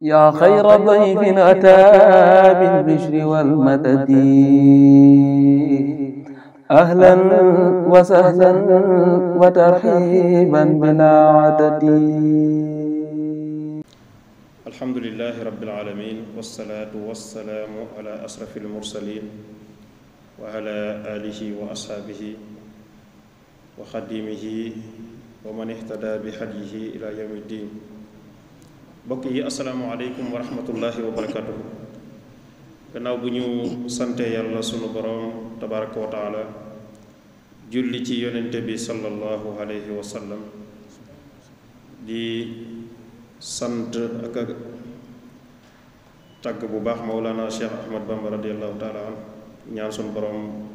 yaa xayra dayfin ataa bil bishri wal madadi ahlan wa sahlan wa tarhiiban bilaa adadi. alhamdulilahi rabbil aalamiin wassalaatu wassalaamu alaa ashrafil mursaliin wa alaa aalihi wa ashaabihi wa xadiimihi wa man ihtadaa bi hadyihi ilaa yawmi ddiin. mbokk yi asalaamaaleykum wa rahmatullahi wa barakatuhu gannaaw bu ñu sante yàlla sunu boroom tabaraka wa taala julli ci yonente bi sallallahu alayhi wa sallam di sant ak ak tàgg bu baax Mawlana Cheikh Ahmad Bamba radiallahu taala an ñaan sunu boroom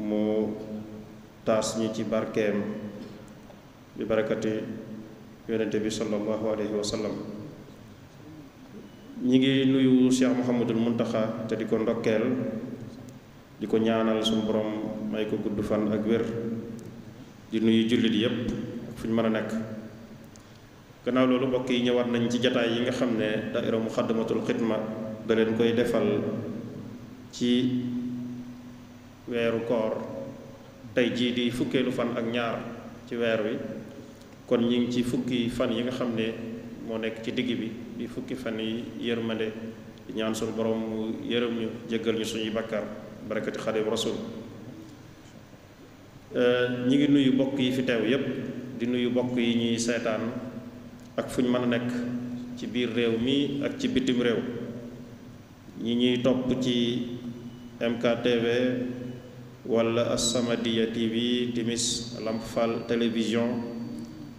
mu taas ñu ci barkeem bi barakati yonente bi sallallahu alayhi wa ñi ngi nuyu Cheikh Mouhamadul Muntaxa te di ko ndokkeel di ko ñaanal suñu borom may ko gudd fan ak wér di nuyu jullit yépp ak fu ñu mën a nekk gannaaw loolu mbokk yi ñëwaat nañ ci jataay yi nga xam ne daaira Muxaddamatul Xidma da leen koy defal ci weeru koor tey jii di fukkeelu fan ak ñaar ci weer wi kon ñi ngi ci fukki fan yi nga xam ne moo nekk ci digg bi di fukki fan yi yërmande di ñaan suñu borom mu yërëm ñu jéggal ñu suñuy bakkaar barakati xadim rasul euh, ñi ngi nuyu bokk yi fi teew yépp di nuyu bokk yi ñuy seetaan ak fu ñu mën a nekk ci biir réew mi ak ci bitim réew ñi ñuy topp ci MKTV wala As-Samadiyya TV Timis Lamp Fall télévision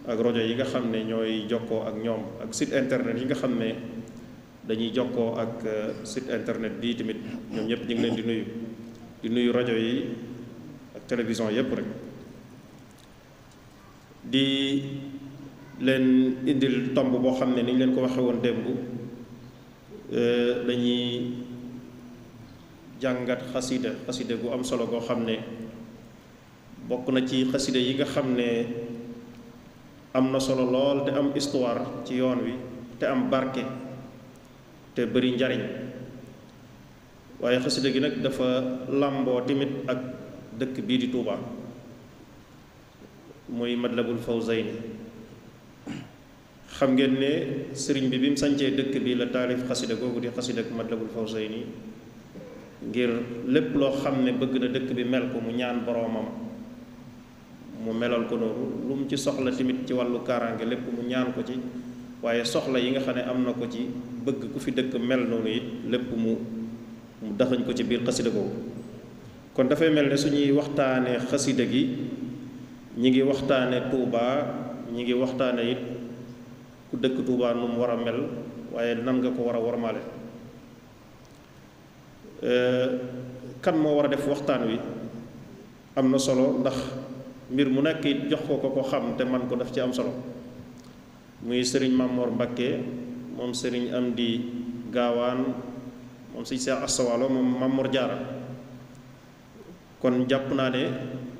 ak rajo yi nga xam ne ñooy jokkoo ak ñoom ak site internet yi nga xam ne dañuy jokkoo ak euh, site internet bii tamit ñoom ñëpp ñu ngi leen di nuyu di nuyu rajo yi ak télévision yëpp rek di leen indil tomb boo xam ne ni ñu leen ko waxe woon démb euh, dañuy jàngat xasida xasida gu am solo goo xam ne bokk na ci xasida yi nga xam ne am na solo lool te am histoire ci yoon wi te am barke te bari njariñ waaye xasida gi nag dafa làmboo timit ak dëkk bii di Touba muy Matlabul Fawzayni xam ngeen ne sëriñ bi bi mu sancee dëkk bi la taalif xasida googu di xasida ak Matlabul Fawzayni ngir lépp loo xam ne bëgg na dëkk bi mel ko mu ñaan boroomam mu melal ko noonu lu mu ci soxla tamit ci wàllu kaaraange lépp mu ñaan ko ci waaye soxla yi nga xam ne am na ko ci bëgg ku fi dëkk mel noonu it lépp mu mu daxañ ko ci biir xasida googu kon dafay mel ne suñuy waxtaanee xasida gi ñi ngi waxtaane Tuubaa ñu ngi waxtaane it ku dëkk Tuubaa nu mu war a mel waaye nan nga ko war a warmaale kan moo war a def waxtaan wi am na solo ndax mbir mu nekk it jox ko ko ko xam te man ko def ci am solo muy sëriñ Mamor Mbakke moom sëriñ am di Gaawaan moom si Seex Astawaalo moom Mamor Jaara kon jàpp naa ne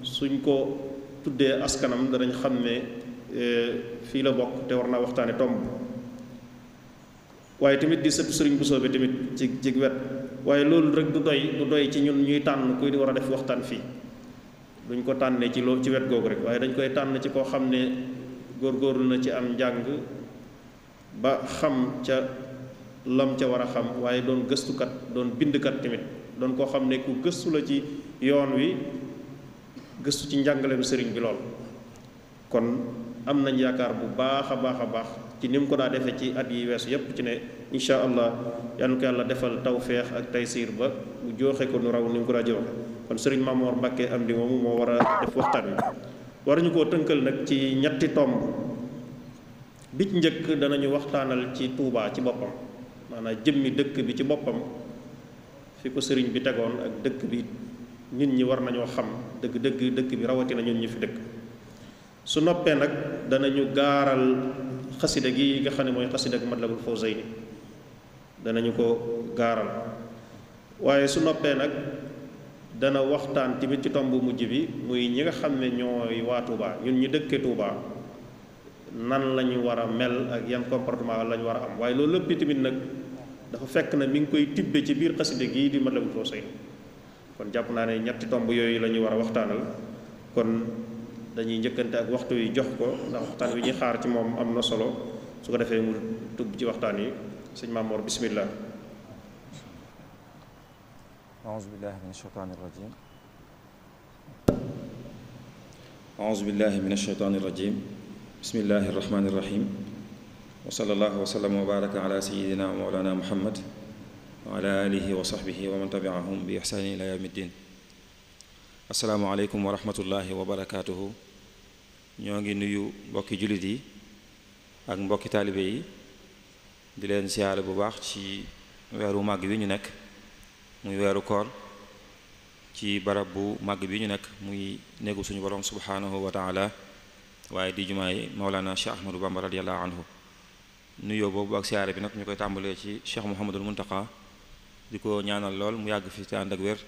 suñ ko tuddee askanam danañ xam ne eh, fii la bokk te war naa waxtaane tomb waaye tamit di sëpp sëriñ bu soobee tamit ci ci wet waaye loolu rek du doy du doy ci ñun ñuy tànn kuy di war a def waxtaan fii duñ ko tànnee ci loo ci wet googu rek waaye dañ koy tànn ci koo xam ne góor góorgóorlu na ci am njàng ba xam ca lam ca war a xam waaye doon gëstukat doon bindkat tamit doon koo xam ne ku gëstu la ci yoon wi gëstu ci njàngaleem sëriñ bi lool kon am nañ yaakaar bu baax a baax a baax ci ni mu ko daa defee ci at yi weesu yépp ci ne incha allah yal na ko yàlla defal tawféex ak taysiir ba mu jooxe ko nu raw ni mu ko daa joxe kon sëriñ Mamoor Mbàkke am di moom moo war a def waxtaan wi waruñu koo tënkal nag ci ñetti tomb bi ci njëkk danañu waxtaanal ci tuubaa ci boppam maanaam jëmmi dëkk bi ci boppam fi ko sëriñ bi tegoon ak dëkk bi nit ñi war nañoo xam dëgg dëgg dëkk bi rawatina ñu fi dëkk su noppee nag dana ñu gaaral xasida gi nga xam ne mooy xasida ak Matlabul Fawzayni danañu ko gaaral waaye su noppee nag dana waxtaan tamit ci tomb mujj bi muy ñi nga xam ne ñooy waa Touba ñun ñu dëkkee Touba nan la ñu war a mel ak yan comportement la ñu war a am waaye loolu lépp tamit nag dafa fekk na mi ngi koy tibbe ci biir xasida gii di Matlabul Fawzayni kon jàpp naa ne ñetti tomb yooyu la ñu war a waxtaanal kon dañuy njëkkante ak waxtu yi jox ko ndax waxtaan wi ñuy xaar ci moom am na solo su ko defee mu tubb ci waxtaan yi sëñ Mamoor bismillah أعوذ بالله من الشيطان الرجيم أعوذ بالله من الشيطان الرجيم بسم الله الرحمن الرحيم وصلى الله وسلم وبارك على سيدنا ومولانا محمد وعلى آله وصحبه ومن تبعهم بإحسان إلى يوم الدين asalaamu aleykum wa rahmatullahi wa barakaatuhu ñoo ngi nuyu mbokki jullit yi ak mbokki taalibe yi di leen siyaare bu baax ci weeru màgg wi ñu nekk muy weeru koor ci barab bu màgg bi ñu nekk muy néegu suñu borom subhaanahu wa waaye di jumaay Mawlana Cheikh Ahmadou Bamba radiyallahu anhu nuyoo boobu ak siyaare bi nag ñu koy tàmbalee ci Cheikh Mouhamadul Muntaqa di ko ñaanal lool mu yàgg fi te ànd ak wér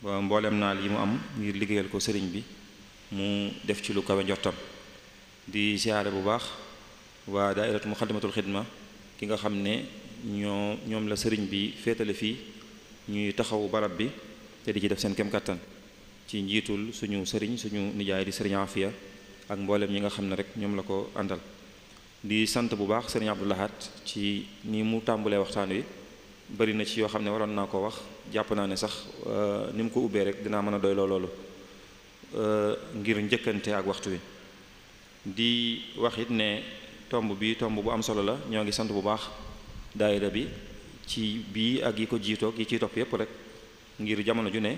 ba mboolem naal yi mu am ngir liggéeyal ko sëriñ bi mu def ci lu kawe njortam di siyaare bu baax waa daairatu muxaddamatul xidma ki nga xam ne ñoo ñoom la sëriñ bi féetale fii ñuy taxawu barab bi te di ci def seen kem kàttan ci njiitul suñu sëriñ suñu nijaay di sëriñ Afia ak mbooleem ñi nga xam ne rek ñoom la ko àndal di sant bu baax sëriñ Abdou Lahad ci ni mu tàmbulee waxtaan wi bari na ci yoo xam ne waroon naa ko wax jàpp naa ne sax euh, ni mu ko ubbee rek dinaa mën a doy loolu euh, ngir njëkkante ak waxtu wi di waxit ne tomb bi tomb bu am solo la ñoo ngi sant bu baax daayira bi ci bii ak yi ko jiitoog yi ciy topp yépp rek ngir jamono ju ne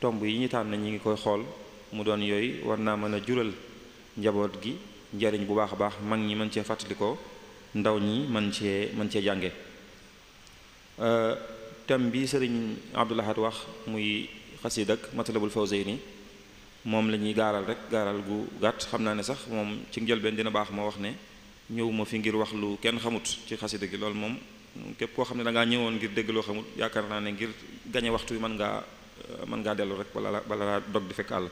tomb yi ñu tànn ñi ngi koy xool mu doon yooyu war naa mën a jural njaboot gi njariñ bu baax a baax mag ñi man cee fàttalikoo ndaw ñi man cee man cee jànge euh, thème bi sëriñ Abdou Lahad wax muy xasiid ak Matlabul Fawzayni moom lañuy gaaral rek gaaral gu gàtt xam naa ne sax moom ci njëlbeen dina baax ma wax ne ñëwuma fi ngir wax lu kenn xamut ci xasida gi loolu moom képp koo xam ne dangaa ngaa ñëwoon ngir dégg loo xamul yaakaar naa ne ngir gañe waxtu bi mën ngaa euh, mën ngaa dellu rek bala bala laa dog di fekk àll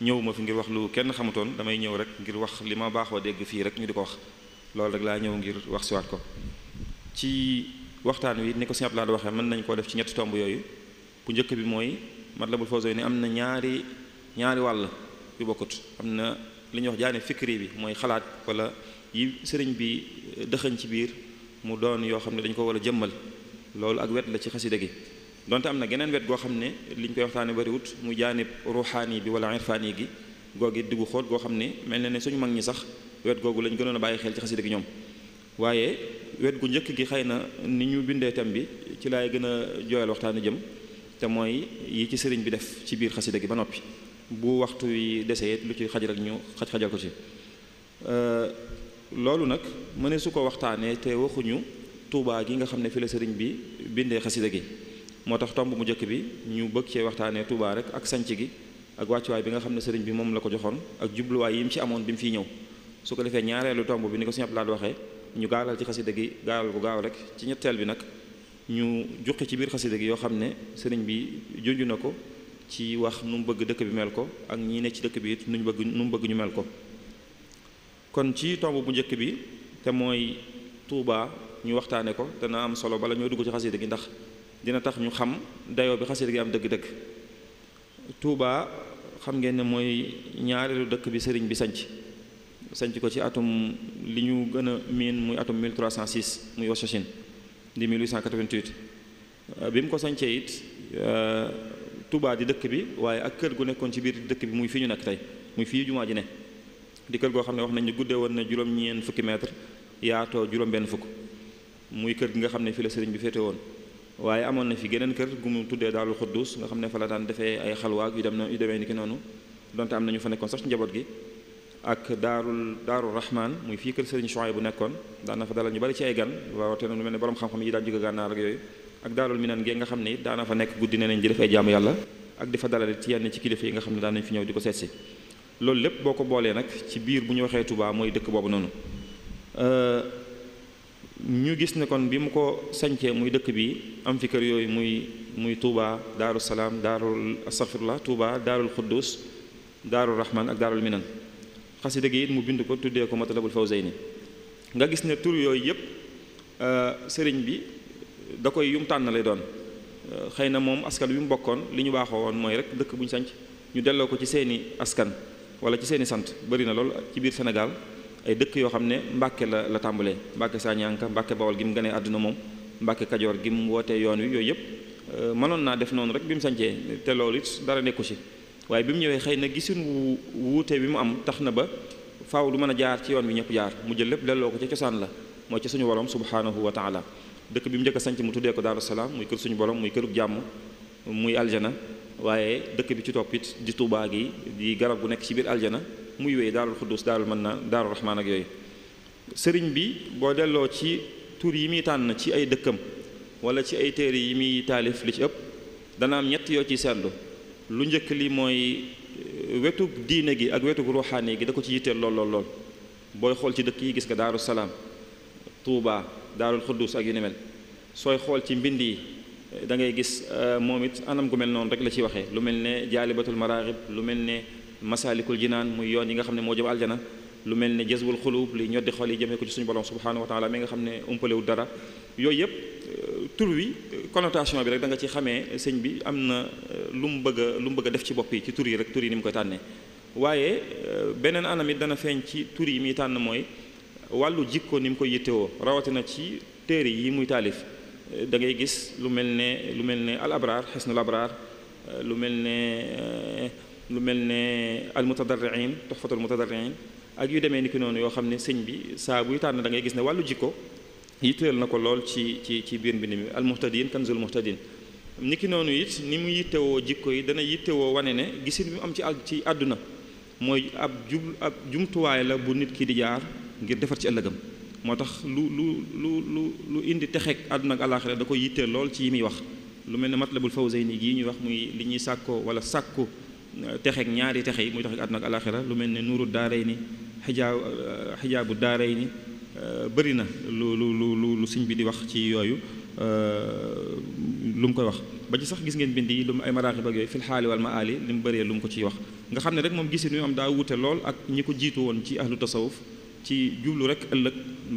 ñëw ma fi ngir wax lu kenn xamutoon damay ñëw rek ngir wax li ma baaxoo dégg fii rek ñu di ko wax loolu rek laa ñëw ngir wax siwaat ko ci waxtaan wi ni ko Sëñ Abdoulaye waxee mën nañ koo def ci yooyu bu njëkk bi mooy Matlabul Fawzayni am na ñaari ñaari wàll yu bokkut am na li ñuy wax jaane fikri bi mooy xalaat walla yi sëriñ bi euh, dëxañ ci biir mu doon yoo xam ne dañu ko war a jëmmal loolu ak wet la ci xasida gi donte am na geneen wet goo xam ne li liñ koy waxtaane bariwut mu jaanib ruuxaani bi wala irfaani gi googi diggu xóot goo xam ne mel na ne suñu mag ñi sax wet googu lañ gënoon a bàyyi xel ci xasida gi ñoom waaye wet gu njëkk gi xëy na ni ñu bindee thème bi ci lay gën a jooyal waxtaanu jëm te mooy yi ci sëriñ bi def ci biir xasida gi ba noppi bu waxtu yi desee lu ci xajal ak ñu xaj-xajal ko ci loolu nag mëne su ko waxtaanee te waxuñu tuubaa gi nga xam ne fi la sëriñ bi bindee xasida gi moo tax tomb mu njëkk bi ñu bëgg cee waxtaanee tuubaa rek ak sanc gi ak wàccuwaay bi nga xam ne sëriñ bi moom la ko joxoon ak jubluwaay yi mu ci amoon bi mu fiy ñëw su ko defee ñaareelu tomb bi ni ko sëñ Abdoulaye waxee ñu gaalal ci xasida gi gaalal ko gaaw rek ci ñetteel bi nag ñu juqi ci biir xasida gi yoo xam ne sëriñ bi junj na ko ci wax nu mu bëgg dëkk bi mel ko ak ñi ne ci dëkk bi it nu ñu mu bëgg ñu mel ko kon ci tomb bu njëkk bi te mooy Touba ñu waxtaane ko dana am solo bala ñoo dugg ci xasida gi ndax dina tax ñu xam dayoo bi xasida gi am dëgg dëkk Touba xam ngeen ne mooy ñaareelu dëkk bi sëriñ bi sañc sanc ko ci atum li ñu gën a miin muy atum 1306 muy Wasochin di 1888 bi mu ko sañcee it euh, Touba di dëkk bi waaye ak kër gu nekkoon ci biir dëkk bi muy fii ñu nekk tey muy fii jumaa ji ne di kër goo xam ne wax nañu guddee woon na juróom-ñeent fukki mètre yaatoo juróom-benn fukk muy kër gi nga xam ne fi la sëriñ bi féete woon waaye amoon na fi geneen kër gu mu tuddee daalul xam ne fa la daan defee ay xalwaag yu dem demee ni ki noonu donte am nañu nekkoon sax ci njaboot gi ak daarul daarul rahman daan na fa dalal ñu bari ci ay gan rawatina lu mel ne borom xam-xam yi daan jóge gànnaar ne na fa nekk guddi nee nañ di def ay jaamu yàlla ak di fa dalal yenn ci kilifa yi nga xam ne daan nañ fi ñëw di ko seetsi loolu lépp boo ko boolee nag ci biir bu ñu waxee Touba mooy dëkk boobu noonu euh, ñu gis ne kon bi mu ko sañcee muy dëkk bi am fi kër yooyu muy muy Touba Daaru Salaam Daarul Astaghfirullah Touba Daarul Xuddus Daarul Rahman ak Daarul Minan xasida gi it mu bind ko tuddee ko Matlabul ni nga gis ne tur yooyu yëpp euh, sëriñ bi da koy yum tànn lay doon euh, xëy na moom askan bi mu bokkoon li ñu baaxoo woon mooy rek dëkk bu ñu sañc ñu delloo ko ci seeni askan wala ci seen i sant bëri na lool ci biir Sénégal ay dëkk yoo xam ne Mbàkke la la tàmbalee Mbàkke Sañanka Mbàkke Bawol gi mu gënee àdduna moom Mbàkke Kajoor gi mu wootee yoon wi yooyu yëpp euh, mënoon naa def noonu rek bi mu sancee te loolu it dara nekku ci waaye bi mu ñëwee xëy na gisin wu wuute bi mu am tax na ba faaw du mën a jaar ci yoon bi ñëpp jaar mu jël lépp delloo ko ci cosaan la mooy ci suñu borom subhaanahu wa taala dëkk bi mu njëkk a mu tuddee ko Daaru Salaam muy kër suñu borom muy kërug jàmm muy aljana waaye dëkk bi ci toppit it di Tuubaa gi di garab gu nekk ci biir aljana muy wéy daarul xuddus daarul mën na daarul raxmaan ak yooyu sëriñ bi boo delloo ci tur yi muy tànn ci ay dëkkam wala ci ay téere yi muy taalif li ci ëpp dana am ñett yoo ciy seetlu lu njëkk li mooy eh, wetug diine gi ak wetug ruuxaani gi da ko ci yitteel lool lool lool booy xool ci dëkk yi gis nga daaru salaam Tuubaa daarul xuddus ak yu ni sooy xool ci mbind yi da ngay gis euh, moom it anam gu mel noonu rek la ciy waxee lu mel ne jaalibatul maraaxib lu mel ne masaalikul jinaan muy yoon yi nga xam ne moo jëm aljana lu mel ne jazbul xulub li ñoddi xol yi jëmee ko ci suñu borom subhanahu wa taala mi nga xam ne umpalewul dara yooyu yëpp euh, tur wi euh, connotation bi rek danga nga ci xamee sëñ bi am na lu mu bëgg lu mu bëgg def ci bopp yi ci tur yi rek tur yi ni mu koy tànnee waaye beneen anam it dana feeñ ci tur yi muy tànn mooy wàllu jikko ni mu koy yittewoo rawatina ci téere yi muy Euh, da ngay gis lu mel ne lu mel ne al abraar xisnul abraar euh, lu mel ne euh, lu mel ne al mutadarriin tuxfatul mutadarriin ak yu demee ni ki yoo xam ne sëñ bi saa buy tànn da ngay gis ne wàllu jikko yitteel na ko lool ci ci ci biir mbind mi al muhtadin kanzul muhtadin ni ki it ni mu yittewoo jikko yi dana yittewoo wane ne gisin bi mu am ci ci àdduna mooy ab jub ab jumtuwaay la bu nit ki di jaar ngir defar ci ëllëgam moo tax lu lu lu lu indi texeek àdduna ak àllaaxira da ko yittee lool ci yi muy wax lu mel ne matlabul fawzayni gii ñuy wax muy li ñuy sàkkoo wala sàkku euh, texeek ñaari texe yi muy tax ak àdduna ak àllaaxira lu mel ne nuuru daaray ni xijaab xijaabu euh, daaray ni euh, bari na lu lu lu lu sëñ bi di wax ci yooyu lu mu koy wax ba ci sax gis ngeen bind yi lu mu ay maraaxib ak yooyu wal maali li mu bëree lu mu ko ciy wax nga xam ne rek moom gisi ñu am daa wute lool ak ñi ko jiitu woon ci ahlu tasawuf ci jublu rek ëllëg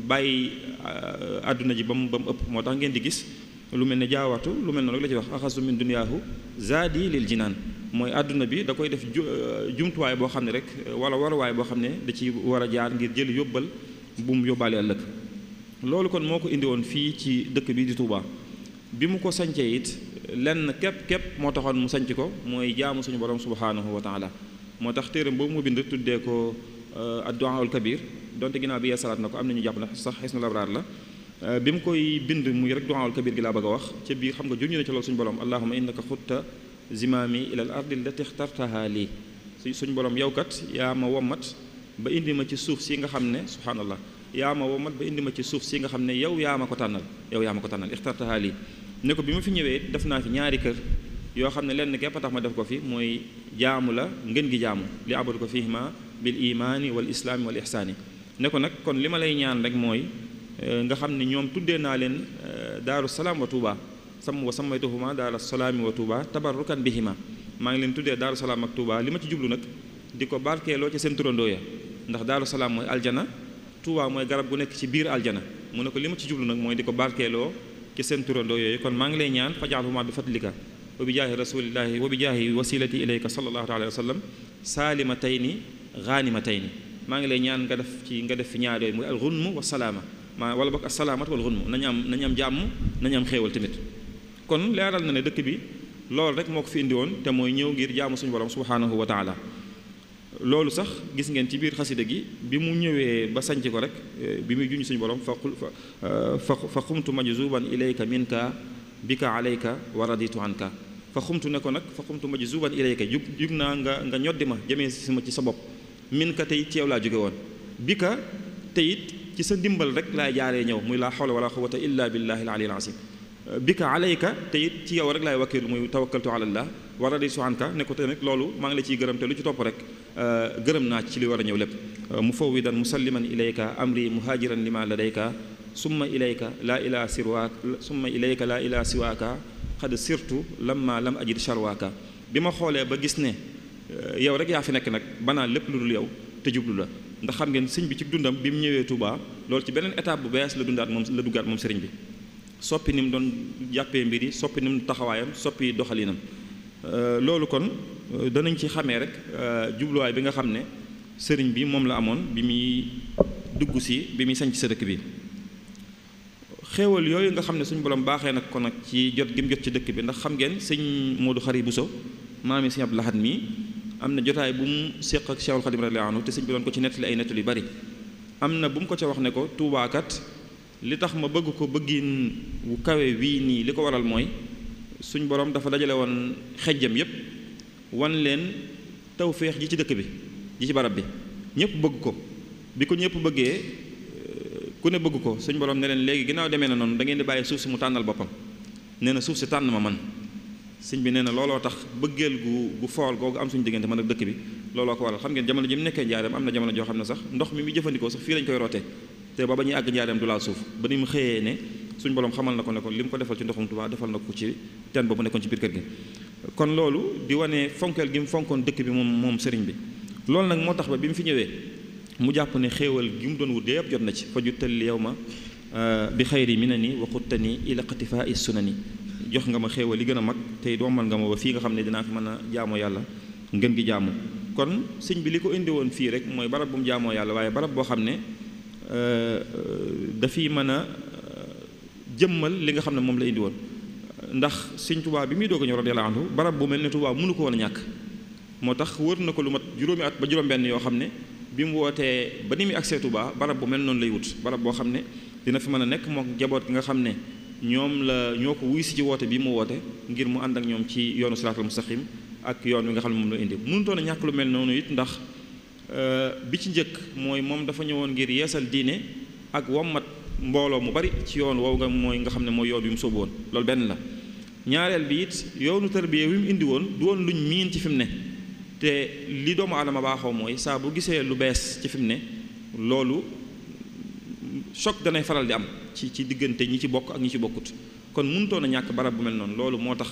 bàyyi euh, àdduna ji ba mu ba mu ëpp moo tax ngeen di gis lu mel ne jaawatu lu mel ne rek la ci wax axasu min duniyaahu zaadi lil jinaan mooy àdduna bi da koy def euh, jumtuwaay boo xam ne rek wala waruwaay boo xam ne da ci war a jaar ngir jël yóbbal bu mu yóbbaale ëllëg loolu kon moo ko indi woon fii ci dëkk bi di Touba bi mu ko sañcee it lenn képp képp moo taxoon mu sañc ko mooy jaamu suñu borom subhanahu wa moo tax téeram boobu mu bind tuddee ko euh, adduaul kabir donte ginnaaw bi yeesalaat na ko am nañu jàpp na sax xis na labraar la euh, bi mu koy bind muy rek duwaawul kabir laa bëgg wax ca biir xam nga junñu ne ci loolu suñu borom allahuma innaka xutta zimaami ilal ardi lati xtartaha lii suñ borom yow kat yaa ma womat ba indi ma ci suuf si nga xam ne subhaanallah yaa ma womat ba indi ma ci suuf si nga xam ne yow yaa ma ko tànnal yow yaa ma ko tànnal ixtartaha lii ne ko bi ma fi ñëwee def naa fi ñaari kër yoo xam ne lenn gépp tax ma def ko fi mooy jaamu la ngën gi jaamu li abadu ko fihima bil imaani wal islaami wal ixsaani ne ko nag kon li ma lay ñaan rek mooy euh, nga xam ne ñoom tuddee naa leen euh, daaru salaam wa tuuba sam wa sammaytuhuma daara salaami wa tuuba tabarrukan bihima maa ngi leen tuddee daaru salaam ak tuuba li ma ci jublu nag di ko barkeeloo ci seen turandoo ndax daaru salaam mooy aljana tuuba mooy garab gu nekk ci biir aljana mu ne ko li ma ci jublu nag mooy di ko barkeeloo ci seen turandoo yooyu kon maa ngi lay ñaan fajaalhuma bi fadlika wa bi jaahi rasulillahi wa bi jaahi wasilati ilayka sallallahu alayhi wa sallam saalimatayni ghaanimatayni maa ngi lay ñaan nga def ci nga def fi ñaar yooyu muy al ghunm wa salaama maa wala boog asalaamatu wal ghunm nañu am nañu am jàmm nañu am xéewal tamit kon leeral na ne dëkk bi loolu rek moo ko fi indi woon te mooy ñëw ngir jaamu suñu borom subhaanahu wa taala loolu sax gis ngeen ci biir xasida gi bi mu ñëwee ba sanc ko rek eh, bi muy junj suñu borom eh, fa fa xumtu majzuban ilayka minka bika alayka wa raditu anka fa xumtu ne ko nag fa xumtu majzuban ilayka jug jug naa nga nga ñoddi ma jëmee si ma ci sa bopp min ka tey ci yow laa jóge woon bi ka teyit ci sa ndimbal rek laay jaaree ñëw muy laa xawla wala quwwata illa billahi al aliyil azim bi ka alayka teyit ci yow rek laay wakkilu muy tawakkaltu ala allah war a di suanka ne ko te loolu maa ngi la ciy gërëm te lu ci topp rek euh, gërëm naa ci li war a ñëw lépp euh, mufawwidan musalliman ilayka amri muhajiran lima ladayka summa ilayka laa ilaa sirwaak summa ilayka laa ilaa siwaaka xad sirtu lamma lam aji sharwaaka bi ma xoolee ba gis ne Euh, yow rek yaa fi nekk nag banaa lépp lu dul yow te jublu la ndax xam ngeen sëñ bi ci dundam bi mu ñëwee Touba loolu ci beneen étape bu bees la dundaat moom la duggaat moom sëriñ bi soppi ni mu doon jàppee mbir yi soppi ni mu taxawaayam soppi doxalinam euh, loolu kon euh, danañ ci xamee rek jubluwaay bi nga xam ne sëriñ bi moom la amoon bi muy dugg si bi muy sañc sa dëkk bi xéewal yooyu nga xam ne suñ borom baaxee nag ko nag ci jot gi mu jot ci dëkk bi ndax xam ngeen sëñ Modou Khari Bousso maami sëñ Abdou Lahad mi am na jotaay bu mu séq ak Cheikhul Khadim radiyallahu anhu ko ci nettali ay nettali bari am na bu mu ko ca wax ne ko tuubaakat li tax ma bëgg ko bëggin wu kawe wii nii li ko waral mooy suñ borom dafa dajale woon xejjam yépp wan leen tawféex ji ci dëkk bi ji ci barab bi ñëpp bëgg ko bi ko ñëpp bëggee ku ne bëgg ko suñ borom ne leen léegi ginnaaw deme na noonu da di bàyyi suuf si mu tànnal boppam nee na suuf si tànn ma man sëñ bi nee na looloo tax bëggeel gu gu googu am suñu diggante man ak dëkk bi looloo ko waral xam ngeen jamono ji mu nekkee njaareem am na jamono joo xam ne sax ndox mi mu jëfandikoo sax fii lañ koy rootee te ba ba ñuy àgg njaareem du laal suuf ba ni mu xëyee ne suñ borom xamal na ko nekkoon li mu ko defal ci ndoxum Tuubaa defal na ko ci teen boobu nekkoon ci biir kër gi kon loolu di wane fonkeel gi mu fonkoon dëkk bi moom moom sëriñ bi loolu nag moo tax ba bi mu fi ñëwee mu jàpp ne xéewal gi mu doon wut yëpp jot na ci fa ju tëll yow ma euh, bi xayri mina ni waxutta ni ila qatifaa sunani jox nga ma xéewal li gën a mag tey doomal nga ma ba fii nga xam ne dinaa fi mën a jaamu yàlla ngën gi jaamu kon sëñ bi li ko indi woon fii rek mooy barab bu mu jaamoo yàlla waaye barab boo xam ne euh, dafiy mën a euh, jëmmal li nga xam ne moom la indi ndax sëñ Tuubaa bi muy doog a ñëw barab bu mel ne Tuubaa mënu ko woon a ñàkk moo tax wër na ko lu mat juróomi at ba juróom-benn yoo xam ne bi mu wootee ba ni muy agsee Tuubaa barab bu mel noonu lay wut barab boo xam ne dina fi mën a nekk mook jaboot gi nga xam ne ñoom la ñoo ko wuy si ci woote bi mu woote ngir mu ànd ak ñoom ci yoonu siraatal mustaqim ak yoon wi nga xam ne moom la indi munutoon a ñàkk lu mel noonu it ndax euh, bi ci njëkk mooy moom dafa ñëwoon ngir yeesal diine ak wammat mbooloo mu bari ci yoon woow nga mooy nga xam ne mooy yoon wi mu sóobu loolu benn la ñaareel bi it yoonu tarbiya wi mu indi woon du woon luñ miin ci fi mu ne te li doomu aadama baaxoo mooy saa bu gisee lu bees ci fi mu ne loolu choc danay faral di am ci ci diggante ñi ci bokk ak ñi ci bokkut kon mënutoon a ñàkk barab bu mel noonu loolu moo tax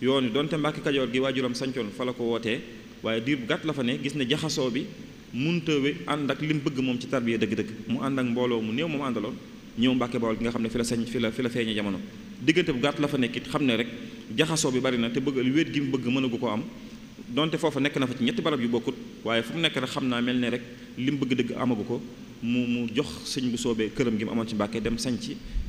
yoon wi donte Mbàkke Kajoor gi waajuram sancoon fa la ko wootee waaye diir bu gàtt la fa ne gis ne jaxasoo bi mënta ànd ak li mu bëgg moom ci tarbiya dëgg-dëgg mu ànd mbooloo mu néew moom àndaloon ñëw Mbàkke Bawol gi nga xam ne fi la sañ fi la fi la feeñe jamono diggante bu gàtt la fa nekk it ne rek jaxasoo bi bari na te bëgg wéet gi mu bëgg mënagu ko am donte foofa nekk na fa ci ñetti barab yi bokkut waaye fu mu nekk rek xam naa mel ne rek li mu bëgg dëgg amagu ko mu mu jox sëñ bu soobee këram gi mu amoon ci Mbàkke dem sañc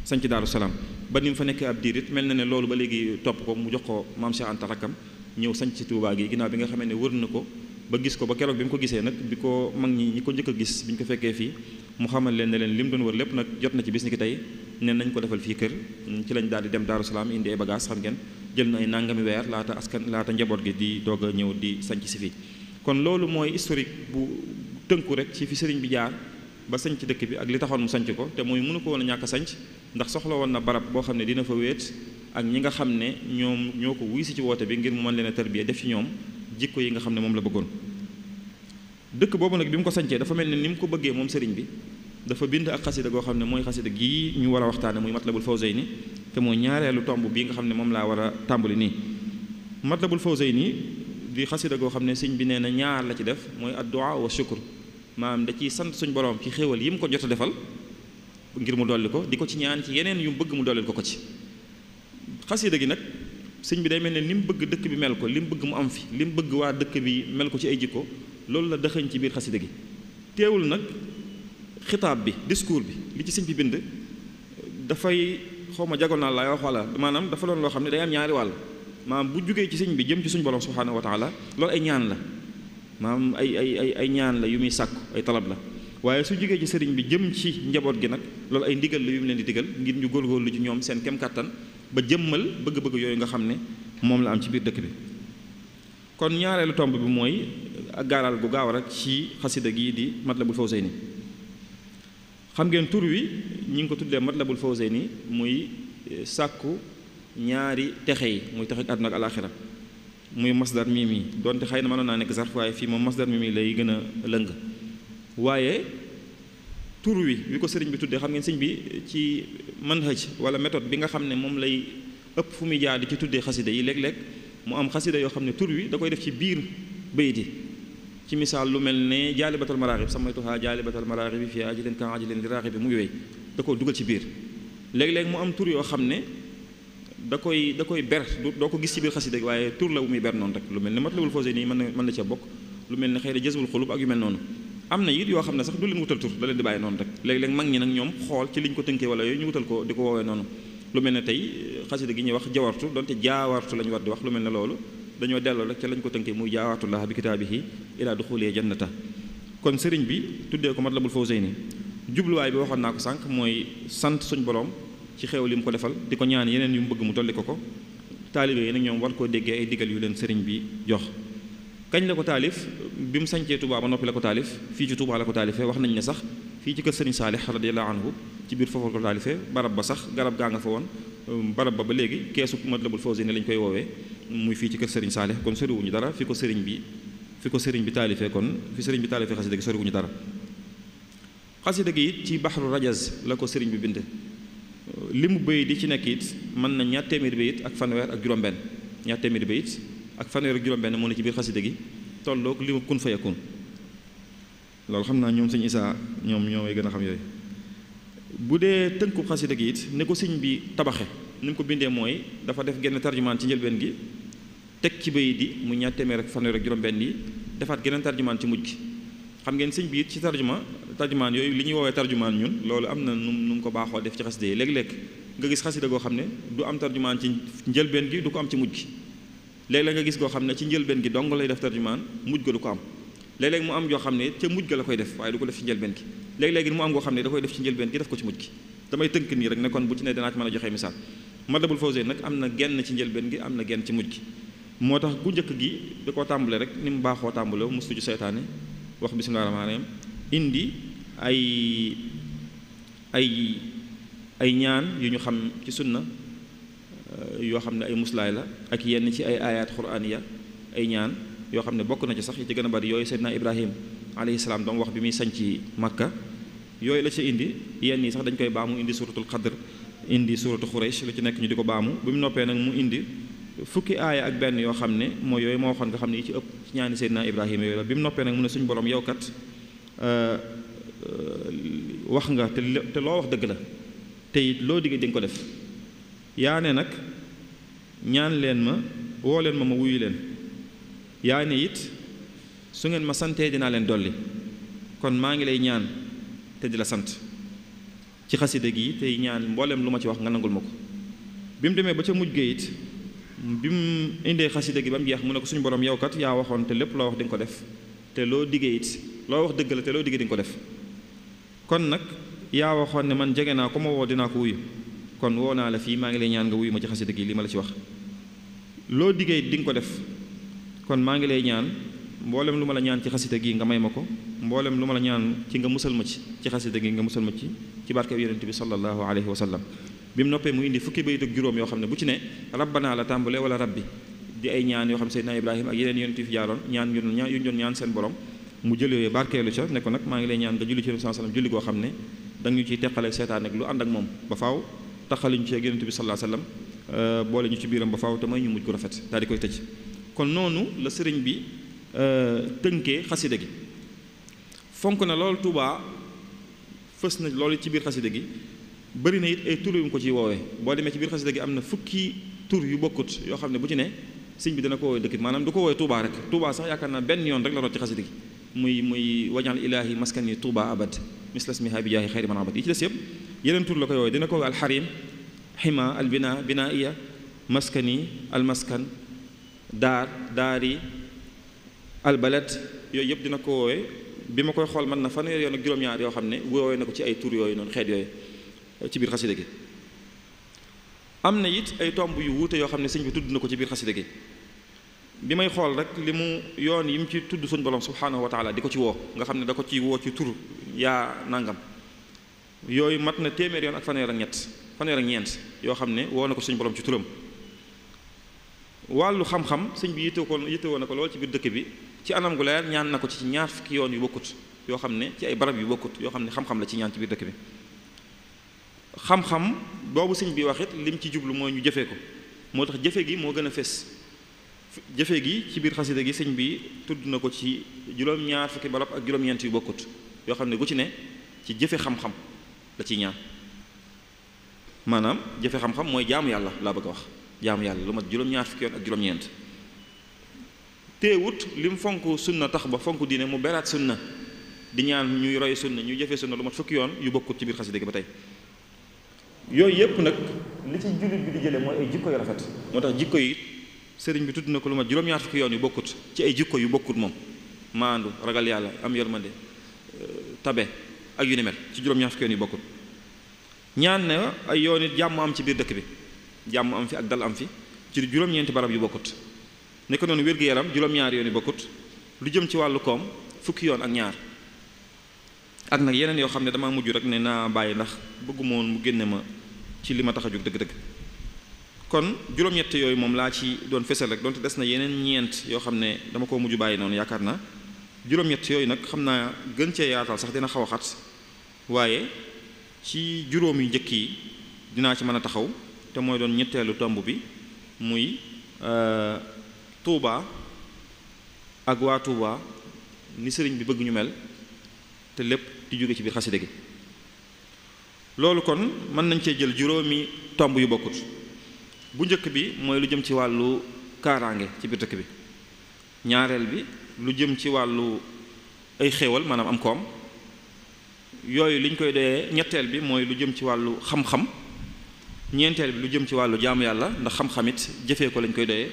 sañc Daaru Salaam ba ni mu fa nekkee ab diir it mel na ne loolu ba léegi topp ko mu jox ko maam Cheikh Anta rakkam ñëw sañc ci Tuubaa gi ginnaaw bi nga xamee ne wër na ko ba gis ko ba keroog bi mu ko gisee nag bi ko mag ñi ñi ko njëkk gis bi ñu ko fekkee fii mu xamal leen ne leen li mu doon wër lépp nag jot na ci bis ni ki tey ne nañ ko defal fii kër ci lañ daal di dem Daaru Salaam indi ay bagage xam jël na ay weer laata askan laata njaboot gi di doog ñëw di sañc si fii kon loolu mooy historique bu tënku rek ci fi sëriñ bi jaar ba sanc dëkk bi ak li taxoon mu sanc ko te mooy mënu ko woon a ñàkk sanc ndax soxla woon na barab boo xam ne dina fa wéet ak ñi nga xam ne ñoom ñoo ko wuy si ci woote bi ngir mu mën leen a def ci ñoom jikko yi nga xam ne moom la bëggoon dëkk boobu nag bi mu ko sancee dafa mel ne ni mu ko bëggee moom sëriñ bi dafa bind ak xasida goo xam ne mooy xasida gii ñu war a waxtaane muy matlabul fawzayni te mooy ñaareelu tomb bii nga xam ne moom laa war a tàmbali nii matlabul nii di xasida goo xam ne sëñ bi nee na ñaar la ci def mooy addu'a a shukr maanaam da ciy sant suñu borom ci xéewal yi mu ko jot a defal ngir mu dolli ko di ko ci ñaan ci yeneen yu mu bëgg mu dollil ko ko ci xasida gi nag sëñ bi day mel ne li mu bëgg dëkk bi mel ko li mu bëgg mu am fi li mu bëgg waa dëkk bi mel ko ci ay jikko loolu la dëxëñ ci biir xasida gi teewul nag xitaab bi discours bi li ci sëñ bi bind dafay xaw ma jagoon naa laay wax wala maanaam dafa doon loo xam ne day am ñaari wàll maam bu jógee ci sëñ bi jëm ci suñu borom subhaanahu wa loolu ay ñaan la maanaam ay ay ay ay ñaan la yu muy sàkku ay talab la waaye su jógee ci sëriñ bi jëm ci njaboot gi nag loolu ay ndigal la yu mu leen di digal ngir ñu góorgóorlu ci ñoom seen kem kàttan ba jëmmal bëgg-bëgg yooyu nga xam ne moom la am ci biir dëkk bi kon ñaareelu tomb bi mooy gaaral gu gaaw rek ci xasida gii di la Matlabul nii xam ngeen tur wi ñu ngi ko tuddee la bul Matlabul nii muy sàkku ñaari texe yi muy texe àdduna ak alaaxira muy masdar mii mii donte xay na mënoon naa nekk zarf waaye fii moom masdar mii yi lay gën a lëng waaye tur wi wi ko sëriñ bi tuddee xam ngeen sëñ bi ci man manhaj wala méthode bi nga xam ne moom lay ëpp fu muy jaar di ci tuddee xasida yi léeg-léeg mu am xasida yoo xam ne tur wi da koy def ci biir bayit yi ci misaal lu mel ne jaalibatal maraaxib samaytuhaa jaalibatal maraaxib bi fii ajilin kan ajilin li raaxib bi muy yooyu da koo dugal ci biir léeg-léeg mu am tur yoo xam ne da koy da koy ber doo ko gis ci biir xasida gi waaye tur la bu muy ber noonu rek lu mel ne Matlabul Fawzayni mën na mën na ca bokk lu mel ne xëy na Xulub ak yu mel noonu am na it yoo xam ne sax du leen wutal tur da leen di bàyyi noonu rek léeg-léeg mag ñi nag ñoom xool ci liñ ko tënkee wala yooyu ñu wutal ko di ko woowee noonu lu mel ne tey eh, xasida gi ñuy wax jawartu donte jaawartu lañu war di wax lu mel ne loolu dañoo delloo rek ca lañ ko tënkee muy jaawartullah bi kitaabihi ilaa duxulee jannata kon sëriñ bi tuddee ko Matlabul Fawzayni jubluwaay bi waxoon naa ko sànq mooy sant suñ borom ci xew li mu ko defal di ko ñaan yeneen yu mu bëgg mu dolli ko ko taalibe yi nag ñoom war koo déggee ay digal yu leen sëriñ bi jox kañ la ko taalif bi mu sancee Touba ba noppi la ko taalif fii ci Touba la ko taalifee wax nañ ne sax fii ci kër sëriñ Saalix radiyallahu anhu ci biir foofu la ko taalifee barab ba sax garab gaa nga fa woon um, barab ba ba léegi keesu Matlabul Fawzayni lañ koy woowee muy fii ci kër sëriñ Saalix kon soriwuñu dara fi ko sëriñ bi fi ko sëriñ bi taalifee kon fi sëriñ bi taalifee xasida gi soriwuñu dara xasida gi it ci baxru rajaz la ko sëriñ bi bind li mu bëy di ci nekk it mën na ñaar téeméer bayit ak fanweer ak juróom-benn ñaar bayit ak fanweer ak juróom-benn moo ne ci biir xasida gi tolloog li mu kun loolu xam naa ñoom sëñ Isaa ñoom ñooy gën a xam yooyu bu dee tënku xasida gi it ne ko sëñ bi tabaxe ni ko bindee mooy dafa def genn tarjumaan ci njëlbeen gi teg ci bayit yi mu ñaar téeméer ak fanweer ak juróom-benn yi defaat geneen tarjumaan ci mujj gi xam ngeen sëñ bi ci tarjuma tarjumaan yooyu li ñuy woowee tarjumaan ñun loolu am na nu nu mu ko baaxoo def ci xasida yi léeg-léeg nga gis xasida goo xam ne du am tarjumaan ci njëlbeen gi du ko am ci muj gi léeg-léeg nga gis goo xam ne ci njëlbeen gi dong lay def tarjumaan mujj ga du ko am léeg-léeg am yoo xam ne ca mujj la koy def waaye du ko def ci njëlbeen gi léeg-léegi mu am goo xam ne da koy def njëlbeen gi def ko ci mujj gi damay tënk nii rek ne kon bu ci ne danaa ci a joxee misaal Matlabul Fawzayni nag am na genn ci njëlbeen gi am na genn ci mujj gi moo tax gu njëkk gi da koo tàmbale rek ni mu baaxoo tàmbale mustu ju seytaane wax bismillaahi rahmaani rahiim indi ay ay ay ñaan yu ñu xam ci sunna euh, yoo xam ne ay muslaay la ak yenn ci ay ayaat quraaniya ay ñaan yoo xam ne bokk na ci sax yi ci gën a bari yooyu seydna ibrahim alayhi salaam doom wax bi muy sañ ci makka yooyu la ci indi yenn yi sax dañ koy baamu indi suratul xadr indi suratu xuraysh lu ci nekk ñu di ko baamu bi mu noppee nag mu indi fukki aaya ak benn yoo xam ne mooy yooyu moo waxoon nga xam ne yi ci ëpp ci ñaani seydna ibrahim yooyu la bi mu noppee nag mu ne wax nga te loo wax dëgg la te loo digge di ko def yaa ne nag ñaan leen ma woo leen ma ma wuyu leen yaa ne it su ngeen ma santee dinaa leen dolli kon maa ngi lay ñaan te di la sant ci xasida gi tey ñaan mbooleem lu ma ci wax nga nangul ma ko bi mu demee ba ca mujj ga bi mu indee xasida gi ba mu jeex mu ne ko suñu borom yow kat yaa waxoon te lépp loo wax di ko def te loo diggee it loo wax dëgg la te loo diggee di ko def kon nag yaa waxoon ne man jege naa ko ma woo dinaa ko wuyu kon woo naa la fii maa ngi lay ñaan nga wuyu ma ci xasida gi li ma la ci wax loo diggee di nga ko def kon maa ngi lay ñaan mboolem lu ma la ñaan ci xasida gi nga may ma ko mboolem lu ma la ñaan ci nga musal ma ci ci xasida gi nga musal ma ci ci barkeb yonent bi sallallahu alayhi wa sallam bi mu noppee mu indi fukki bayit ak juróom yoo xam ne bu ci ne rabbanaa la tàmbalee wala rabbi di ay ñaan yoo xam ne seydina ibrahima ak ñaan seen borom mu jël yooyu barkeelu ca ne ko nag maa ngi lay ñaan nga julli ci Yonent bi sallallahu alayhi wasallam julli goo xam ne da ñu ciy teqaleeg seetaan ak lu ànd ak moom ba faaw taxaliñ ci ak Yonent bi sax alayhi wasallam euh, boole ñu ci biiram ba faw te may ñu mujj gu rafet daal di koy tëj kon noonu la sëriñ bi euh, tënkee xasida gi fonk na loolu Tuubaa fës na loolu ci biir xasida gi bëri na ay tur yu ko ciy woowee boo demee ci biir xasida gi am na fukki tur yu bokkut yoo xam ne bu ci ne sëñ bi dana ko woowee dëkk maanaam du ko yoon rek la rot ci gi muy muy wajal ilaahi maskani tuuba abad mislasmiha bi jaahi xayri man abad yi ci des yëpp yeneen tur la koy woowe dina ko alxarim xima albina binaiya maskani almaskan daar daari albalad yooyu yëpp dina ko woowe bi ma koy xool man na fanweer yoon ak juróom-ñaar yoo xam ne woowee na ko ci ay tur yooyu noonu xeet yooyu ci biir xasida gi am na it ay tomb yu wuute yoo xam ne sëñ bi tudd na ko ci biir xasida gi bi may xool rek li mu yoon yi mu ci tudd suñu borom subhaanahu wa taala di ko ci woo nga xam ne da ko ci woo ci tur yaa nangam yooyu mat na téeméer yoon ak fanweer ak ñett fanweer ñeent yoo xam ne woo na ko suñu borom ci turam wàllu xam-xam sëñ bi yitte ko yitte woon na ko lool ci biir dëkk bi ci anam gu leer ñaan na ko ci ñaar fukki yoon yu bokkut yoo xam ne ci ay barab yu bokkut yoo xam ne xam-xam la ci ñaan ci biir dëkk bi xam-xam boobu sëñ bi waxit lim ci jublu mooy ñu jëfee ko moo tax jëfe gi moo gën a fés jëfe gi ci biir xasida gi sëñ bi tudd na ko ci juróom-ñaar fukki barab ak juróom-ñeent yu bokkut yoo xam ne gu ci ne ci jëfe xam-xam la ciy ñaan maanaam jëfe xam-xam mooy jaamu yàlla laa bëgg a wax jaamu yàlla lu mat juróom-ñaar fukki yoon ak juróom-ñeent teewut lim fonk sunna tax ba fonk diine mu beraat sunna di ñaan ñuy roy sunna ñuy jëfe sunna lu mat fukki yoon yu bokkut ci biir xasida gi ba tey yooyu yépp nag li ci jullit bi di jële mooy ay jikko rafet sëriñ bi tudd na ko lu ma juróom-ñaar fukki yoon yu bokkut ci ay jikko yu bokkut moom maandu ragal yàlla am yërmande euh, tabe ak yu ni mel ci juróom-ñaar fukki yoon yu bokkut ñaan ne yoon jàmm am ci biir dëkk bi jàmm am fi ak dal am fi ci juróom barab yu bokkut nekk noonu wér yaram juróom yoon yu bokkut lu jëm ci wàllu koom fukki yoon ak ñaar ak nag yeneen yoo xam ne damaa mujj rek ne naa bàyyi ndax bëgguma mu génne ma ci li ma tax a jóg dëgg-dëgg kon juróom-ñett yooyu moom laa ci doon fesal rek donte des na yeneen ñeent yoo xam ne dama ko mujj bàyyi noonu yaakaar na juróom-ñett yooyu nag xam naa gën cee yaatal sax dina xaw a xat waaye ci juróomi yu njëkk yi dinaa ci mën a taxaw te mooy doon ñetteelu tomb bi muy euh, Touba ak waa Touba ni sëriñ bi bëgg ñu mel te lépp di jóge ci biir xasida gi loolu kon mën nañ cee jël juróomi tomb yu bokkut bu njëkk bi mooy lu jëm ci wàllu kaaraange ci biir dëkk bi ñaareel bi lu jëm ci wàllu ay xéewal maanaam am koom yooyu liñ koy doyee ñetteel bi mooy lu jëm ci wàllu xam-xam ñeenteel bi lu jëm ci wàllu jaamu yàlla ndax xam-xam it jëfee ko lañ koy doyee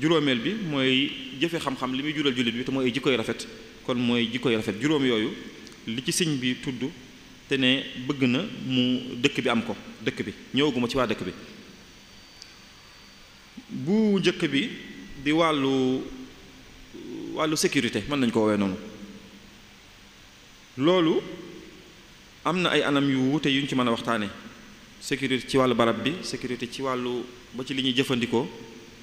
juróomeel bi mooy jëfe xam-xam li muy jural jullit bi te mooy ay jikkoy rafet kon mooy jikkoy rafet juróom yooyu li ci sëñ bi tudd te ne bëgg na mu dëkk bi am ko dëkk bi ñëwaguma ci waa dëkk bi bu njëkk bi di wàllu wàllu sécurité mën nañ ko woowee noonu loolu am na ay anam yu wuute yu ñu ci mën a waxtaane sécurité ci wàllu barab bi sécurité ci wàllu ba ci li ñuy jëfandikoo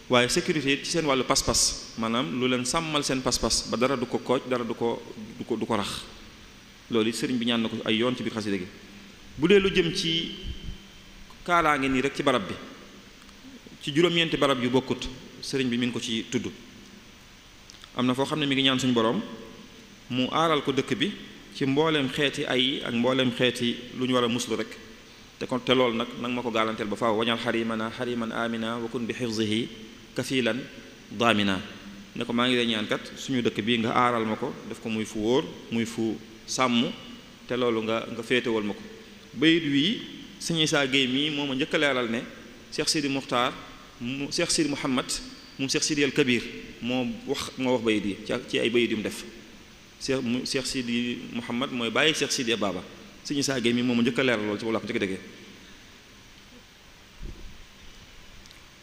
waaye sécurité ci seen wàllu pas-pas maanaam lu leen sàmmal seen pas-pas ba dara du ko kooj dara du ko du ko du ko rax loolu it sëriñ bi ñaan na ko ay yoon ci biir xasida gi bu dee lu jëm ci kaaraange nii rek ci barab bi ci juróom-ñeenti barab yu bokkut sëriñ bi mi ngi ko ci tudd am na foo xam ne mi ngi ñaan suñu borom mu aaral ko dëkk bi ci mbooleem xeeti ay ak mbooleem xeeti lu ñu war a muslu rek te kon te loolu nag nag ma ko gaalanteel ba faaw wañal xarimana xariman amina wa kun bi xifzihi kafilan daamina ne ko maa ngi lay ñaan kat suñu dëkk bi nga aaral ma ko def ko muy fu wóor muy fu sàmm te loolu nga nga féetewal ma ko bayit wii sëñ Isaa Géey mii moo ma njëkk leeral ne Cheikh Sidi mu Cheikh Sidi mu moom Cheikh Sidi El Kabir moo wax moo wax bayit yi ci ay bayit yu mu def Cheikh mu Cheikh Sidi Mouhamad mooy bàyyi Cheikh Sidi Ababa suñu saa géej mi moom mu njëkk a leeral ci wala ko njëkk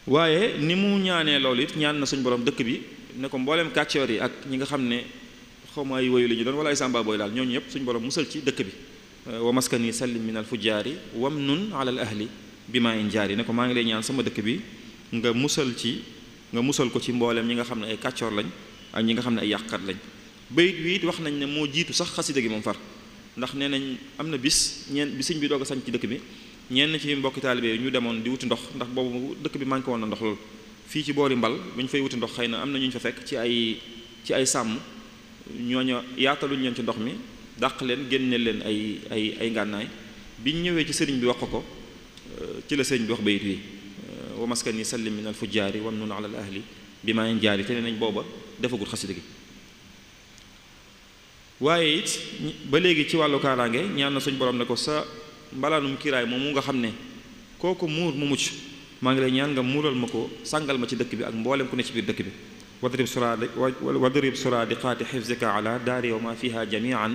a ni mu ñaanee loolu it ñaan na borom dëkk bi ne ko mbooleem yi ak ñi nga xam ne xaw ma ay woyu la ñu doon wala ay sàmba booy daal ñooñu yëpp suñu borom musal ci dëkk bi euh, wa maskani sallim min al fujaari wam nun ala al bi maa in jaari ne ko maa ngi lay ñaan sama dëkk bi nga musal ci nga musal ko ci mboolem ñi nga xam ne ay kàccoor lañ ak ñi nga xam ne ay yàqkat lañ bayit wi wax nañ ne moo jiitu sax xasida gi moom far ndax nee nañ am na bis ñeen bi sëñ bi doog sañ ci dëkk bi ñenn ci mbokki taalibe ñu demoon di wuti ndox ndax boobu dëkk bi manqué woon na ndox lool fii ci boori mbal ba fay wuti ndox na am na ñu fa fekk ci ay ci ay sàmm ñooñu yaataluñ leen ci ndox mi dàq leen génne leen ay ay ay ngànnaay biñ ñëwee ci sëriñ bi wax ko ci la sëriñ bi wax bayit wi wa maskani sallim min alfujjaari wan nun ala al ahli bi maa ngi jaari te nee nañ booba defagul xasida gi waaye it ba léegi ci wàllu kaaraange ñaan na suñ borom ne ko sa mbalaanum kiiraay moom mu nga xam ne kooku muur mu mucc maa ngi lay ñaan nga muural ma ko sàngal ma ci dëkk bi ak mboolem ku ne ci biir dëkk bi wadrib suraadi wadrib suraadiqaati xifzika ala daari wa ma fiha jamian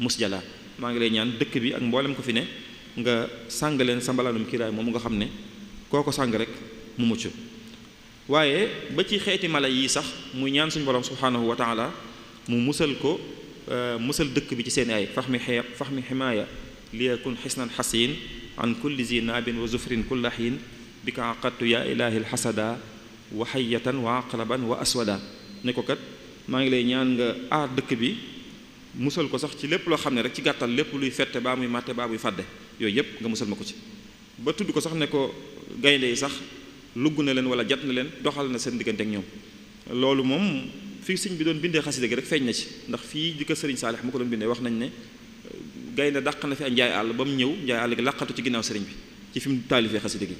musjala maa ngi lay ñaan dëkk bi ak mboolem ko fi ne nga sàng leen sa mbalaanum kiiraay moom mu nga xam ne koo ko sàng rek mu mucc waaye ba ci xeeti mala yii sax muy ñaan suñu borom subhaanahu wa taala mu musal ko euh, musal dëkk bi ci seeni ay faxmi faxmi ximaaya liyakun xisnan xasin an kulli zinaabin wa zufrin kulla xiin bi ka aqattu yaa ilaahi alxasada wa xayatan wa aqlaban wa aswada ne ko kat maa ngi lay ñaan nga aar dëkk bi musal ko sax ci lépp loo xam ne rek ci gàttal lépp luy fette baa muy màtte baa muy fàdde yooyu yépp nga musal ma ko ci ba tudd ko sax ne ko gaynde yi sax lugg na leen wala jat na leen doxal na seen digganteek ak ñoom loolu moom fii sëñ bi doon bindee xasida gi rek feeñ na ci ndax fii di ko sëriñ Saalix mu ko doon bindee wax nañ ne euh, gaynde dàq na njaay àll ba mu ñëw njaay gi laqatu ci ginnaaw sëriñ bi ci fi mu taalifee xasida gi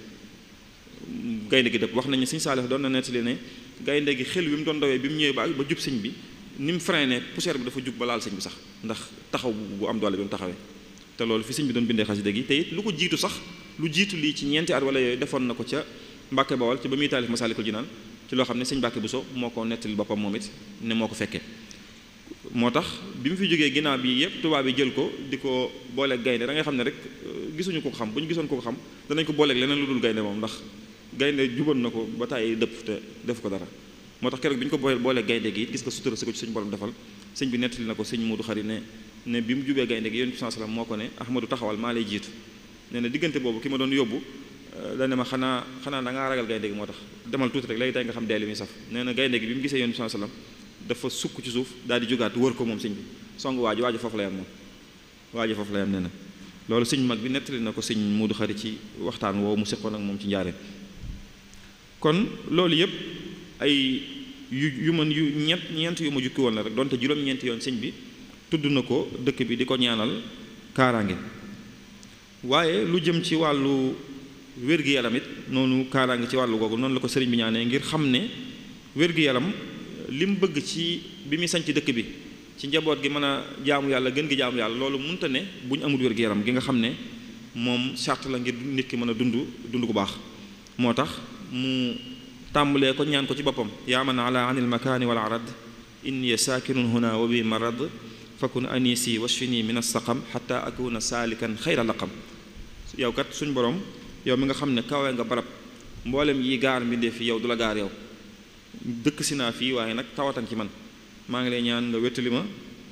gaynde gi dëpp wax nañ ne sëñ doon na nettali ne gaynde gi xel bi mu doon dawee bi mu ñëwee ba ba jub sëñ bi ni mu freiné poussière bi dafa jug ba laal sëñ bi sax ndax taxaw bu am doole bi mu taxawee te loolu fi sëñ bi doon bindee xasida gi tey lu ko jiitu sax lu jiitu lii ci ñeenti at wala yooyu defoon na ko ca Mbàkke Bawol ci ba muy taalif Masaalikul Jinaan ci loo xam ne sëñ Mbàkke Buso moo ko nettali boppam moom it ne moo ko fekkee moo tax bi mu fi jógee ginnaaw bi yëpp tubaab yi jël ko di ko booleeg gaynde da xam ne rek euh, gisuñu ko xam bu ñu gisoon ko xam danañ ko booleeg leneen lu dul gaynde moom ndax gaynde juboon na ko ba tàyyi dëpp def ko dara moo tax keroog bi ñu ko boolee gaynde gi gis nga sutura si ko ci suñu borom defal sëñ bi nettali na ko sëñ Moodu Xari ne ne bi mu jubee gaynde gi yonent moo ko ne Ahmadu taxawal maa lay jiitu nee diggante boobu ki ma doon yóbbu la euh, ne ma xanaa xanaa da ragal gaynde gi moo tax demal tuuti rek léegi tey nga xam dee li muy saf nee na gaynde gi bi mu gisee yoon bi saa dafa sukk ci suuf daal di jógaat wër ko moom sëñ bi song waaju waaj foofu la moom waaju foofu la yam na loolu sëñ mag bi nettali na ko sëñ Muudu Xari ci waxtaan woowu mu seqoon ak moom ci njaareen kon loolu yëpp ay yu yu man yu ñett ñeent yu ma jukki woon la rek donte juróom yoon sëñ bi tudd na ko dëkk bi di ko ñaanal kaaraange waaye lu jëm ci wàllu wér-gi-yaram it noonu kaaraange ci wàllu googu noonu la ko sëriñ bi ñaanee ngir xam ne wér-gi-yaram li mu bëgg ci bi muy sañc dëkk bi ci njaboot gi mën a jaamu yàlla gën gi jaamu yàlla loolu munta ne bu ñu amul wér-gi-yaram gi nga xam ne moom charte la ngir nit ki mën a dund dund gu baax moo tax mu tàmbalee ko ñaan ko ci boppam yaa man ala anil makaani wal arad inni saakirun huna wa bi marad fakun anisi washfini min as-saqam xata akuna saalikan xayra laqam yow kat suñu borom yow mi nga xam ne kawe nga barab mboolem yi gaar mbindeef fi yow du la gaar yow dëkk si naa fii waaye nag tawatan ci man maa ngi lay ñaan nga wettali ma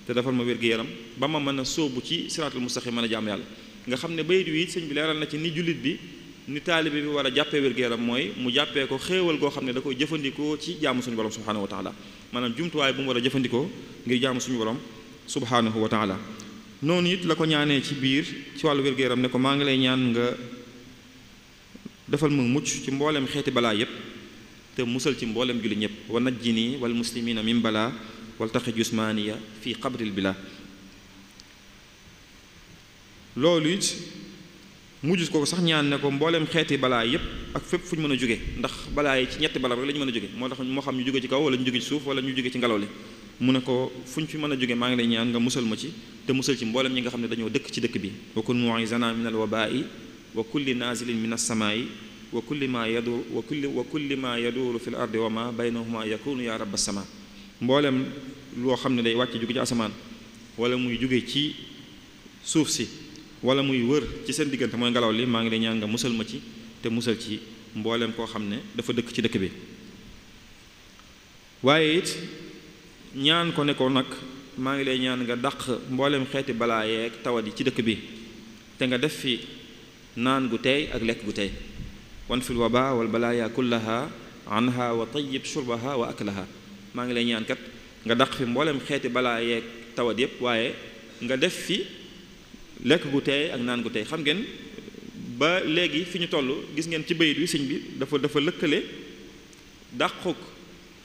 te defal ma wér yaram ba ma mën a soobu ci siraatul mustaqim mën a jaam yàlla nga xam ne bayit wii sëñ bi leeral na ci ni jullit bi ni taalibe bi war a jàppee wér yaram mooy mu jàppee ko xéewal goo xam ne da koy jëfandikoo ci jaamu suñu borom subhanahu wa taala maanaam jumtuwaay bu war a jëfandikoo ngir jaamu suñu borom subhaanahu wa taala noonu it la ko ñaanee ci biir ci wàllu wér ne ko maa ngi lay ñaan nga defal ma mucc ci mbooleem xeeti balaa yépp te musal ci mboolem julli ñëpp wa najjini wal muslimina min balaa wal taqi jusmaniya fi qabril bila loolu it mujj ko sax ñaan ne ko mboolem xeeti balaa yépp ak fépp fu ñu mën a jóge ndax balaa yi ci ñetti balaa rek la mën a jóge moo tax moo xam ñu jóge ci kaw wala ñu jóge ci suuf wala ñu jóge ci ngelaw li mu ne ko fu ñu fi mën a jóge maa ngi lay ñaan nga musal ma ci te musal ci mboolem ñi nga xam ne dëkk ci dëkk bi wa kun mu'izana min al waba'i wa kulli nazilin min as-samaa'i wa kulli ma yadur wa kulli fi l ardi wa ma baynahuma yakunu ya rabb as-samaa mboolem loo xam ne day wàcc jóge ci asamaan wala muy jóge ci suuf si wala muy wër ci seen diggante mooy ngelaw li maa ngi lay ñaan musal ma ci te musal ci mboolem koo xam ne dafa dëkk ci dëkk bi waaye it ñaan ko ne ko nag maa ngi lay ñaan nga daq mboolem xeeti balaa yeeg tawat yi ci dëkk bi te nga def fi naan gu tey ak lekk gu tey wan fil waba wal balaaya kullaha anha wa tayyib shurbaha maa ngi lay ñaan nga dàq mboolem xeeti balaa yeeg tawat yépp waaye nga def fi lekk gu tey ak naan gu tey xam ngeen ba léegi fi ñu toll gis ngeen ci bayit wi sëñ bi dafa dafa lëkkale dàquk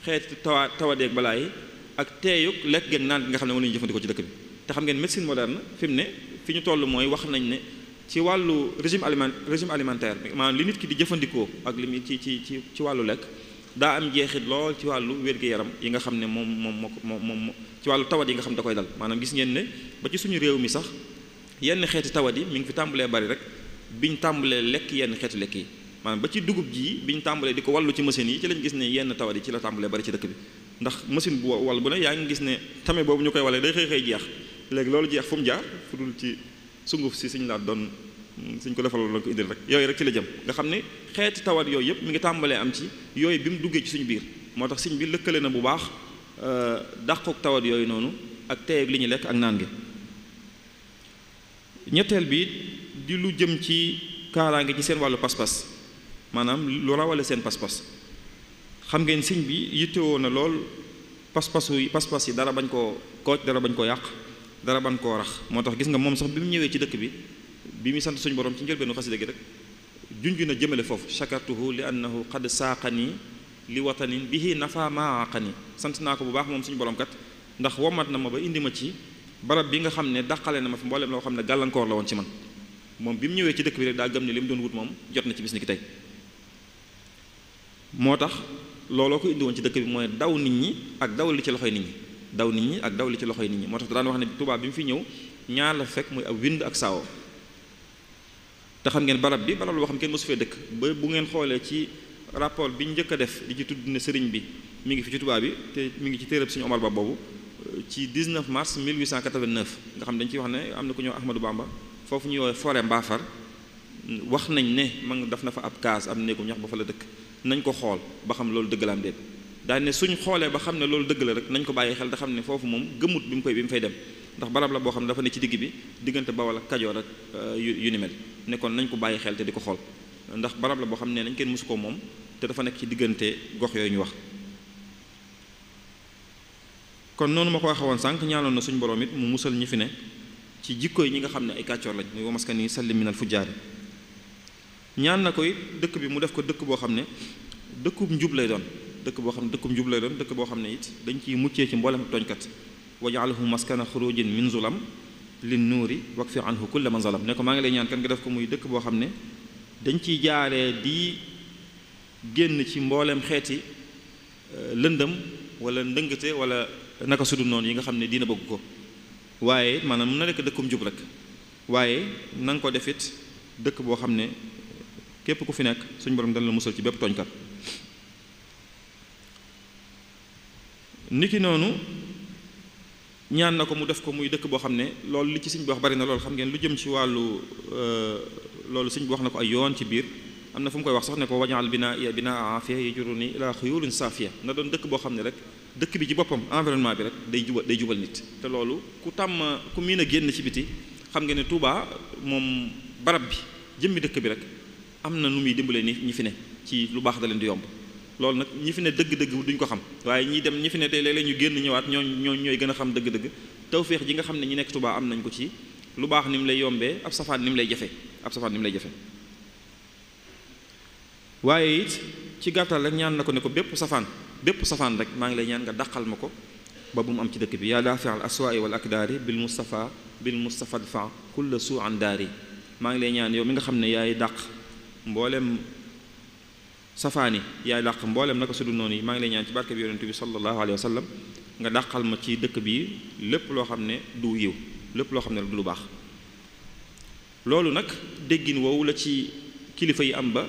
xeeti tawa tawadeeg balaa yi ak teeyug lekk geeg naan gi nga xam ne moom la jëfandikoo ci dëkk bi te xam ngeen médecine moderne fi ne fi ñu toll mooy wax nañ ne ci wàllu régime aliment régime alimentaire bi maanaam li nit ki di jëfandikoo ak li muy ci ci ci wàllu lekk daa am jeexit lool ci wàllu wér-gu-yaram yi nga xam ne moom moom moo moom ci wàllu tawat yi nga xam da koy dal maanaam gis ngeen ne ba ci suñu réew mi sax yenn xeeti tawat yi mi ngi fi tàmbalee bari rek biñ tàmbalee lekk yenn xeeti lekk yi maanaam ba ci dugub ji biñ tàmbalee di ko wàllu ci machine yi ci lañ gis ne yenn tawat yi ci la tàmbalee bari ci dëkk bi ndax machine bu wal bu ne yaa ngi gis ne tame boobu ñu koy walee day xëy xëy jeex léegi loolu jeex fu mu jaar fu dul ci sunguf si suñ laa doon mm, suñ ko defal loolu ko indil rek yooyu rek ci la jëm nga xam ne xeeti tawat yooyu yëpp mu ngi tàmbalee am ci yooyu bi mu duggee ci suñu biir moo tax suñ bi lëkkale na bu baax euh, dàqook tawat yooyu noonu ak teyeeg li ñu lekk ak naan gi ñetteel bi di lu jëm ci kaaraange ci seen wàllu pas-pas maanaam lu rawale seen pas xam ngeen sëñ bi yittewoo na lool pas-pasu yi pas-pas yi dara bañ koo kooj dara bañ koo yàq dara ban koo rax moo tax gis nga moom sax bi mu ñëwee ci dëkk bi bi mu sant suñu borom ci njëlbeenu xasida gi rek junj na jëmale foofu shakartuhu li annahu qad saaqani li watanin bihi nafa maaqani sant naa ko bu baax moom suñu borom kat ndax womat ma ba indi ma ci barab bi nga xam ne dàqale na ma fi mbooleem loo xam ne gàllankoor la woon ci man moom bi mu ñëwee ci dëkk bi rek daa gëm ne li mu doon wut moom jot na ci bis ni ki tey moo tax looloo ko indiwoon ci dëkk bi mooy daw nit ñi ak daw li ci loxoy nit ñi daw nit ñi ak daw li ci loxoy nit ñi moo tax daan wax ne tubaab bi mu fi ñëw ñaar la fekk mooy ab wind ak saawo te xam ngeen barab bi barab boo xam kenn mosu fee dëkk ba bu ngeen xoolee ci rapport bi ñu njëkk def di ci tudd ne sëriñ bi mu ngi fi ci tubaab bi te mi ngi ci téereb suñu Omar Ba boobu euh, ci mille 19 mars 1889 nga xam dañ ciy wax ne am na ku ñëw Ahmadou Bamba foofu ñuy woowee forêt Mbaafar wax nañ ne man daf na fa ab kaas am néegu ñax ba fa la dëkk nañ ko xool ba xam loolu dëgg la am déet daal suñ xoolee ba xam ne loolu dëgg la rek nañ ko bàyyi xel te xam ne foofu moom gëmut bi mu koy bi mu fay dem ndax barab la boo xam ne dafa ne ci digg bi diggante Bawol ak Kajoor ak euh, yu ni mel ne nañ ko bàyyi xel te di ko xool ndax barab la boo xam ne nañ kenn mosu ko moom te dafa nekk ci diggante gox yooyu ñu wax kon noonu ma ko waxee woon sànq ñaanoon na suñ borom it mu musal ñi fi ne ci jikko yi ñi nga xam ne ay kàccoor lañ muy wamaskan yi sallim minal fujjaari ñaan na ko it dëkk bi mu def ko dëkk boo xam ne dëkkub njub lay doon dëkk boo xam ne dëkkum njub lay doon dëkk boo xam ne it dañ ciy muccee ci mboolem tooñkat wajaalhu maskana xurujin min zulam lin nuuri wakfir anhu kulla man zalam ne ko maa ngi lay ñaan kan nga def ko muy dëkk boo xam ne dañ ciy jaaree di génn ci mboolem xeeti euh, lëndëm wala ndëngate wala naka sudul noonu yi nga xam ne dina bëgg ko waaye maanaam mën na nekk dëkkum jub rek waaye na nga ko defit dëkk boo xam ne képp ku fi nekk suñu borom dana la musal ci bépp tooñkat niki noonu ñaan na ko mu def ko muy dëkk boo xam ne loolu li ci sëñ bi wax bari na loolu xam ngeen lu jëm ci wàllu euh, loolu sëñ bi wax na ko ay yoon ci biir am na fu mu koy wax sax ne ko wañaal binaa iya binaa aafiya yajuruni ilaa xuyulin saafiya na doon dëkk boo xam ne rek dëkk bi ci boppam environnement bi rek day jubal day jubal nit te loolu ku tàmm ku miin génn ci biti xam ngeen ne Touba moom barab bi jëmmi dëkk bi rek am na nu muy dimbalee ni ñi fi ne ci lu baax da leen di yomb loolu nag ñi fi ne dëgg-dëgg duñ ko xam waaye ñi dem ñi fi ne tey léeg ñu génn ñëwaat ñoo ñoo ñooy gën a xam dëgg-dëgg tawféex ji nga xam ne ñi nekk Tuubaa am nañ ko ci lu baax ni mu lay yombee ab safaan ni mu lay jafe ab safaan ni lay jafe waaye it ci gàttal rek ñaan na ko ne ko bépp safaan bépp safaan rek maa ngi lay ñaan nga daqal ma ko ba bu mu am ci dëkk bi yaa daafi al aswaai wal akdaari bil mustafa bil mustafa dfa kulla suu an daari maa ngi lay ñaan yow mi nga xam ne yaay dàq mboolem safaani yaay dàq mboolem naka sudul noonu yi maa ngi lay ñaan ci barke bi yonent bi sallallahu alayhi wa sallam nga dàqal ma ci dëkk bi lépp loo xam ne du yiw lépp loo xam ne du lu baax loolu nag déggin woowu la ci kilifa yi am ba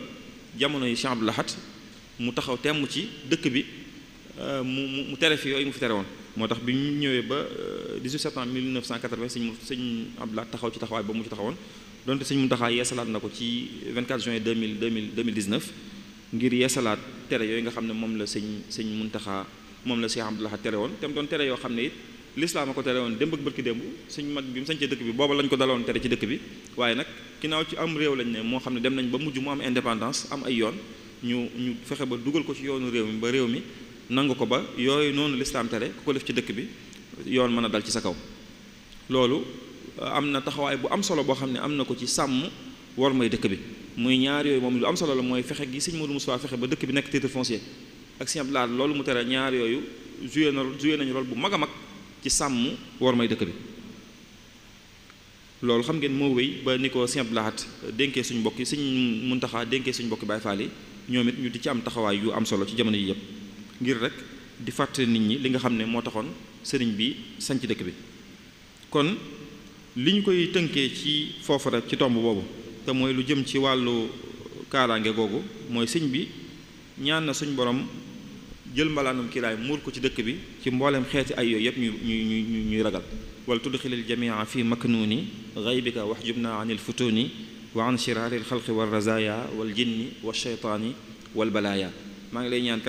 jamono yi Cheikh laxat mu taxaw temm ci dëkk bi euh, mu mu tere fi yooyu mu fi tere woon moo tax bi ñu ñëwee ba 18 euh, septembre si sëñ sëñ ab Lahad taxaw ci taxawaay ba mu ci taxawoon donte sëñ Muntaxa yeesalaat na ko ci 24 juin 2000 2019 ngir yeesalaat tere yooy nga xam ne moom la sëñ sëñ Muntaxa moom la Cheikh Abdoulaye tere woon te mu doon tere yoo xam ne it lislaam a ko tere woon démb ak bërki démb sëñ mag bi mu sañcee dëkk bi booba lañ ko daloon tere ci dëkk bi waaye nag ginnaaw ci am réew lañ ne moo xam ne dem nañ ba mujj mu am indépendance am ay yoon ñu ñu fexe ba dugal ko ci yoonu réew mi ba réew mi nangu ko ba yooyu noonu lislaam tere ku ko def ci dëkk bi yoon mën a dal ci sa kaw Euh, am na taxawaay bu am solo boo xam ne am na ko ci sàmm war mooy dëkk bi muy ñaar yooyu moom lu am solo la mooy fexe gi sëñ Modou Moussa fexe ba dëkk bi nekk titre foncier ak sëñ Abdoulaye loolu mu tere ñaar yooyu joué na joué nañu rôle bu mag a ci sàmm war mooy dëkk bi loolu xam ngeen moo wéy ba ni ko sëñ Abdoulaye dénkee suñu mbokk yi sëñ Muntaxa dénkee suñu mbokki Baay Faal yi ñoom it ñu di ci am taxawaay yu am solo ci jamono yi yëpp ngir rek di fàttali nit ñi li nga xam ne moo taxoon sëriñ bi sanc dëkk bi li ñu koy tënkee ci foofu rek ci tomb boobu te mooy lu jëm ci wàllu kaaraange googu mooy sëñ bi ñaan na suñ borom jël mbalaanum kiiraay muur ko ci dëkk bi ci mboolem xeeti ay yooyu yëpp ñu ñu ñuy ragal wal wala tudxilil jamia fi maknuuni gaybika wax jub naa an il futuuni wa an shiraaril xalqi wal razaya wal jinni wa sheytaani wal balaaya maa ngi lay ñaan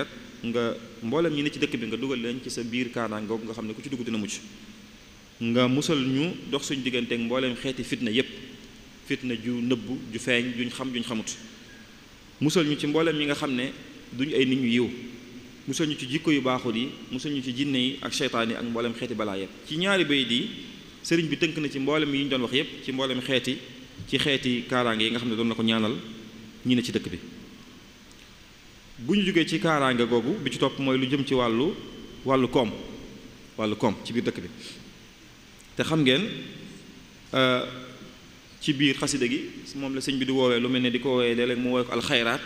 nga mboolem ñi ne ci dëkk bi nga dugal leen ci sa biir kaaraange googu nga xam ne ku ci dugg dina mucc nga musal ñu dox suñu diggante mbooleem xeeti fitna yépp fitna ju nëbb ju feeñ juñ xam juñ xamut musal ñu ci mbooleem yi nga xam ne duñu ay nit ñu yiw musal ñu ci jikko yu baaxul yi musal ñu ci jinne yi ak seytaan yi ak mbooleem xeeti balaa yépp ci ñaari bay di sëriñ bi tënk na ci mbooleem yi ñu doon wax yépp ci mbooleem xeeti ci xeeti kaaraange yi nga xam ne doon na ko ñaanal ñi ne ci dëkk bi bu ñu jógee ci kaaraange googu bi ci topp mooy lu jëm ci wàllu wàllu koom wàllu koom ci biir dëkk bi te xam ngeen euh, ci biir xasida gi moom la sëñ bi di woowee lu mel ne di ko woowee léeg-léeg mu woowee ko alxayraat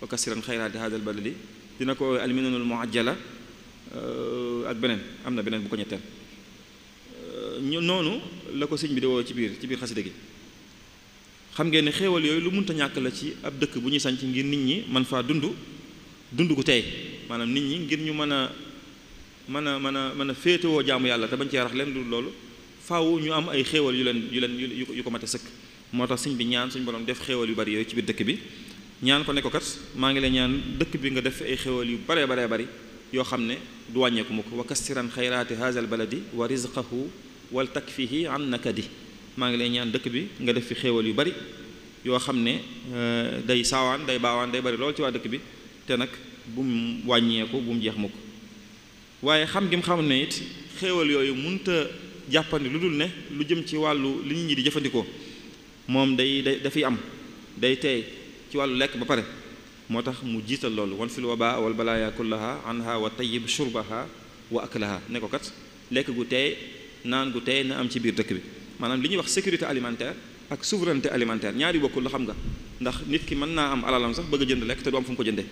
wa kasiran xayraati hadal baladi dina ko woowee alminanul muajjala euh, ak beneen am na beneen bu ko ñetteel euh, ñu noonu la ko sëñ bi di woowee ci biir ci biir xasida gi xam ngeen ne xéewal yooyu lu munta ñàkk la ci ab dëkk bu ñuy sanc ngir nit ñi man faa dund dund gu tey maanaam nit ñi ngir ñu mën mën a mën a mën a féetewoo jaamu yàlla te bañ cee rax leen dul loolu faaw ñu am ay xéewal yu leen yu leen yu ko mate sëkk moo tax sëñ bi ñaan suñu borom def xéewal yu bari ci biir dëkk bi ñaan ko ne ko kat maa ngi lay ñaan dëkk bi nga def ay xéewal yu baree baree bari yoo xam ne du wàññeeku mukk wa kastiran xayraati haazal baladi wa rizqahu wal takfihi an nakadi maa ngi lay ñaan dëkk bi nga def fi xéewal yu bari yoo xam ne eh, day saawaan day baawaan day bari loolu ci waa dëkk bi te nag bu mu wàññeeku bu mu jeex mukk waaye xam gi mu xam ne it xéewal yooyu munta jàppandi lu dul ne lu jëm ci wàllu li nit ñi di jëfandikoo moom day day dafi am day teey ci wàllu lekk ba pare moo tax mu jiital loolu wan fil waba wal balaya kullaha anha wa tayyib shurbaha wa aklaha ne ko kat lekk gu teey naan gu teey na am ci biir dëkk bi maanaam li ñu wax sécurité alimentaire ak souveraineté alimentaire ñaari bokkul la xam nga ndax nit ki mën naa am alalam sax bëgg a jënd lekk te du am ko jëndee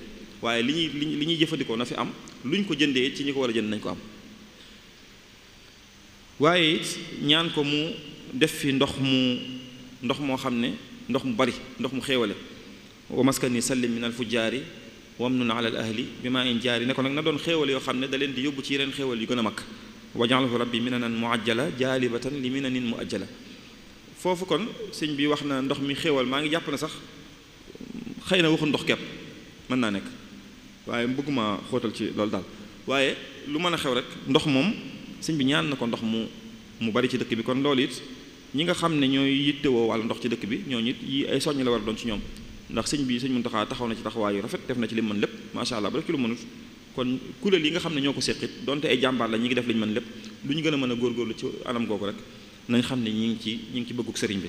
waaye li ñuy li ñuy jëfandikoo na fi am luñ ko jëndee ci ñi ko war a jënd nañ ko am waaye ñaan ko mu def fi ndox mu ndox moo xam ne ndox mu bari ndox mu xéewale wa maskani sallim min al fujjaari wamnun ala al ahli bi maa in jaari ne ko nag na doon xéewal yoo xam ne da leen di yóbbu ci yeneen xéewal yu gën a mag mi wajalahu rabbi minanan muajjala jaalibatan li minanin muajjala foofu kon sëñ bi wax na ndox mi xéewal maa ngi jàpp na sax xëy na waxu ndox kepp mën naa nekk waaye bëgguma xootal ci loolu daal waaye lu mën a xew rek ndox moom sëñ bi ñaan na ko ndox mu mu bari ci dëkk bi kon loolu it ñi nga xam ne ñooy yittewoo wàllu ndox ci dëkk bi ñoo it yi ay soññ la war a doon ci ñoom ndax sëñ bi sëñ Muntaxa taxaw na ci taxawaayu rafet def na ci li mën lépp macha allah ba def ci lu mënut kon kuréel yi nga xam ne ñoo ko séqit donte ay jàmbaar la ñu ngi def li ñu mën lépp lu ñu gën a mën a góorgóorlu ci anam googu rek nañ xam ne ñi ngi ci ñi ngi ci bëggug sëriñ bi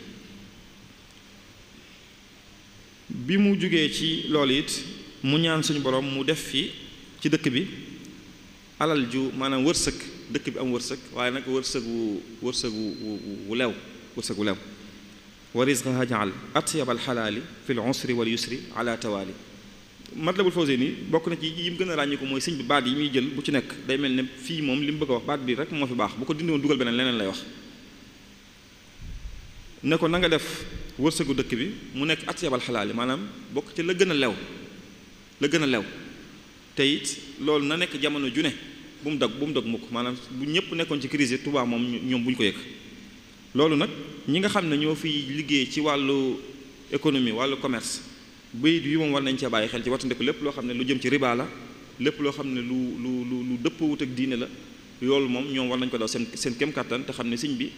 bi mu loolu it mu ñaan suñu borom mu def fi ci dëkk bi alal ju maanaam wërsëg dëkk bi am wërsëg waaye nag wërsëg wu wërsëg wu lew wërsëg wu lew wa risqaha jaal atyab alxalaali fi l usri wal yusri ala tawaali matlabul fawzeyni bokk na ci yi mu gën a ràññi ko mooy sëñ bi baat yi muy jël bu ci nekk day mel ne fii moom li mu bëgg a wax baat bi rek moo fi baax bu ko dindi woon dugal beneen leneen lay wax ne ko na nga def wërsëgu dëkk bi mu nekk atyab alxalaali maanaam bokk ci la gën a lew la gën a lew te it loolu na nekk jamono ju ne bu mu dog bu mu dog mukk maanaam bu ñëpp nekkoon ci crise Touba moom ñoom bu ko yëg loolu nag ñi xam ne ñoo fiy liggéey ci wàllu économie wàllu commerce bayit yi moom war nañ cee bàyyi xel ci wattandiku lépp loo xam ne lu jëm ci riba la lépp loo xam ne lu lu lu lu dëppawut ak diine la loolu moom ñoom war nañ ko daw seen seen kem kàttan te xam ne sëñ bi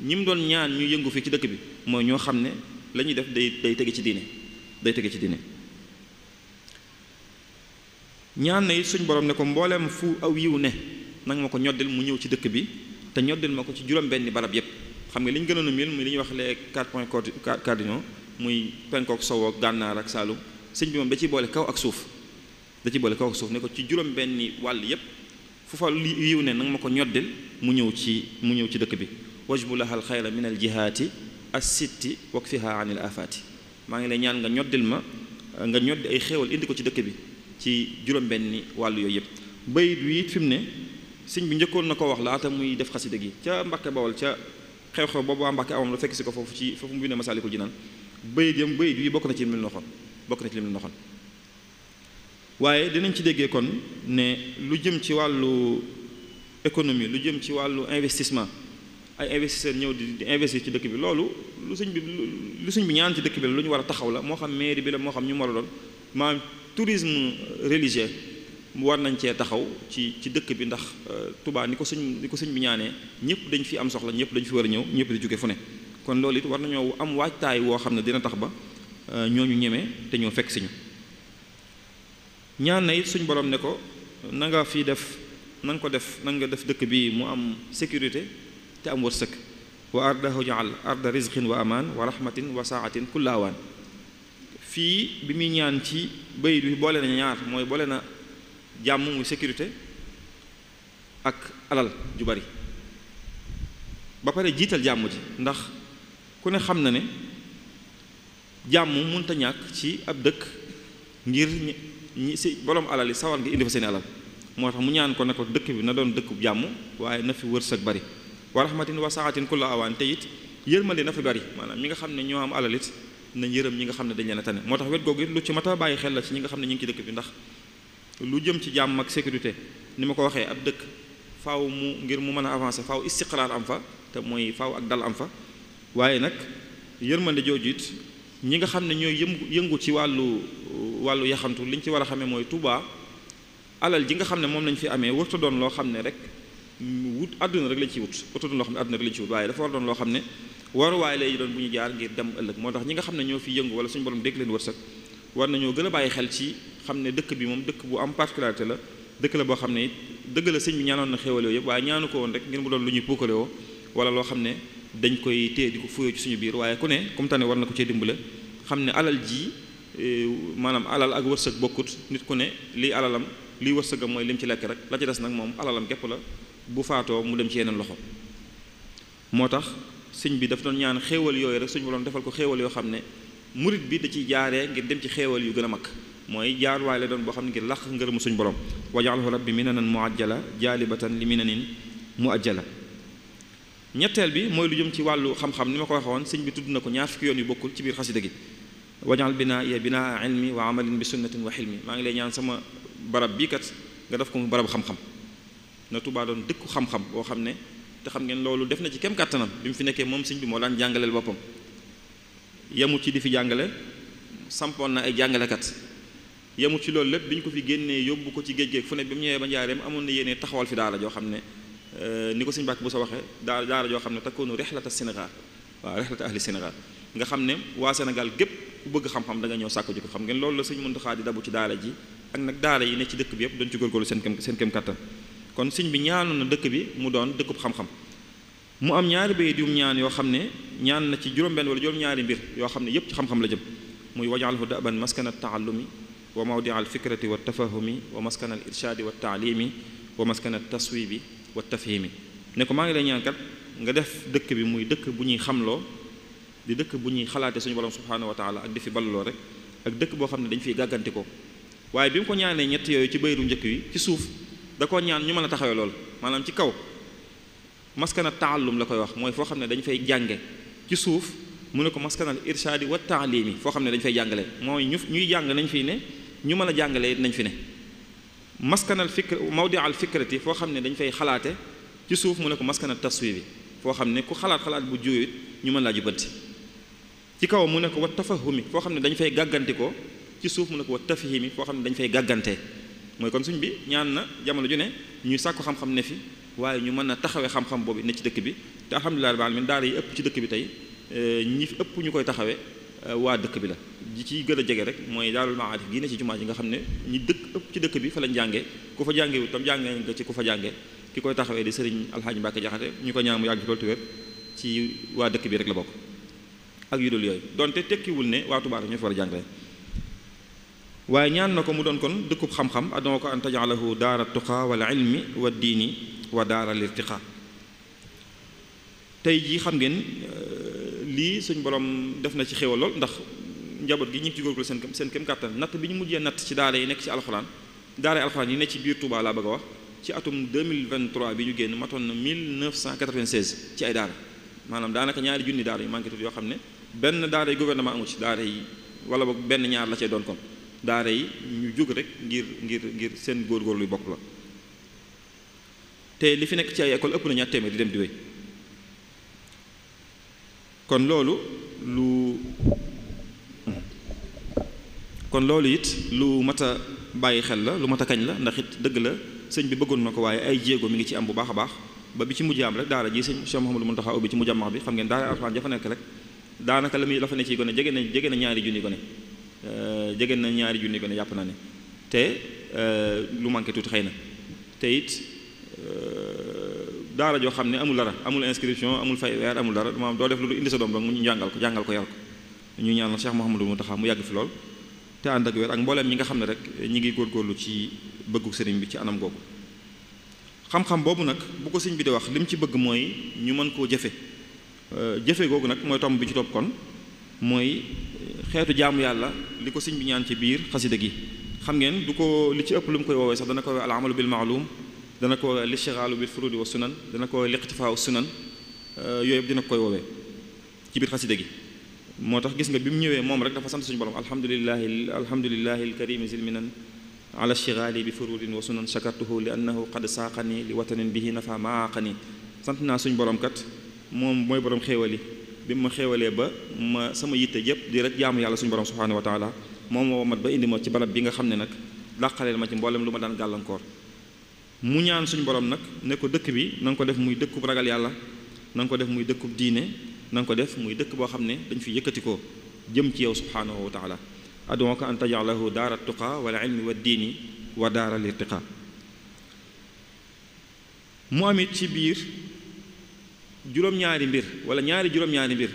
ñi mu doon ñaan ñu yëngu fi ci dëkk bi mooy ñoo xam ne la ñuy def day day tege ci diine day tege ci diine ñaan na suñ borom ne ko mbooleem fu aw yiw ne nanga ma ko ñoddil mu ñëw ci dëkk bi te ñoddil ma ko ci juróom benni barab yépp xam nga li ñu gënoon a mil li ñuy wax les quatre points cardinaux muy penkook sowook gànnaar ak saalum sëñ bi da ciy boole kaw ak suuf da ciy boole kaw ak ne ko ci juróom benni wàll yépp fu fa ne nanga ma ko ñoddil mu ñëw ci mu ñëw ci dëkk bi wajbu lahal xayra min al jihaati assitti wakfiha anil afaati maa ngi lay ñaan nga ñoddil ma nga ñoddi ay xéewal indi ko ci dëkk bi ci juróom-benni wàll yooyu yëpp bayit wi it fi mu ne sëñ bi njëkkoon na ko wax laata muy def xasida gi ca Mbàkke Bawol ca xew-xew boobu waa Mbàkke amoon la fekk si ko foofu ci foofu mu bindee Masaalikul Jinaan bayit yam bayit wi bokk na ci lim noxoon bokk na ci lim noxoon waaye dinañ ci déggee kon ne lu jëm ci wàllu économie lu jëm ci wàllu investissement ay investisseurs ñëw di investir ci dëkk bi loolu lu sëñ bi lu sëñ bi ñaan ci dëkk bi la lu ñu war a taxaw la moo xam mairie bi la moo xam ñu mu war tourisme religieux war nañ cee taxaw ci ci dëkk bi ndax euh, Touba ni ko sëñ ko sëñ bi ñaanee ñëpp dañ fi am soxla ñëpp dañ fi war a ñëw ñëpp di jóge fu ne kon loolu it war nañoo am waajtaay woo xam ne dina tax ba euh, ñooñu ñemee te ñoo fekk siñu ñaan na it suñ borom ne ko na nga fii def na ko def na nga def dëkk bi mu am sécurité te am wërsëg wa ardahu jaal arda rizqin wa amaan wa rahmatin wa saatin kullawaan fii bi muy ñaan ci bayit bi boole na ñaar mooy boole na jàmm muy sécurité ak alal ju bari ba pare jiital jàmm ji ndax ku ne xam na ne jàmm mun ta ñàkk ci ab dëkk ngir ñi si borom alal yi sawar nga indi fa seen alal moo tax mu ñaan ko ne ko dëkk bi na doon dëkk jàmm waaye na fi wërsëg bari wa rahmatin wa saatin kulla awaan te it yërmande na fi bari maanaam ñi nga xam ne ñoo am alal it nañ yërëm ñi nga xam ne dañ leen a tane moo tax wet googu lu ci mat a bàyyi xel la ci ñi nga xam ne lu jëm ci jàmm ak sécurité ni ma ko waxee ab dëkk faaw mu ngir mu mën a avancer faaw istiqraar am fa te mooy faaw ak dal am fa waaye nag yërmande jooju it ñi nga xam ne ñooy yëngu yëngu ci wàllu wàllu yaxantu liñ ci war a xamee mooy Touba alal ji nga xam ne moom lañ fi amee warta doon loo xam ne rek wut àdduna rek lañ ci wut warta doon loo xam ne àdduna rek lañ ci wut waaye dafa war doon loo xam ne waruwaay lay doon bu ñu jaar ngir dem ëllëg moo tax ñi nga xam ne ñoo fi yëngu wala suñu borom dégg leen wërsëg war nañoo gën a bàyyi xel ci xam ne dëkk bi moom dëkk bu am particularité la dëkk la boo xam ne dëgg la sëñ bi na xéewal yooyu yëpp waaye ko woon rek ngir mu doon lu ñuy puukale wala loo xam ne dañ koy téye di ko fuyoo ci suñu biir waaye ku ne comme war na ko cee dimbale xam ne alal ji e, maanaam alal ak wërsëg bokkut nit ku ne lii alalam lii wërsëgam mooy lim ci lekk rek la ci des nag moom alalam gépp la bu faatoo mu dem ci yeneen loxo moo tax sëñ bi dafa doon ñaan xéewal yooyu rek suñu borom defal ko xéewal yoo xam ne murit bi da ciy jaaree ngir dem ci xéewal yu gën a mag mooy jaar waay la doon boo xam ne ngir làq ngërëmu suñu borom wajaxalhu rabbi minanan muajjala jaalibatan li minanin muajjala ñetteel bi mooy lu jëm ci wàllu xam ni ma ko waxoon sëñ bi tudd na ko ñaar yoon yu bokkul ci biir xasida gi wajaxal binaa ya binaa ilmi wa wa xilmi maa ngi lay ñaan sama barab bii nga def ko mu barab xam-xam na Tuubaa doon dëkku xam-xam boo xam ne te xam ngeen loolu def na ci kem kàttanam bi mu fi nekkee moom sëñ bi moo daan jàngaleel boppam yemut ci di fi jàngale sampoon na ay jàngalekat yemut ci loolu lépp bi ñu ko fi génnee yóbbu ko ci géej géej fu ne bi mu ñëwee ba njaareem amoon na yéene taxawal fi daala joo xam ne euh, ni ko sëñ bàkk bu sa waxee daara daara joo xam ne takkoonu rexlata Sénégal waaw rexlata ahli Sénégal nga xam ne waa Sénégal gépp ku bëgg xam-xam da nga ñëw sàkku ji ko xam ngeen loolu la sëñ Muntaxa di dabu ci daara ji ak ne ci dëkk bi yëpp dañ ci góorgóorlu seen seen kem kàttan kon sëñ bi ñaanoon na dëkk bi mu doon dëkkub xam-xam mu am ñaari bayit yum ñaan yoo xam ne ñaan na ci juróom-benn wala juróom-ñaari mbir yoo xam ne yépp ci xam-xam la jëm muy wajalhu daban maskana taallumi wa mawdia al fikrati wa tafahumi wa maskana al irshaadi wa taalimi wa maskana taswibi wa tafhimi ne ko maa ngi lay ñaan kat nga def dëkk bi muy dëkk bu ñuy xamloo di dëkk bu ñuy xalaate suñu borom subhaanahu wa taala ak di fi balloo rek ak dëkk boo xam ne dañ fiy gàggante ko waaye bi mu ko ñaanee ñett yooyu ci bayru njëkk wi ci suuf da koo ñaan ñu mën a taxawee loolu maanaam ci kaw maskana taallum la koy wax mooy foo xam ne dañu fay jànge ci suuf mu ne ko maskanal irshaadi wa taalimi foo xam ne dañu fay jàngale mooy ñu jàng nañ fi ne ñu mën a jàngalee nañ fi ne maskanal fikr mawdi al foo xam ne dañ fay xalaate ci suuf mu ne ko maskanal taswibi foo xam ne ku xalaat xalaat bu juyut ñu mën laa jubanti ci kaw mu ne ko wa tafahumi foo xam ne dañu fay gàggantikoo ci suuf mu ne ko wa tafhimi foo xam ne dañu fay gàggantee mooy kon suñ bi ñaan na jamono ju ne ñuy sàkku xam-xam ne fi waaye ñu mën na taxawee xam-xam boobu ne ci dëkk bi te alhamdulilah rabbil alamin daara yi ëpp ci dëkk bi tey eh, ñi fi ëpp ñu koy taxawee eh, waa dëkk bi la ji ci gën a jege rek mooy daarul maarif gi ne ci jumaa ji nga xam ne ñi dëkk ëpp ci dëkk bi lañ jàngee ku fa jàngee wu tam jàngee nga ci ku fa jàngee ki koy taxawee di sëriñ alxaaji Mbàkke jaxate ñu ko ñaan mu yàgg ci loolu tuwér ci waa dëkk bi rek la bokk ak yu dul yooyu donte tekkiwul ne waa Tuubaa ñu fa war a jàngale waaye ñaan na ko mu doon kon dëkku xam-xam adduna ko an tajalahu daara tuqa wala ilmi wa diini wa daara lirtiqa tey jii xam ngeen euh, lii suñ borom def na ci xéwal lool ndax njaboot gi ñu ngi ci góorgóorlu bi ñu mujjee natt ci daara yi nekk ci alxuraan daara alxuraan yi nekk ci biir Touba laa bëgg a wax ci atum 2023 bi ñu génn matoon na 1996 ci ay maanaam daanaka ñaari junni daara yu manqué tuuti yoo xam ne benn daara yi gouvernement amu ci daara yi benn ñaar la cay doon kon daara yi ñu jóg rek ngir ngir ngir seen góor yu bopp la te li fi nekk ci ay école ëpp na ñaar di dem di wéy kon loolu lu kon loolu it lu mat a bàyyi xel la lu mat a kañ la ndax dëgg la sëñ bi bëggoon na ko waaye ay jéego mu ngi ci am bu baax a baax ba bi ci mujj am rek daara ji sëñ Cheikh Mouhamadou Mountakha ubbi ci mujj am bi xam ngeen daara alxuraan jafa nekk rek daanaka la muy la fa ne ciy gone jege na jege na ñaari junni gone Euh, jege na ñaari junni gone yàpp naa ne te euh, lu manqué tuuti xëy na te it euh, daara joo xam ne amul dara amul inscription amul fay weer amul dara maanaam doo def lu indi sa doom mu ñu jàngal ko jàngal ko yar ko ñu ñaanal Cheikh Mouhamadou Mountakha mu yàgg fi lool te ànd ak weer ak mbooleem ñi nga xam ne rek ñi ngi góorgóorlu ci bëggu sëriñ bi ci anam googu xam-xam boobu nag bu ko siñ bi di wax li ci bëgg mooy ñu mën koo jëfe jëfe googu nag mooy tomb bi ci topp kon mooy xeetu jaamu yàlla li ko sëñ bi ñaan ci biir xasida gi xam ngeen du ko li ci ëpp lu mu koy woowee sax dana ko woowee al amalu bil maalum dana ko woowee lishiraalu bil furudi wa sunan dana ko woowee liqtifaa sunan euh, yooyu koy woowee ci biir xasida gi moo tax gis nga bi mu ñëwee moom rek dafa sant suñu borom alhamdulilahi alhamdulilahi alkarimi zil minan ala shiraali bi furudin wa sunan shakartuhu li annahu qad saaqani li watanin bihi sant naa suñu borom kat moom mooy borom xéewali bi ma xéewalee ba ma sama yitte yëpp di rek jaamu yàlla suñu borom subhaanahu wa taala moom moo mat ba indi ma ci barab bi nga xam ne nag dàqaleel ma ci mboolem lu ma daan gàllankoor mu ñaan suñu borom nag ne ko dëkk bi nanga ko def muy dëkkub ragal yàlla nanga ko def muy dëkkub diine nanga ko def muy dëkk boo xam ne dañ fi yëkkatikoo jëm ci yow subhaanahu wa taala adduka an tajaalahu daara tuqa wala ilmi wa diini wa daara lirtiqa mu amit juróom-ñaari mbir wala ñaari juróom-ñaari mbir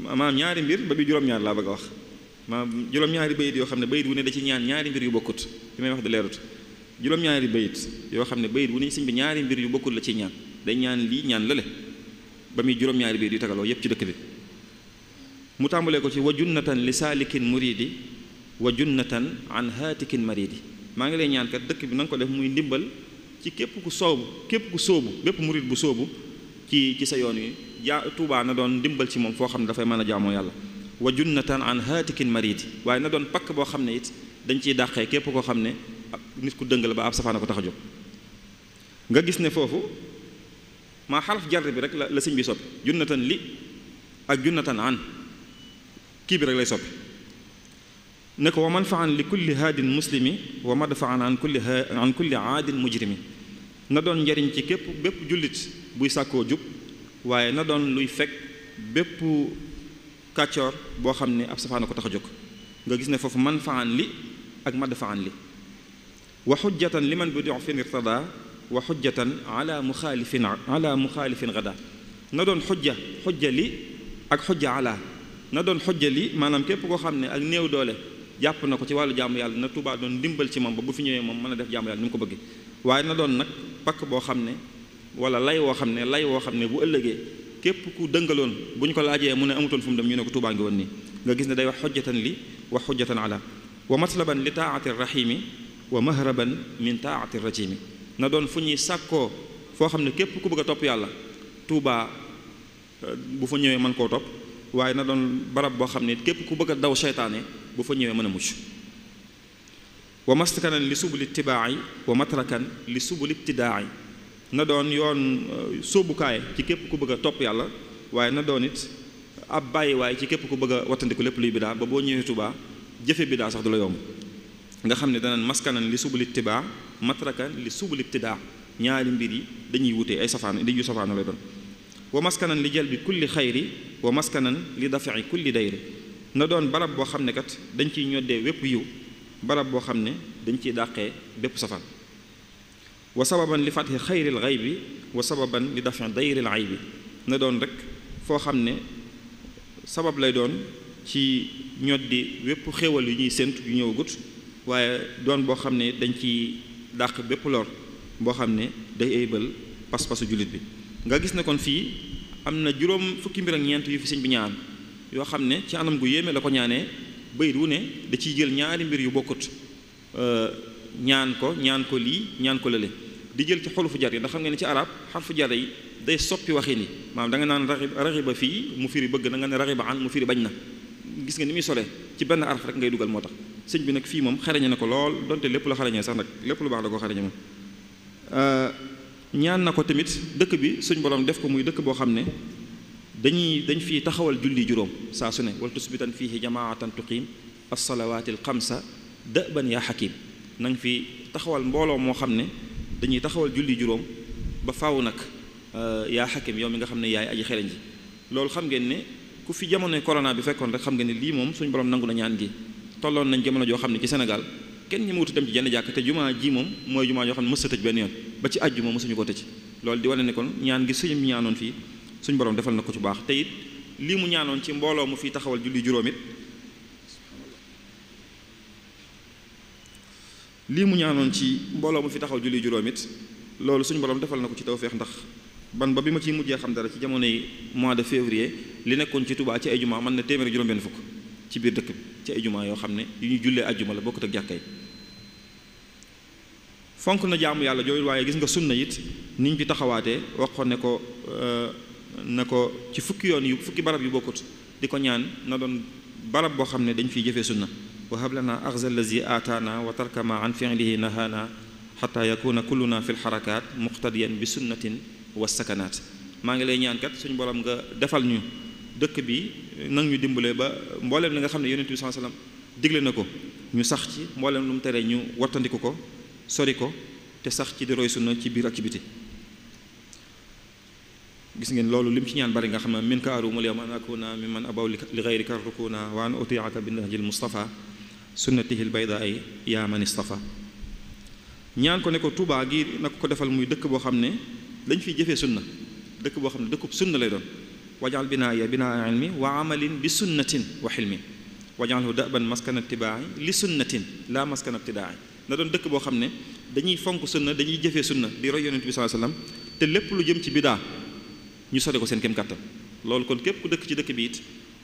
maanaam ñaari mbir ba bi juróom-ñaar laa bëgg a wax maanaam juróom-ñaari bayit yoo xam ne bayit wu ne da ci ñaan ñaari mbir yu bokkut li may wax di leerut juróom-ñaari bayit yoo xam ne bayit wu ne sëñ bi ñaari mbir yu bokkut la ci ñaan day ñaan lii ñaan lale ba muy juróom-ñaari bayit yu tagaloo yépp ci dëkk bi mu tàmbalee ko ci wa junnatan li saalikin muridi wa junnatan an haatikin maridi maa ngi lay ñaan dëkk bi na ko def muy ndimbal ci képp ku soobu képp ku soobu bépp murid bu soobu ci ci sa yoon wi ja Tuubaa na doon dimbal ci moom foo xam ne dafay mën a jaamoo yàlla wa junnatan an haatikin maridi waaye na doon pakk boo xam ne it dañ ciy dàqee képp koo xam ne nit ku dëng la ba ab safaana ko tax a nga gis ne foofu maa xaraf jar bi rek la la sëñ bi soppi junnatan li ak junnatan an kii bi rek lay soppi ne ko wa manfaan li kulli haadin muslimi wa madfaan an kulli an kulli aadin mujrimi na doon njariñ ci képp bépp jullit buy sàkkoo jub waaye na doon luy fekk bépp kàccoor boo xam ne ab safaana ko tax a jóg nga gis ne foofu man faan li ak mad faan li wa xujjatan li man bi dox fin irtada wa xujjatan ala muxaalifin ala muxaalifin gada na doon xujja xujja li ak xujja ala na doon xujja li maanaam képp koo xam ne ak néew doole jàpp na ko ci wàllu jaamu yàlla na Tuubaa doon dimbal ci moom ba bu fi ñëwee moom mën a def jaamu yàlla ni mu ko bëggee waaye na doon nag pakk boo xam ne wala lay woo xam ne lay woo xam ne bu ëllëgee képp ku dëngaloon bu ñu ko laajee mu ne amutoon fu mu dem ñu ne ko Tuubaa ngi woon nii nga gis ne day wax xujjatan li wa xujjatan ala wa matlaban li taati rahimi wa mahraban min taati rajimi na doon fu ñuy sàkkoo foo xam ne képp ku bëgg a topp yàlla Tuubaa euh, bu fa ñëwee mën koo topp waaye na doon barab boo xam ne képp ku bëgg a daw seytaane bu fa ñëwee mën a mucc wa maskanan li subul ittibaa'i wa matrakan li subul ibtidaa'i na doon yoon euh, sóobukaay ci képp ku bëgg a topp yàlla waaye na doon it ab bàyyiwaay ci képp ku bëgg a wattandiku lépp luy bidaa ba boo ñëwee tubaa jëfe bidaa sax du la yomb nga xam ne dana maskanan li subul ittibaa matrakan li subul ibtidaa ñaari mbir yi dañuy wutee ay safaan dañuy safaano lay doon wa maskanan li bi kulli xayri wa maskanan li dafai kulli dayri na doon barab boo xam ne kat dañ ciy ñoddee wépp yiw barab boo xam ne dañ ciy dàq bépp safaan wa sababan li fatxi xayril bi wa sababan li dafi dayril bi na doon rek foo xam ne sabab lay doon ci ñoddi wépp xéewal yu ñuy séntu yu ñëwagut waaye doon boo xam ne dañ ci dàq bépp lor boo xam ne day aybal pas-pasu jullit bi nga gis ne kon fii am na juróom fukki mbir ak ñeent yu fi sëñ bi ñaan yoo xam ne ci anam gu yéeme la ko ñaanee bayit wu ne da ciy jël ñaari mbir yu bokkut euh, ñaan ko ñaan ko lii ñaan ko lële di jël ci fu jar yi ndax xam nga ne ci arab xarfu jar yi day soppi waxin yi maam da nga naan raxiba fii mu firi bëgg na nga ne raxiba an mu firi bañ na gis nga ni muy solee ci benn araf rek ngay dugal moo tax sëñ bi nag fii moom xarañe na ko lool donte lépp la xarañee sax nag lépp lu baax da ko xarañe moom euh, ñaan na ko tamit dëkk bi suñ borom def ko muy dëkk boo xam ne dañuy dañ fii taxawal julli juróom saa su ne wal si fiihi jamaatan tuqiim as-salawaati al-xamsa da'ban yaa xakiim na nga fi taxawal mbooloo moo xam ne dañuy taxawal julli juróom ba faw nag euh, yaa xakim yow mi nga xam ne yaay aji xereñ ji loolu xam ngeen ne ku fi jamono corona bi fekkoon rek xam ngeen ne lii moom suñ borom nangu na ñaan gi tolloon nañ jamono joo xam ne ci Sénégal kenn ñi wutu dem ci jenn jàkk te jumaa ji moom mooy jumaa joo xam ne mës a tëj benn yoon ba ci àjjuma mësuñu ko tëj loolu di wane ne kon ñaan gi suñu ñaanoon fii suñ borom defal na ko ci baax te it lii mu ñaanoon ci mbooloo mu fi taxawal julli juróom lii mu ñaanoon ci mbooloo mu fi taxaw julli juróomit it loolu suñu borom defal na ko ci feex ndax ban ba bi ma ciy mujjee xam dara ci jamonoy mois de février li nekkoon ci Touba ci ay jumaa man na téeméeri juróom-benn fukk ci biir dëkk bi ci ay yoo xam ne yu ñu jullee ajjuma la bokkut ak jàkkay fonk na jaamu yàlla jooyu waaye gis nga sunna it niñ ci taxawaatee wax ko ne ko euh, ne ko ci fukki yoon yi fukki barab yi bokkut di ko ñaan na doon barab boo xam ne dañ fi jëfee sunna wahab lana axza allazi aataana wa tarkama an fiilihi nahaana xata yakuna kulluna fi lxarakat muqtadiyan bi sunnatin wa sakanaat maa ngi lay ñaan kat suñu borom nga defal ñu dëkk bi nang ñu dimbale ba mbooleem li nga xam ne yonent bi sallam na ko ñu sax ci mbooleem lu mu tere ñu wattandiku ko sori ko te sax ci di roy sunna ci biir ak ci biti gis ngeen loolu lim ci ñaan bari nga xam ne min ka aru mi man abaw li xayrika rukuna wa an utiaka bi nahjil mustafa sunnatihi bayda ay yaa man istafa ñaan ko ne ko Tuubaa yi na ko defal muy dëkk boo xam ne dañ fiy jëfee sunna dëkk boo xam ne dëkkub sunna lay doon wajal binaaya binaa ilmi wa amalin bi sunnatin wa xilmi wajalhu daban maskana tibaai li sunnatin la maskana ibtidaai na doon dëkk boo xam ne dañuy fonk sunna dañuy jëfee sunna di roy yonent bi saa te lépp lu jëm ci bidaa ñu sore ko seen kem kàttan loolu kon képp ku dëkk ci dëkk biit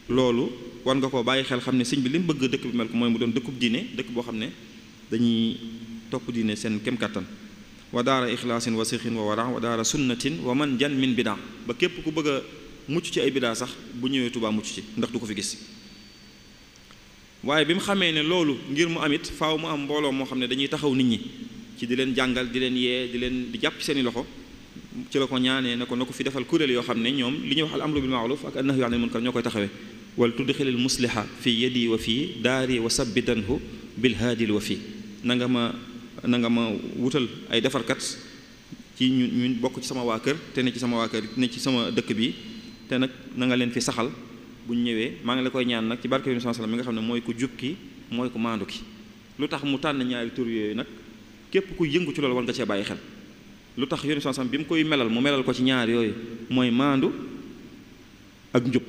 loolu war nga koo bàyyi xel xam ne sëñ bi li mu bëgg dëkk bi mel ko mooy mu doon dëkkub diine dëkk boo xam ne dañuy topp diine seen kem kattan wa daara ixlaasin wa sixin wa wara wa daara sunnatin wa man jan min bidaa ba képp ku bëgg a mucc ci ay bidaa sax bu ñëwee Tuubaa mucc ci ndax du ko fi gis waaye bi mu xamee ne loolu ngir mu amit faw mu am mbooloo moo xam ne dañuy taxaw nit ñi ci di leen jàngal di leen yee di leen di jàpp seeni loxo ci la ko ñaanee ne ko na ko fi defal kuréel yoo xam ne ñoom li ñuy wax al amru bil maaruf ak annahyu anil munkar ñoo koy taxawee wal tudxilil musliha fi yadi wa fii daari wa sabbitanhu bil haadil wa fii na nga ma na nga ma wutal ay defarkat ci ñu ñu bokk ci sama waa kër te ne ci sama waa kër ne ci sama dëkk bi te nag na nga leen fi saxal bu ñu ñëwee maa ngi la koy ñaan nag ci barke bi sallallahu alayhi mi nga xam ne mooy ku jub ki mooy ko maandu ki lu tax mu tànn ñaari tur yooyu nag képp ku yëngu ci loolu war nga cee bàyyi xel lu tax yonent bi sam bi mu koy melal mu melal ko ci ñaar yooyu mooy maandu ak njub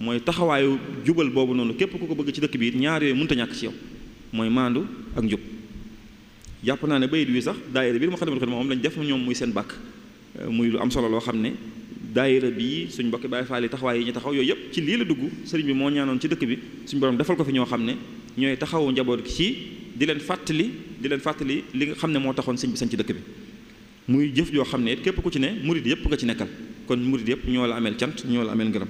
mooy taxawaayu jubal boobu noonu képp ku ko bëgg ci dëkk bi ñaar yooyu mënta ñàkk ci yow mooy maandu ak njub jàpp naa ne bayit wi sax daayira bi Moukhaddamatoul Khidma moom lañu def ñoom muy seen bàkk euh, muy lu am solo loo xam ne daayira bi suñ mbokki Baay Faal yi taxawaay yi ñu taxaw yooyu yëpp ci lii la dugg sëriñ bi moo ñaanoon ci dëkk bi suñ borom defal ko fi ñoo xam ne ñooy taxawu njaboot gi ci di leen fàttali di leen fàttali li nga xam ne moo taxoon sëñ bi ci dëkk bi muy jëf joo xam ne képp ku ci ne murit yëpp nga ci nekkal kon murid yëpp ñoo la ameel cant ñoo la ameel ngërëm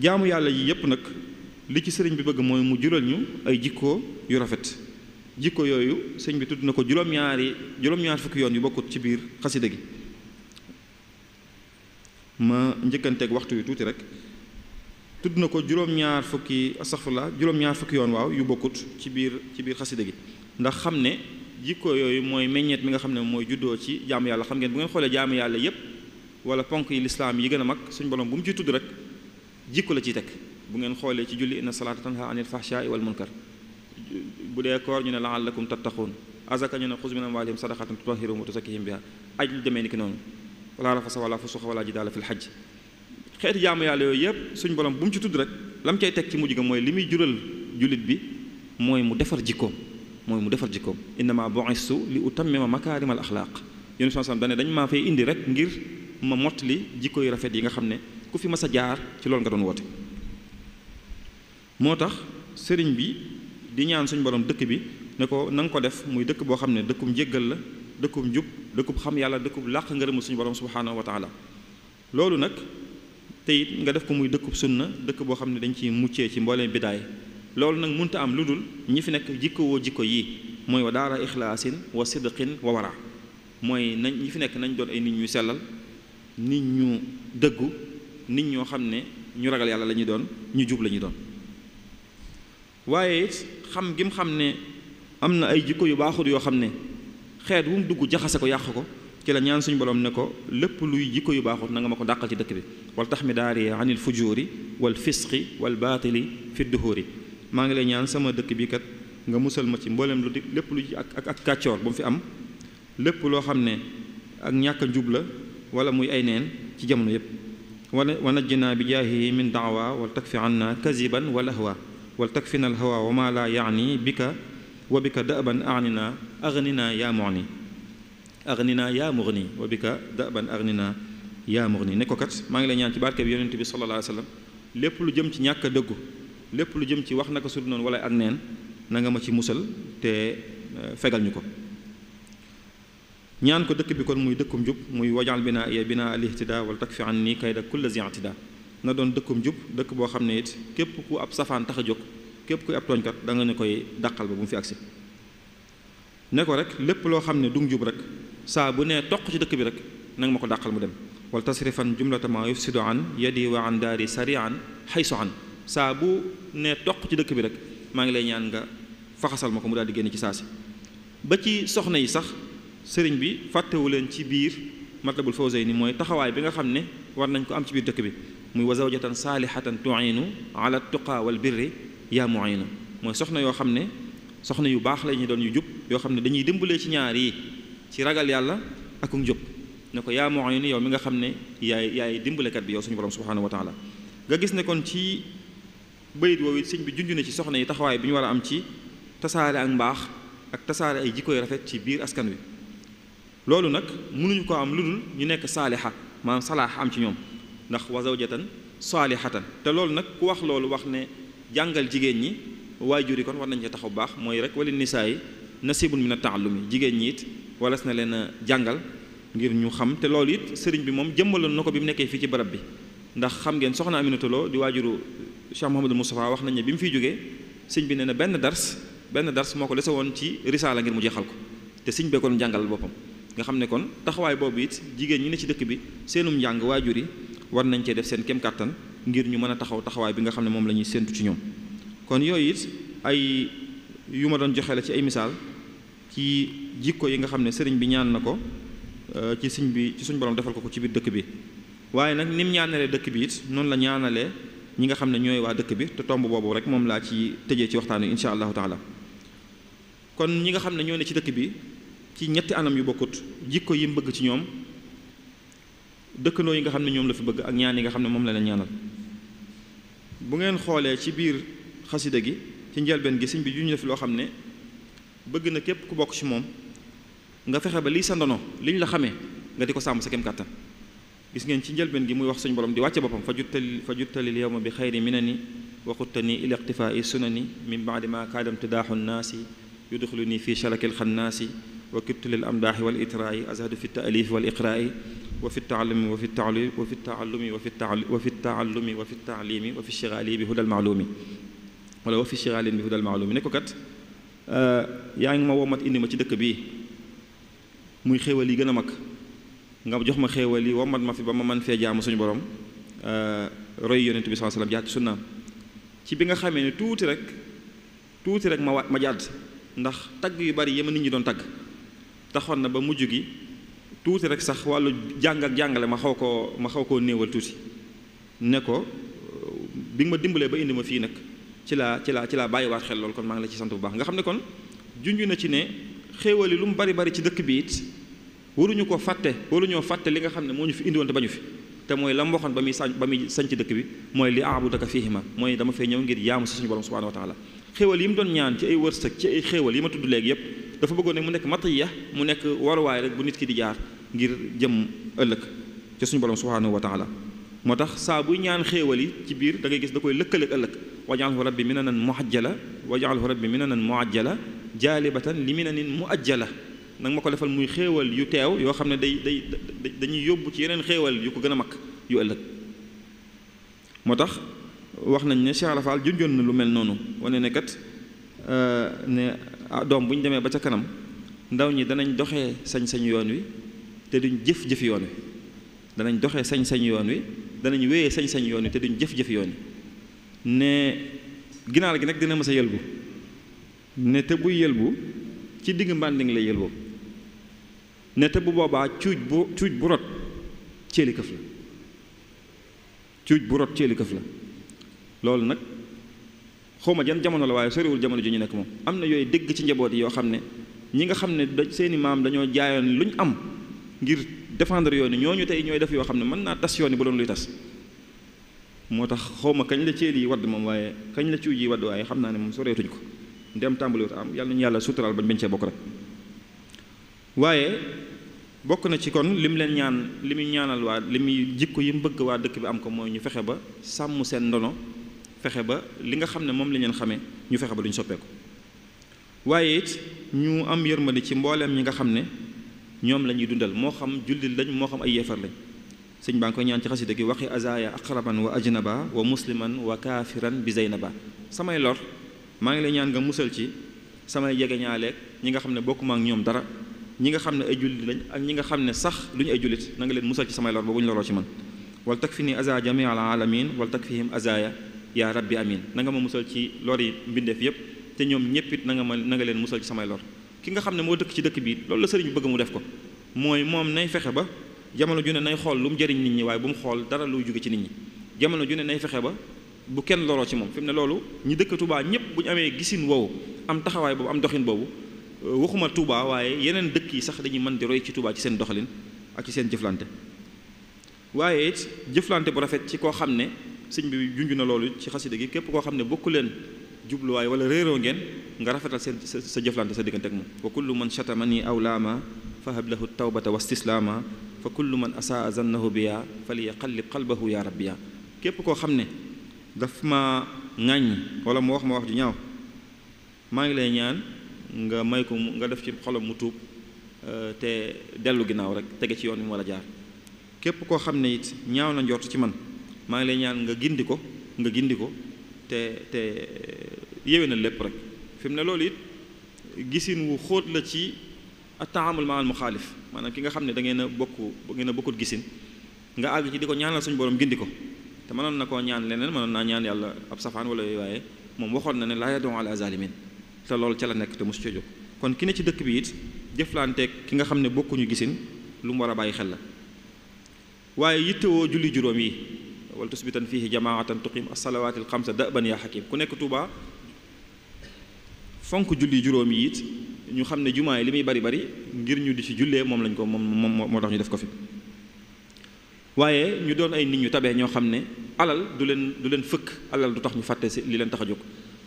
jaamu yàlla yi yëpp nag li ci sëriñ bi bëgg mooy mu jural ñu ay jikko yu rafet jikko yooyu sëñ bi tudd na ko juróom-ñaari ñaar fukki yoon yu bokkut ci biir xasida gi ma njëkkanteeg waxtu wi tuuti rek tudd na ko juróom-ñaar fukki astaxfirullah juróom-ñaar fukki yoon waaw yu bokkut ci biir ci biir xasida gi ndax xam ne jikko yooyu mooy meññeet mi nga xam ne mooy juddoo ci jaamu yàlla xam ngeen bu ngeen xoolee jaamu yàlla yépp wala ponk yi lislaam yi gën a mag suñ borom bu mu ci tudd rek jikko la ciy teg bu ngeen xoolee ci julli inna salaata tanha anil fahshaai wal munkar bu dee koor ñu ne laallakum tattaquun azaka ñu ne xuz min amwaalihim sadaqatan tutahhiruhum wa tuzakkihim biha aj lu demee ni ki noonu wala rafasa wala fusuqa wala jidaala fil xaj xeeti jaamu yàlla yooyu yépp suñ borom bu mu ci tudd rek lam cay teg ci mujj ga mooy li muy jural jullit bi mooy mu defar jikkoom mooy mu defar jikkoom innama bu'istu li utammima makaarimal axlaaq yonent bi dane dañ maa fay indi rek ngir ma mottali jikko yu rafet yi nga xam ne ku fi mas a jaar ci loolu nga doon woote moo tax sëriñ bi di ñaan suñu borom dëkk bi ne ko nanga ko def muy dëkk boo xam ne dëkkum jéggal la dëkkum njub dëkkub xam yàlla dëkkub làq ngërëmul suñu borom subhaanahu wa taala loolu nag te nga def ko muy dëkkub na dëkk boo xam ne dañ ci muccee ci mbooleem bidaay loolu nag munta am lu dul ñi fi nekk jikko woo jikko yii mooy wa daara ixlaasin wa sidqin wa wara mooy nañ ñi fi nekk nañ doon ay nit ñu sellal nit ñu dëggu nit ñoo xam ne ñu ragal yàlla la doon ñu jub la ñuy doon waaye it xam gim xam ne am na ay jikko yu baaxul yoo xam ne xeet wu mu dugg jaxase ko yàq ko ci la ñaan suñu borom ne ko lépp luy jikko yu baaxul na nga ma ko dàqal ci dëkk bi wala tax mi daari anil fujuuri wal fisqi wal baatili fit duhuri maa ngi lay ñaan sama dëkk bi kat nga musal ma ci mboolem lu di lépp lu ji ak ak kàccoor bu mu fi am lépp loo xam ne ak ñàkk a njub wala muy ay neen ci jamono yépp wala wa najjinaa bi jaahihi min daawa wal takfi anna kaziban wal ahwa wal takfina al hawa wa ma yaani bika wa bika daban agnina aghnina yaa mughni aghnina yaa mughni wa bika daban aghnina yaa mughni ne ko kat maa ngi lay ñaan ci barke bi yonent bi sallallahu alayhi wa sallam lépp lu jëm ci ñàkk a dëggu lépp lu jëm ci wax naka sud noonu wala ak neen na ma ci musal te euh, fegal ñu ko ñaan ko dëkk bi kon muy dëkkum jub muy wajal binaa ya binaa al ihtida wala takfi an nii kayda kulla zi i'tida na doon dëkkum jub dëkk boo xam ne it képp ku ab safaan tax a jóg képp ku ab tooñkat da nga ne koy dàqal ba bu mu fi agsi ne ko rek lépp loo xam ne du jub rek saa bu nee toq ci dëkk bi rek nanga ma ko dàqal mu dem wala tasrifan jumlata ma yufsidu an yadi wa an daari sarian xaysu an saa bu ne toq ci dëkk bi rek maa ngi lay ñaan nga faxasal ma ko mu daal di génn ci saa si ba ci soxna yi sax sëriñ bi fàttewu leen ci biir matlabul ni mooy taxawaay bi nga xam ne war nañ ko am ci biir dëkk bi muy wa zawjatan saalihatan tuinu ala tuqa wal birri yaa muinu mooy soxna yoo xam ne soxna yu baax la ñu doon yu jub yoo xam ne dañuy dimbalee ci ñaar yi ci ragal yàlla ak njub ne ko yaa muinu yow mi nga xam ne yaay yaay dimbalekat bi yow suñu borom subhanahu wa taala bayit woowu it sëñ bi junj na ci soxna yi taxawaay bi ñu war a am ci tasaare ak mbaax ak tasaare ay jikko yu rafet ci biir askan wi loolu nag mënuñu ko am lu dul ñu nekk saaliha maanaam salaax am ci ñoom ndax wa zawjatan saalihatan te loolu nag ku wax loolu wax ne jàngal jigéen ñi waajur yi kon war nañu ci taxaw baax mooy rek wala nisaa yi nasibun min at-ta'allumi jigéen ñi it walas na leen a jàngal ngir ñu xam te loolu it sëriñ bi moom jëmbaloon na ko bi mu nekkee fii ci barab bi ndax xam ngeen soxna Aminata Lo di waajuru Cheikh Mouhamadul Moustapha wax nañ ne bi mu fiy jógee sëñ bi nee na benn dars benn dars moo ko dese woon ci risaala ngir mu jeexal ko te sëñ bee ko doon jàngal boppam nga xam ne kon taxawaay boobu it jigéen ñi ne ci dëkk bi seenum njàng waajur yi war nañ cee def seen kem kàttan ngir ñu mën a taxaw taxawaay bi nga xam ne moom la ñuy séentu ci ñoom kon yooyu ay yu ma doon joxe la ci ay misaal ci jikko yi nga xam ne sëriñ bi ñaan na ko euh, ci sëñ bi ci suñ borom defal ko ko ci biir dëkk bi waaye nag ni mu ñaanalee dëkk bi noonu la ñaanalee ñi nga xam ne ñooy waa dëkk bi te tomb boobu rek moom laa ci tëjee ci waxtaan wi incha allahu taala kon ñi nga xam ne ñoo ne ci dëkk bi ci ñetti anam yu bokkut jikko yi mu bëgg ci ñoom dëkkandoo yi nga xam ne ñoom la fi bëgg ak ñaan yi nga xam ne moom la leen ñaanal bu ngeen xoolee ci biir xasida gi ci njëlbeen gi sëñ bi ju ñu def loo xam ne bëgg na képp ku bokk ci moom nga fexe ba lii sa ndono liñ la xamee nga di ko sàmm sa kàttan gis ngeen ci njëlbeen gi muy wax suñu borom di wàcce boppam fa juttali fa juttalil yowma bi xayri minani waquttani ila iqtifaa'i sunani min baadi ma kaadam tidaaxu nnaasi yudxiluni fi shalaki lxannaasi wa kitulil amdaaxi wal itraayi azhadu fi taalifi wal iqraayi wa fi taalumi wa fi fi taalumi wa fi wa fi taalumi wa fi taalimi wa fi shigaali bi hudal maalumi wala wa fi bi hudal maalumi ne ko kat euh, yaa ngi ma womat indi ma ci dëkk bi muy xéwal yi gën a mag nga jox ma xéewal yi wammat ma fi ba ma man fee jaamu suñu borom euh, roy yonent bi sallallahu alayhi wasallam jaar ci ci bi nga xamee ne tuuti rek tuuti rek ma waat ma jàdd ndax tagg yu bari yema nit ñi doon tagg taxoon na ba mujj gi tuuti rek sax wàllu jàng ak jàngale ma xaw koo ma xaw koo néewal tuuti ne ko euh, bi nga ma dimbalee ba indi ma fii nag ci laa ci laa ci laa bàyyiwaat xel lool kon maa ngi la ci sant bu baax nga xam ne kon junj na ci ne xéewal yi lu mu bari bari ci dëkk bi waruñu ko fàtte waruñoo fàtte li nga xam ne moo ñu fi indiwoon bañu fi te mooy la ba muy sañ ba muy sañ ci dëkk bi mooy li aabudaka fihima mooy dama fee ñëw ngir jaamu si suñu borom subhanahu wa taala xéewal yi mu doon ñaan ci ay wërsëg ci ay xéewal yi ma tudd léegi yépp dafa bëggoon nag mu nekk matiya mu nekk waruwaay rek bu nit ki di jaar ngir jëm ëllëg ci suñu borom subhanahu wa taala moo tax saa buy ñaan xéewal yi ci biir da ngay gis da koy lëkkale ak ëllëg wajaalhu rabbi minanan muajjala wajaalhu rabbi minanan muajjala jaalibatan li minanin muajjala nanga ma ko defal muy xéewal yu teew yoo xam ne day day dañuy yóbbu ci yeneen xéewal yu ko gën a mag yu ëllëg moo tax wax nañ ne Cheikh Ibra Fall junjoon na lu mel noonu wane ne kat euh, ne ah, doom bu ñu demee ba ca kanam ndaw ñi danañ doxe sañ-sañ yoon wi te duñ jëf-jëf yoon wi danañ doxee sañ-sañ yoon wi danañ wéyee sañ-sañ yoon wi te duñ jëf-jëf yoon wi ne ginaar gi nag dina mës a yëlbu ne te buy yëlbu ci digg mbànding lay yëlboo ne te bu boobaa cuuj bu cuuj bu rot ceeli këf la cuuj bu rot ceeli këf la loolu nag xawma jan jamono la waaye soriwul jamono ji ñu nekk moom am na yooyu dégg ci njaboot yi yoo xam ne ñi nga xam ne da seeni maam dañoo jaayoon lu ñu am ngir défendre yoon ñoo ñu tey ñooy def yoo xam ne mën naa tas yoon bu doon luy tas moo tax xawma kañ la ceeli yi wadd moom waaye kañ la cuuj yi wadd waaye xam naa ne moom soreetuñ ko ndem tàmbaliwut am yàlla ñu yàlla suturaal bañ bañ cee bokk rek waaye bokk na ci kon lim leen ñaan li muy ñaanal waa li muy jikko yi mu bëgg waa dëkk bi am ko mooy ñu fexe ba sàmm seen ndono fexe ba li nga xam ne moom la leen xamee ñu fexe ba duñ soppeeku waaye it ñu am yërmande ci mbooleem ñi nga xam ne ñoom la ñuy dundal moo xam jullit lañ moo xam ay yeefar lañ sëñ baa ngi koy ñaan ci xasida gi waxi azaya aqraban wa ajnaba wa musliman wa kaafiran bi zaynaba samay lor maa ngi lay ñaan nga musal ci samay jegeñaaleeg ñi nga xam ne bokkuma ak ñoom dara ñi nga xam ne ay jullit lañ ak ñi nga xam ne sax lu ñu ay jullit na nga leen musal ci samay lor ba bu ñu loroo ci man wal tak fi ni aza jami al alamin wal tak fihim azaya yaa rabbi amin na nga ma musal ci lor yi mbindeef yépp te ñoom ñépp it na nga ma na leen musal ci samay lor ki nga xam ne moo dëkk ci dëkk bi loolu la sëriñ bi bëgg mu def ko mooy moom nay fexe ba jamono ju ne nay xool lu mu jëriñ nit ñi waaye bu mu xool dara luy jóge ci nit ñi jamono ju ne nay fexe ba bu kenn loroo ci moom fi mu loolu ñi dëkk Tuubaa bu ñu amee gisin woowu am taxawaay boobu am doxin boobu waxuma Touba waaye yeneen dëkk yi sax dañuy man di roy ci Touba ci seen doxalin ak ci seen jëflante waaye jëflante bu rafet ci koo xam ne sëñ bi junj na loolu ci xasida gi képp koo xam ne bokk leen jubluwaay wala réeroo ngeen nga rafetal seen sa jëflante sa diggante ak moom wa kullu man chatamani aw laama fa hab lahu tawbata wa stislaama fa kullu man asaa zannahu biya fali yaqallib qalbahu ya képp koo xam ne daf ma ŋàññ wala mu wax ma wax ju nga may ko nga def ci xolam mu tuub euh, te dellu ginnaaw rek tege ci yoon bi jaar képp koo xam ne it ñaaw na njort ci man maa ngi lay ñaan nga gindi ko nga gindi ko te te euh, yéwé na lépp rek fi mu ne loolu it gisin wu xóot la ci ataamal ma al muxaalif maanaam ki nga xam ne da bokk da ngeen a bokkut gisin nga àgg ci di ko ñaanal suñu borom gindi ko te mënoon na koo ñaan leneen mënoon naa ñaan yàlla ab safaan wala yooyu waaye moom waxoon na ne laa yad'u ala zalimin te loolu ca la nekk te mosu ca jóg kon ki ne ci dëkk bi it jëflanteeg ki nga xam ne bokkuñu gisin lu mu war a bàyyi xel la waaye yittewoo julli juróom yi wala tusbitan fiihi jamaatan tuqim asalawaati alxamsa daban yaa xakim ku nekk Tuuba fonk julli juróom yi it ñu xam ne jumaa yi li muy bari bari ngir ñu di ci jullee moom lañ ko moom moom moo tax ñu def ko fi waaye ñu doon ay nit ñu tabee ñoo xam ne alal du leen du leen fëkk alal du tax ñu fàtte si li leen tax a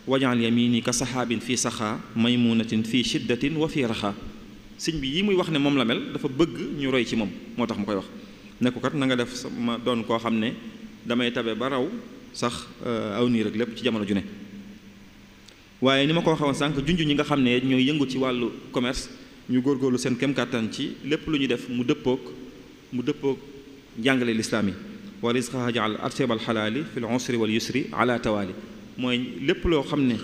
wajal yamini ka saxaabin fii saxaa maymunatin fii shiddatin wa fii raxa sëñ bi yi muy wax ne moom la mel dafa bëgg ñu roy ci moom moo tax mu koy wax ne ko kat na nga def ma doon koo xam ne damay tabe ba raw sax euh, aw niir ak lépp ci jamono ju ne waaye ni ma ko waxee woon sànq junj ñi nga xam ne ñooy yëngu ci wàllu commerce ñu góorgóorlu seen kem kàttan ci lépp lu ñu def mu dëppook mu dëppoog njàngale lislaam yi wa risqaha jaal artebal xalaali fi l usri wal mooy lépp loo xam ne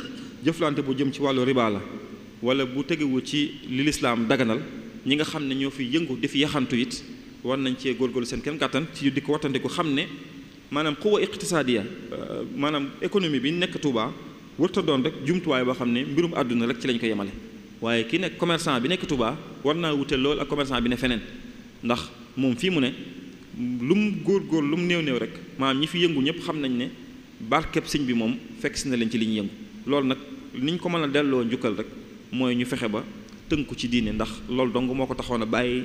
jëflante bu jëm ci wàllu riba la wala bu tegewul ci li lislaam daganal ñi nga xam ne ñoo fi yëngu di fi yaxantu it war nañ cee góorgóorlu seen kenn kàttan ci di ko wattante ko xam ne maanaam quwa iqtisaadiya euh, maanaam économie bi nekk Touba wërta doon rek jumtuwaay boo xam ne mbirum àdduna rek ci lañ ko yemale waaye ki nekk commerçant bi nekk war naa wute lool ak commerçant bi ne feneen ndax moom fii mu ne lu mu góorgóor lu mu néew néew rek maanaam ñi fi yëngu ñëpp xam nañ ne barkeb sëñ bi moom fekk si na leen ci li ñu yëngu loolu nag ni ko mën a delloo njukkal rek mooy ñu fexe ba tënku ci diine ndax loolu dong moo ko taxoon a bàyyi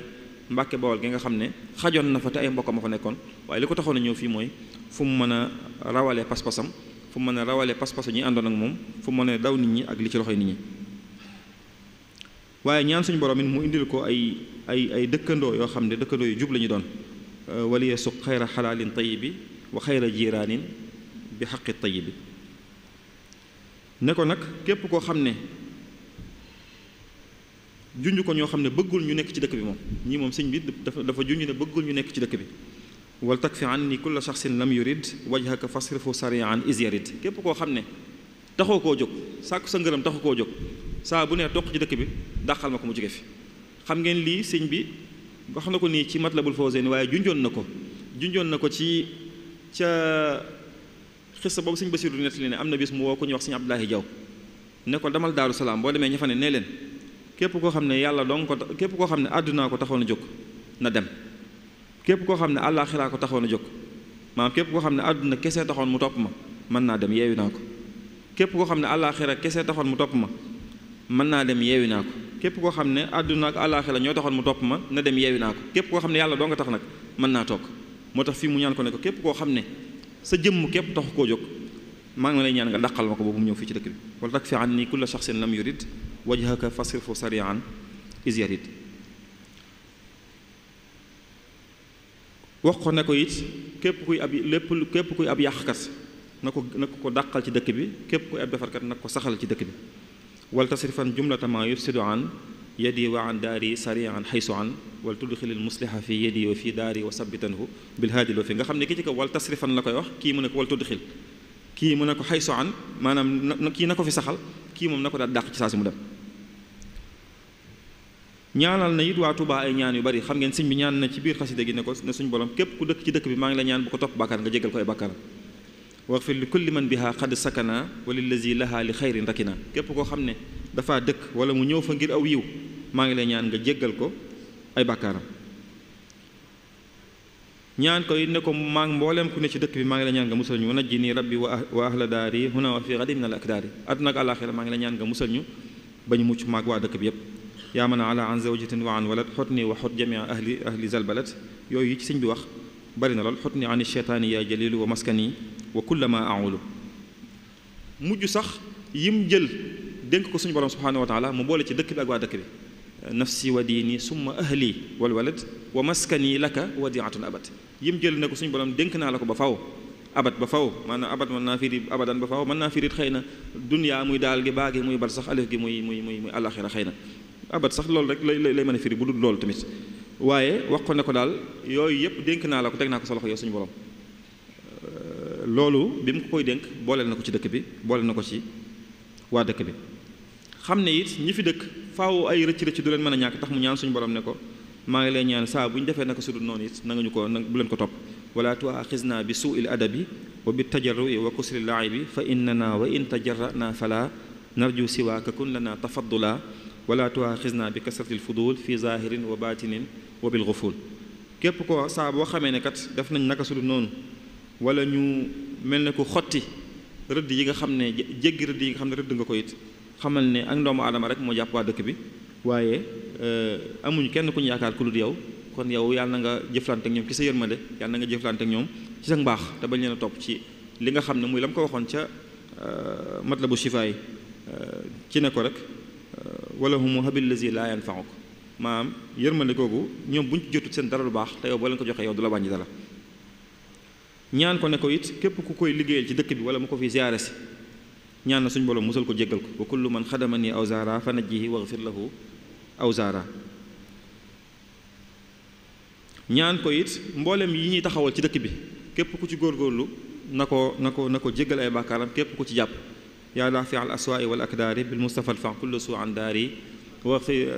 mbàkke bawal gi nga xam ne xajoon na fa te ay mbokk ma fa nekkoon waaye li ko taxoon a ñëw fii mooy fu mu mën a rawalee pas-pasam fu mu mën a rawalee pas-pasu ñu àndoon ak moom fu mu a daw nit ñi ak li ci loxoy nit ñi waaye ñaan suñu borom it mu indil ko ay ay ay dëkkandoo yoo xam ne dëkkandoo yu jub la ñu doon waliyesu xayra xalaalin tayibi wa xayra jiraanin bi xaqi tayibi ne ko nag képp koo xam ne junj ko ñoo xam ne bëggul ñu nekk ci dëkk bi moom ñii moom sëñ bi dafa dafa junj ne bëggul ñu nekk ci dëkk bi wal takfi anni kulla shaxsin lam yurid wajhaka fasrifu sarian is yarid képp koo xam ne taxoo koo jóg sàkku sa ngërëm taxu koo jóg saa bu ne toq ci dëkk bi dàqal ma ko mu jóge fi xam ngeen lii sëñ bi wax na ko nii ci matlabul fawzayni waaye junjoon na ko junjoon na ko ci ca xissa boobu sëñ Basiru nettali ne am na bis mu woo ku ñuy wax sëñ Abdoulahi Jaw ne ko demal Daaru Salaam boo demee ña fa ne nee leen képp koo xam ne yàlla dong ko képp koo xam ne àdduna ko taxoon a jóg na dem képp koo xam ne àllaaxiraa ko taxoon a jóg maanaam képp koo xam ne àdduna kese taxoon mu topp ma mën naa dem yeewi naa ko képp koo xam ne àllaaxira kese taxoon mu topp ma mën naa dem yeewi naa ko képp koo xam ne àdduna ak àllaaxira ñoo taxoon mu topp ma na dem yeewi naa ko képp koo xam ne yàlla doo nga tax nag mën naa moo tax fii mu ñaan ko ne ko képp koo xam ne sa jëmm képp tax koo jóg maa ngi lay ñaan nga daqal ma ko boobu mu ñëw fii ci dëkk bi wala takfi anni kulla shaxsin lam yurid wajhaka fasirfu sarian is yarid wax ko ne ko it képp kuy ab lépp képp kuy ab yàqkat na ko na ko dàqal ci dëkk bi képp kuy ab defarkat na ko saxal ci dëkk bi wala tasrifan jumlata ma yufsidu an yadi wa an daari sarian xaysu an wal tudxilil musliha fi yadi wa fi daari wa sabitanhu bilhaadiloo fi nga xam ne ki ci kaw wal tasrifan la koy wax kii mu ne ko wal tudxil kii mu ne ko xaysu an maanaam kii na ko fi saxal kii moom na ko daal dàq ci saa si mu dem ñaanal na it waa tubaa ay ñaan yu bari xam ngeen sëñ bi ñaan na ci biir xasida gi ne ko ne suñu borom képp ku dëkk ci dëkk bi maa ngi la ñaan bu ko topp bàkkaar nga jégal ko ay bàkkaaram waxfir li kulli man biha qad sakana wa lillazi laha li xayrin rakina képp koo xam ne dafa dëkk wala mu ñëw fa ngir aw yiw maa ngi lay ñaan nga jéggal ko ay bàkkaaram ñaan ko yi ne ko maa ngi mbooleem ku ne ci dëkk bi maa ngi lay ñaan nga musal ñu najji nii rabbi ah-, wa ahla daari huna wa fii gadi min al akdaari àdduna ak àllaaxira maa ngi lay ñaan nga musal ñu ba ñu mucc maag waa dëkk bi yépp yaa man ala an zawjatin wa an walad xot ni wa xot jamia ahli ahli zalbalat yooyu yi ci sëñ bi wax bari na lool xot ni an cheytaani yaa jalilu wa maskani wa kullama aulu mujj sax yim jël dénk ko suñu borom subhanahu wa taala mu boole ci dëkk bi ak waa dëkk bi nafsi wa diini summa ahli wal walad wa maskani laka wadiatun abad yim jël na ko suñu borom dénk naa la ko ba faw abat ba faw maanaam abat mën naa firi abadan ba faw mën naa firit xëy na duniyaa muy daal gi baa gi muy bal sax alif gi muy muy muy muy alaxira xëy na abat sax loolu rek lay lay mën a bu dul loolu tamit waaye wax ko ne ko daal yooyu yëpp dénk naa la ko teg naa ko sa loxo yow suñu borom loolu booleel na ko ci dëkk bi booleel na ko ci waa dëkk bi xam ne it ñi fi dëkk faaw ay rëcc rëcc du leen mën a ñàkk tax mu ñaan suñu borom ne ko maa ngi lay ñaan saa bu ñu defee naka sudul noonu it nanga ñu ko bu leen ko topp wala tuaxisna bi suuil adabi wa bi tajarrui wa kusri laabi fa innana wa in tajarrana fala narju siwaaka kun lana tafaddula xis naa bi kasratil fudul fi zahirin wa batinin wa bil ghuful képp ko saa boo xamee ne kat def nañ naka sudul noonu wala ñu mel ne ko xotti rëdd yi nga xam ne jéggi yi nga xam ne rëdd nga ko it xamal ne ak ndoomu aadama rek moo jàpp waa dëkk bi waaye euh, amuñ kenn ku ñu yaakaar ku dul yow kon yow yàlla na nga jëflante ñoom ci sa yërmande yàlla na nga jëflante ñoom ci sa mbaax te ba leen a topp ci li nga xam ne muy la mu ko waxoon ca euh, matlabu sifaay euh, ci ne ko rek wala humu habil lazi laa yanfauk maanaam yërmande googu ñoom buñ ci jotut seen dara lu baax te yow boo leen ko joxee yow du la wàññi dara ñaan ko ne ko it képp ku koy liggéeyal ci dëkk bi wala mu ko fi ziyaare si ñaan na suñu borom musal ko jéggal ko wa kullu man xadama ni aw zaara fa najjihi waxfir lahu aw zaara ñaan ko it mboolem yi ñuy taxawal ci dëkk bi képp ku ci góor góorlu na ko na ko na ko jéggal ay bàkkaaram képp ku ci jàpp yaa laafi al aswaa'i wal akdaari bil mustafa fan kullu suu an daari waxfir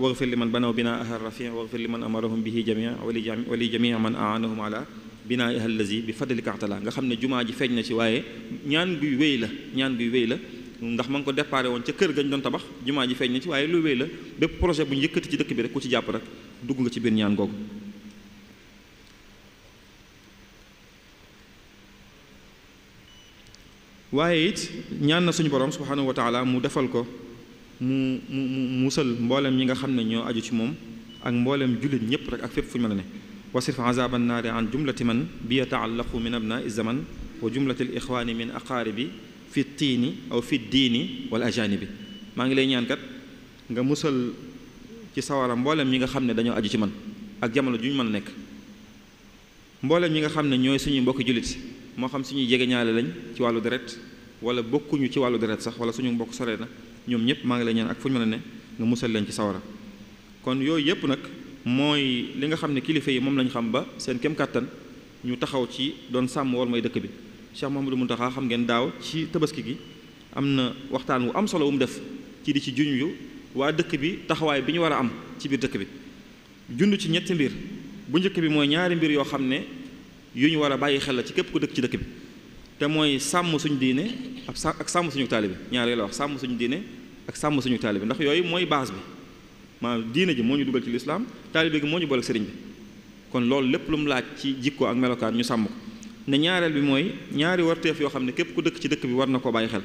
waxfir li man banaw binaaha rafi waxfir li man amarahum bihi jamia wali jamia man aanahum ala binaa allazi bi fadlika ta'ala nga xam ne jumaa ji feeñ na ci waaye ñaan guy wéy la ñaan guy wéy la ndax ma ngi ko déparé woon ca kër gañ doon tabax jumaa ji feeñ na ci waaye lu wéy la bépp projet bu ñu yëkkati ci dëkk bi rek ku ci jàpp rek dugg nga ci biir ñaan googu waaye it ñaan na suñu borom subhanahu wa taala mu defal ko mu mu mu musal mboolem ñi nga xam ne ñoo aju ci moom ak mboolem jullit ñëpp rek ak fépp fu ñu ne wasrif azaba nnaari an jumlati man bi yataallaqu min abnai zaman wa jumlati l ixwaani min aqaaribi fi tiini aw fi diini wal bi maa ngi lay ñaan nga musal ci sawara mboolem ñi nga xam ne dañoo aju ci man ak jamono ju ñu mën a nekk mboolem ñi nga xam ne ñooy suñuy mbokki jullit moo xam suñuy jegeñaale lañ ci wàllu deret wala bokkuñu ci wàllu deret sax wala suñu mbokk sore na ñoom ñëpp maa ngi lay ñaan ak fu ñu mën a ne nga musal leen ci sawara kon yooyu yëpp nag mooy li nga xam ne kilifa yi moom lañu xam ba seen kem kàttan ñu taxaw ci doon sàmm war mooy dëkk bi Cheikh Mouhamadou Mountakha xam ngeen daaw ci tabaski gi am na waxtaan wu am solo mu def ci di ci junju waa dëkk bi taxawaay bi ñu war a am ci biir dëkk bi jund ci ñetti mbir bu njëkk bi mooy ñaari mbir yoo xam ne yu ñu war a bàyyi xel la ci képp ku dëkk ci dëkk bi te mooy sàmm suñu diine ak sàmm suñu taalibe ñaari la wax sàmm suñu diine ak sàmm suñu taalibe ndax yooyu mooy base bi maa diine ji moo ñu dugal ci lislaam taalibe gi moo ñu boole sëriñ bi kon loolu lépp lu mu laaj ci jikko ak melokaan ñu sàmm ko ne ñaareel bi mooy ñaari warteef yoo xam ne képp ku dëkk ci dëkk bi war na ko bàyyi xel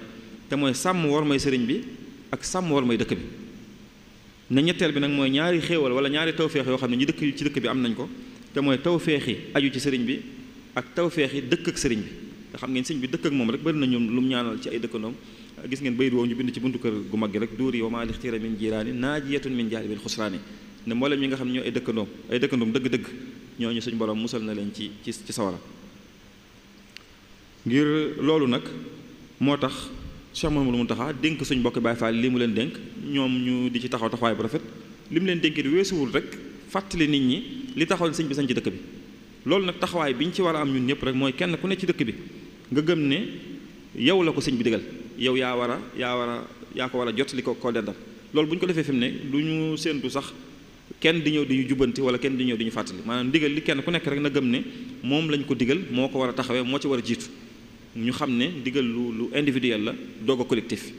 te mooy sàmm war mooy sëriñ bi ak sàmm war mooy dëkk bi ne ñetteel bi nag mooy ñaari xéewal wala ñaari tawféex yoo xam ne ñu dëkk ci dëkk bi am nañ ko te mooy tawféexi aju ci sëriñ bi ak tawféexi dëkk ak sëriñ bi te xam ngeen sëñ bi dëkk ak moom rek bëri na ñoom lu mu ñaanal ci ay dëkkandoom gis ngeen bayit woowu ñu bind ci buntu kër gu mag gi rek duur yi wa maa lixtira min jiraani naajiyatun min jaalibil xusraani ne mboolem ñi nga xam ñoo ay dëkkandoom ay dëkkandoom dëgg na leen ci ci ci sawara loolu nag moo tax Cheikh Mamadou Mountakha dénk suñ bokki Baay Faal li mu leen dénk ñoom ñu di ci taxaw taxawaay bu rafet li mu leen dénkit weesuwul rek fàttali nit ñi li taxoon sëñ bi sañ ci dëkk bi loolu nag taxawaay bi ñu ci war a am ñun ñëpp rek mooy kenn ku ne ci dëkk bi nga gëm ne yow la ko sëñ bi digal yow yaa war a yaa war a yaa ko war a jot li ko koo dendal loolu bu ñu ko defee fi ne du ñu séentu sax kenn di ñëw di ñu jubbanti wala kenn di ñëw di ñu fàttali maanaam digal li kenn ku nekk rek na gëm ne moom lañ ko digal moo ko war a taxawee moo ci war a jiitu ñu xam ne digal lu lu individuel la doog a collectif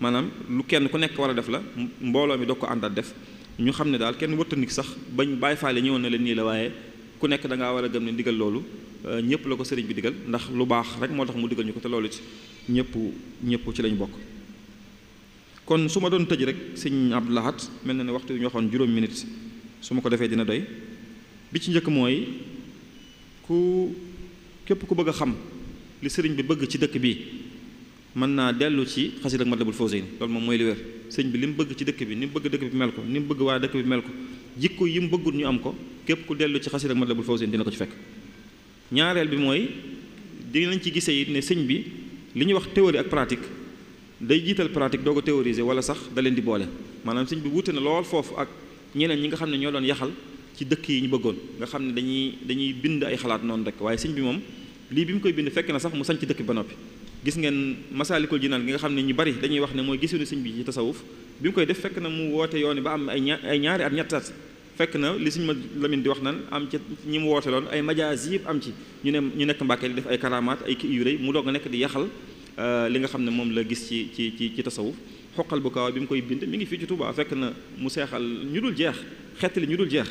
maanaam lu kenn ku nekk war a def la mbooloo mi doog ko àndal def ñu xam ne daal kenn wëttanik sax ba bañ bàyyi faale ñëwoon na leen nii la waaye ku nekk da ngaa war a gëm ne digal loolu Euh, ñëpp la ko sëriñ bi digal ndax lu baax rek moo tax mu digal ñu ko te loolu ci ñëpp ñëpp ci lañu bokk kon su ma doon tëj rek sëñ Abdou Lahad mel na ne waxtu yu ñu waxoon juróom minutes su ma ko defee dina doy bi ci njëkk mooy ku képp ku bëgg xam li sëriñ bi bëgg ci dëkk bi mën naa dellu ci xasida ak Matlabul Fawzayni loolu moom mooy li wér sëriñ bi li mu bëgg ci dëkk bi ni mu bëgg dëkk bi mel ko ni mu bëgg waa dëkk bi mel ko jikko yi mu bëggul ñu am ko képp ku dellu ci xasida ak Matlabul Fawzayni dina ko ci fekk ñaareel bi mooy dinañ ci gisee it ne sëñ bi li ñuy wax théorie ak pratique day jiital pratique doo ko théoriser wala sax da di boole maanaam sëñ bi wute na lool foofu ak ñeneen ñi nga xam ne ñoo doon yaxal ci dëkk yi ñu bëggoon nga xam ne dañuy dañuy bind ay xalaat noonu rek waaye sëñ bi moom lii bi mu koy bind fekk na sax mu sañ ci dëkk ba noppi gis ngeen masaalikul jinaan gi nga xam ne ñu bari dañuy wax ne mooy gisunu sëñ bi ci tasawuf bi mu koy na mu woote yoon ba am ay at ñetti fekk na li suñ ma Lamine di wax nan am ci ñi mu woote loon ay majaas yëpp am ci ñu ne ñu nekk Mbàkke di def ay karaamaat ay kii yu mu doog a nekk di yaxal euh, li nga xam ne moom la gis ci ci ci ci tasawuf xoqal bu kaaw bi mu koy bind mi ngi fii ci Tuubaa fekk na mu seexal ñu dul jeex xettali ñu dul jeex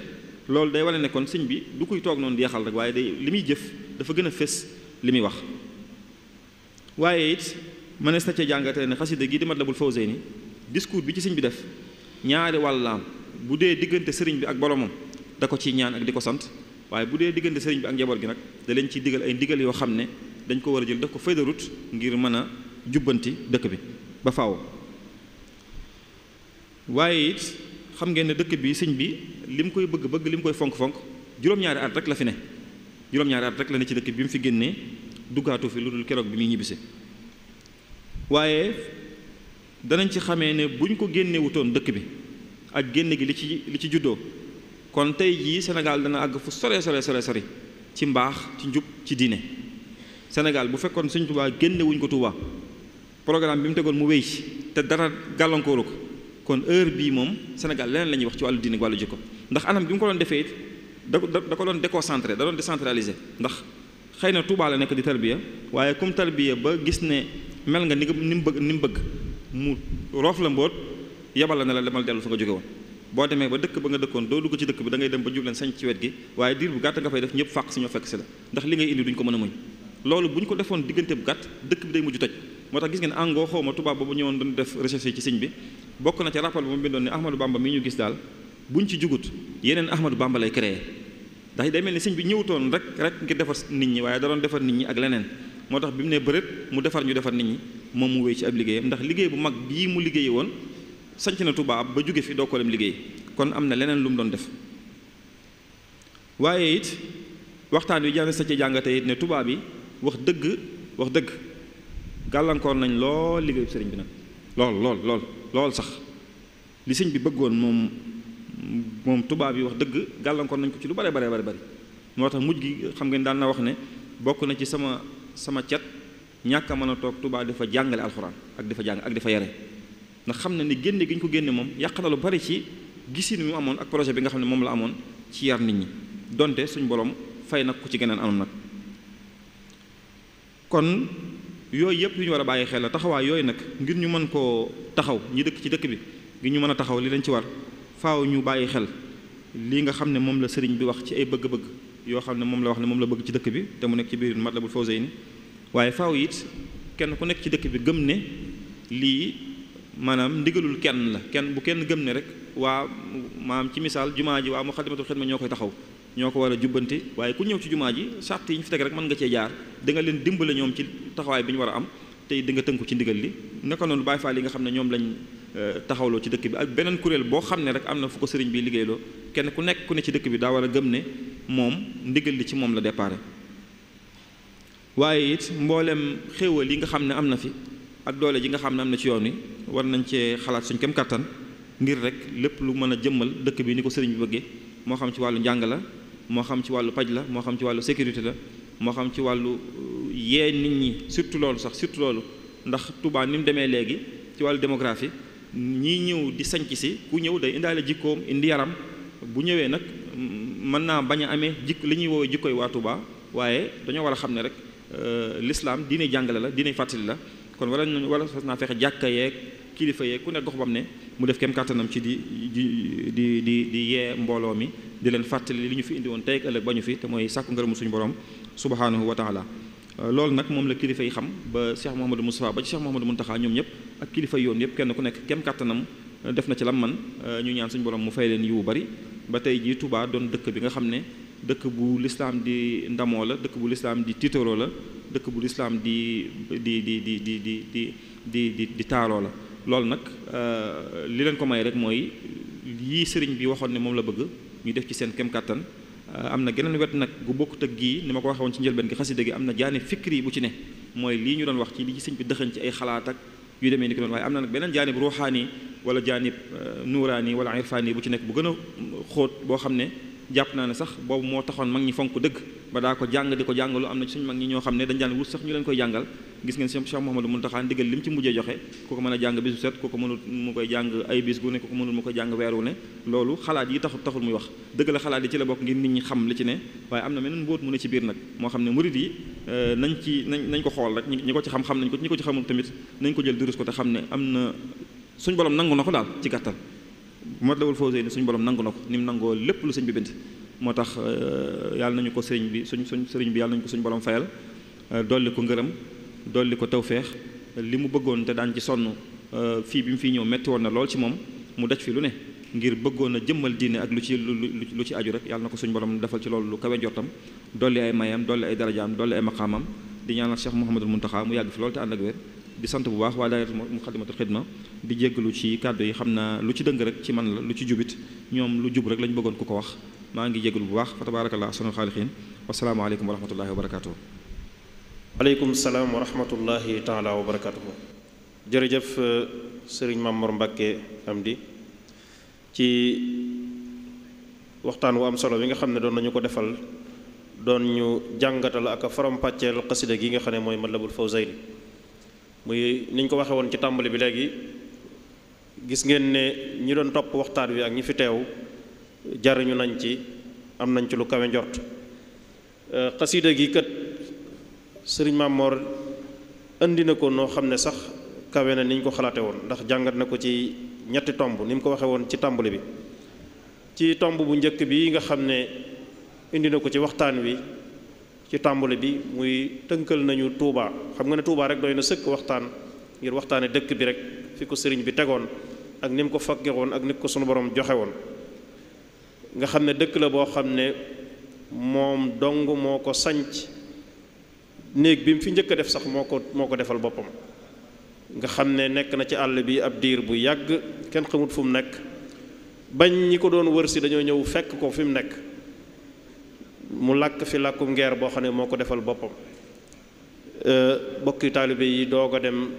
loolu day walla nekkoon kon sëñ bi du kuy toog noonu di yaxal rek waaye day li muy jëf dafa gën a fës li muy wax waaye it mënees na cee jàngate ne xasida gi di bul Matlabul Fawzayni discours bi ci sëñ bi def ñaari wàllaam bu dee diggante sëriñ bi ak boroomam da ko ciy ñaan ak di ko sant waaye bu dee diggante sëriñ bi ak njaboot gi nag da leen ciy digal ay ndigal yoo xam ne dañ ko war a jël daf ko fay ngir mën a jubbanti dëkk bi ba faaw waaye it xam ngeen ne dëkk bi sëñ bi li mu koy bëgg-bëgg li mu koy fonk-fonk juróom-ñaari at rek la fi ne juróom-ñaari at rek la ne ci dëkk bi mu fi génnee duggaatu fi lu dul keroog bi muy ñibbise waaye danañ ci xamee ne buñ ko génnewutoon dëkk bi ak génn gi li ci li ci juddoo kon tey jii Sénégal dana àgg fu sore sore sore sori ci mbaax ci njub ci diine Sénégal bu fekkoon Sëñ Tuubaa génne wuñ ko Tuubaa programme bi mu tegoon mu wéy ci te dara gàllankooru ko kon heure bii moom Sénégal leneen la ñuy wax ci wàllu diine wàllu ko ndax anam bi mu ko doon defee it da ko doon déconcentré da doon décentralisé ndax xëy na Tuubaa la nekk di tarbiya waaye comme tarbiya ba gis ne mel nga ni ni mu bëgg ni mu bëgg mu roof la mboot yebal la ne la demal dellu fa nga jóge woon boo demee ba dëkk ba nga dëkkoon doo dugg ci dëkk bi da dem ba jub leen ci wet gi waaye diir bu gàtt nga fay def ñëpp fàq si ñoo fekk si la ndax li indi duñ ko mën a muñ loolu bu ñu ko defoon diggante bu gàtt dëkk bi day mujj toj moo tax gis ngeen angoo xaw ma tubaab boobu ñëwoon doon def recherche ci siñ bi bokk na ci rapport bi mu bindoon ne Ahmadou Bamba mi ñu gis daal buñ Bamba lay créé ndax day mel ni siñ bi ñëwutoon rek rek ngir defar nit ñi waaye da defar nit ñi ak leneen moo tax bi mu ne bërét mu defar ñu defar nit ñi moom mu wéy ci ab liggéeyam ndax liggéey bu mag bii mu liggéey woon sanc na tubaab ba jóge fi doo ko dem liggéey kon am na leneen lu mu doon def waaye it waxtaan wi jàng sa ci jàngate it ne tubaab yi wax dëgg wax dëgg gàllankoor nañ lool liggéeyu sëriñ bi nag lool lool lool sax li sëñ bi bëggoon moom moom tubaab bi wax dëgg gàllankoor nañ ko ci lu bare bare bare bari moo tax mujj gi xam nga ngeen daan na wax ne bokk na ci sama sama cet ñàkk a mën a toog tubaab dafa jàngale alxuraan ak dafa jàng ak dafa yare ndax xam na ni génne gi ñu ko génne moom yàq na lu bari ci gisin mu amoon ak projet bi nga xam ne moom la amoon ci yar nit ñi donte suñ borom fay nag ku ci geneen anam nag kon yooyu yëpp yu ñu war a bàyyi xel la taxawaay yooyu nag ngir ñu mën koo taxaw ñu dëkk ci dëkk bi ngir ñu mën a taxaw li lañ ci war faaw ñu bàyyi xel li nga xam ne moom la sëriñ bi wax ci ay bëgg-bëgg yoo xam ne moom la wax ne moom la bëgg ci dëkk bi te mu nekk ci biir Matlabul Fawzayni waaye faaw it kenn ku nekk ci dëkk bi gëm ne maanaam ndigalul kenn la kenn bu kenn gëm ne rek waa maanaam ci misaal jumaa ji waa Moukhaddamatoul Khidma ñoo koy taxaw ñoo ko war a jubbanti waaye ku ñëw ci jumaa ji sart yi ñu fi teg rek mën nga cee jaar da nga leen dimbale ñoom ci taxawaay bi ñu war a am tey dinga tënku ci ndigal li naka noonu Baay faa yi nga xam ne ñoom lañ euh, taxawloo ci dëkk bi ak beneen kuréel boo xam ne rek am na fu ko sëriñ bi liggéeyloo kenn ku nekk ku ne ci dëkk bi daa war a gëm ne moom ndigal li ci moom la déparé waaye it nga xam ne am na fi ak doole ji nga xam ne am na ci yoon wi war nañ cee xalaat suñ kem kàttan ngir rek lépp lu mën a jëmmal dëkk bi ni ko sëriñ bi bëggee moo xam ci wàllu njàng la moo xam ci wàllu paj la moo xam ci wàllu sécurité la moo xam ci wàllu euh, yee nit ñi surtout loolu sax surtout loolu ndax tubaa ni mu demee léegi ci wàllu démographie ñii ñëw di sanc si ku ñëw day indaale jikkoom indi yaram bu ñëwee nag mm, mën naa bañ a amee jikk li ñuy woowee jikkoy waa Touba waaye dañoo war xam ne rek euh, lislaam diine jàngale la diine fàttali la kon wala ñu wala fas naa fexe jàkka yeeg kilifa yee ku ne gox bam ne mu def kem kàttanam ci di di di di yee mbooloo mi di leen fàttali li ñu fi indi woon tey ëllëg ba ñu fi te mooy sàkk sàkku ngërëmu suñu borom subhanahu wa taala euh, loolu nag moom la kilifa yi xam ba Cheikh Mouhamadou Moustapha ba ci Cheikh Mouhamadou Mountakha ñoom ñëpp ak kilifa yoon yëpp kenn ku nekk kem kàttanam euh, def na ci lam man euh, ñu ñaan suñu borom mu fay leen yiwu bari ba tey jii Touba doon dëkk bi nga xam ne dëkk bu lislaam di ndamoo la dëkk bu lislaam di tiitaroo la dëkk bu lislaam di di di di di di di di di di la loolu nag euh, li leen ko may rek mooy yii sëriñ bi waxoon ne moom la bëgg ñu def ci seen kem kàttan euh, am na geneen wet nag gu bokk ak gii ni ma ko waxee woon ci njëlbeen gi xasida gi am na jaani fikri bu ci ne mooy lii ñu doon wax ci li ci sëñ bi dëxañ ci ay xalaat ak yu demee ni ko doon waaye am na nag beneen jaanib ruuxaani wala jaanib euh, nuuraani wala irfaani bu ci nekk bu gën a xóot boo xam ne jàpp naa ne sax boobu moo taxoon mag ñi fonk dëgg ba daa ko jàng di ko jàngalu am na suñu mag ñi ñoo xam ne dañ daan a jàng bis bu set ku ko mënul mu koy jàng ay ko mënul mu koy jàng weer wu ne taxul taxul muy wax dëgg xalaat yi ci la bokk ngir nit ñi xam li ci am na meneen mbóot mu ne ci biir nag moo xam ne euh, nañ ko xool rek ñi ko ci xam xam nañ ko ko ci xamul tamit nañ ko jël durus ko te xam ne am na suñ borom nangu na ko daal ci gàttal Matlabul Fawzayni suñu borom nangu na ko ni mu nangoo lépp lu sëñ bi bind moo tax euh, yàlla nañu ko sëriñ bi suñ suñ sëriñ bi yàlla nañu ko suñ borom fayal euh, dolli ko ngërëm dolli ko feex li mu bëggoon te daan ci sonn euh, fii bi mu fi ñëw metti woon na lool ci moom mu daj fi lu ne ngir bëggoon a jëmmal diine ak lu ci lu ci aju rek yàlla na ko suñu borom defal ci loolu lu kawe njortam dolli ay mayam dolli ay darajaam dolli ay maqaamam di ñaanal Cheikh Mouhamadul Muntaxa mu yàgg fi loolu te ànd di sant bu baax waa daayira Muxaddamatul Xidma di jéggalu ci kàddu yi xam naa lu ci dëng rek ci man la lu ci jubit ñoom lu jub rek lañ bëggoon ku ko wax maa ngi jéggalu bu baax fa tabarakallah ahsanul xaaliqiin wassalaamu aleykum wa rahmatullahi wa barakaatuhu salaam wa rahmatullahi taala wa barakaatuhu jërëjëf euh, sëriñ Mamoor Mbàkke di ci waxtaan wu am solo bi nga xam ne doon nañu ko defal doon ñu jàngatal ak a faram pàcceel xasida gi nga xam ne mooy labul Matlabul Fawzayni muy niñ ko waxee woon ci tàmbali bi léegi gis ngeen ne ñi doon topp waxtaan wi ak ñi fi teew jariñu nañ ci am nañ ci lu kawe njort euh, xasiida gi kat sëriñ Mamor indi na ko noo xam ne sax kawe na ni ñu ko xalaate woon ndax jàngat na ko ci ñetti tomb ni mu ko waxee woon ci tàmbali bi ci tomb bu njëkk bi nga xam ne indi na ko ci waxtaan wi ci tàmbali bi muy tënkal nañu Touba xam nga ne Touba rek dooy na sëkk waxtaan ngir waxtaane dëkk bi rek fi ko sëriñ bi tegoon ak ni mu ko faggee woon ak ni ko sunu borom joxe woon nga xam ne dëkk la boo xam ne moom dong moo ko sanc néeg bi mu fi njëkk def sax moo ko moo ko defal boppam nga xam ne nekk na ci àll bi ab diir bu yàgg kenn xamut fu mu nekk bañ ñi ko doon wër si dañoo ñëw fekk ko fi mu nekk mu làkk fi làkkum ngeer boo xam ne moo ko defal boppam euh, bokki taalibe yi doog a dem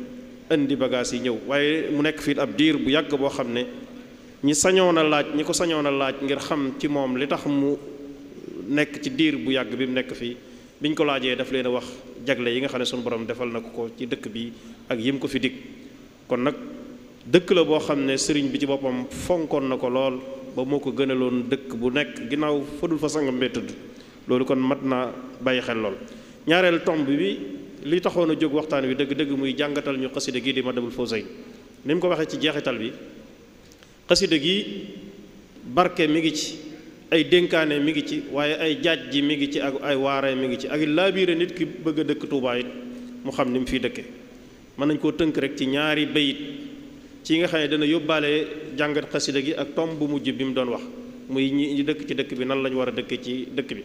indi bagage yi ñëw waaye mu nekk fii ab diir bu yàgg boo xam ne ñi sañoon laaj ñi ko sañoon laaj ngir xam ci moom li tax mu nekk ci diir bu yàgg bi mu nekk fii biñ ko laajee daf leen a wax jagle yi nga xam ne sunu borom defal na ko ko ci dëkk bi ak yim ko fi dikk kon nag dëkk la boo xam ne sëriñ bi ci boppam fonkoon na ko lool ba moo ko gënaloon dëkk bu nekk ginnaaw fadul fa sangam bee loolu kon mat naa bàyyi xel lool ñaareel tomb bi li taxoon a jóg waxtaan wi dëgg-dëgg muy jàngatal ñu xasida gii di ma Madabul Fawzayn ni mu ko waxee ci jeexital bi xasida gi barke mi ngi ci ay dénkaane mi ngi ci waaye ay jaaj ji mi ngi ci ak ay waaree mi ngi ci ak laabiire nit ki bëgg a dëkk Tuubaa it mu xam ni mu fi dëkke mën nañ koo tënk rek ci ñaari bayit ci nga xam ne dana yóbbaale jàngat xasida gi ak tomb bu mujj bi mu doon wax muy ñi dëkk ci dëkk bi nan lañu war a dëkke ci dëkk bi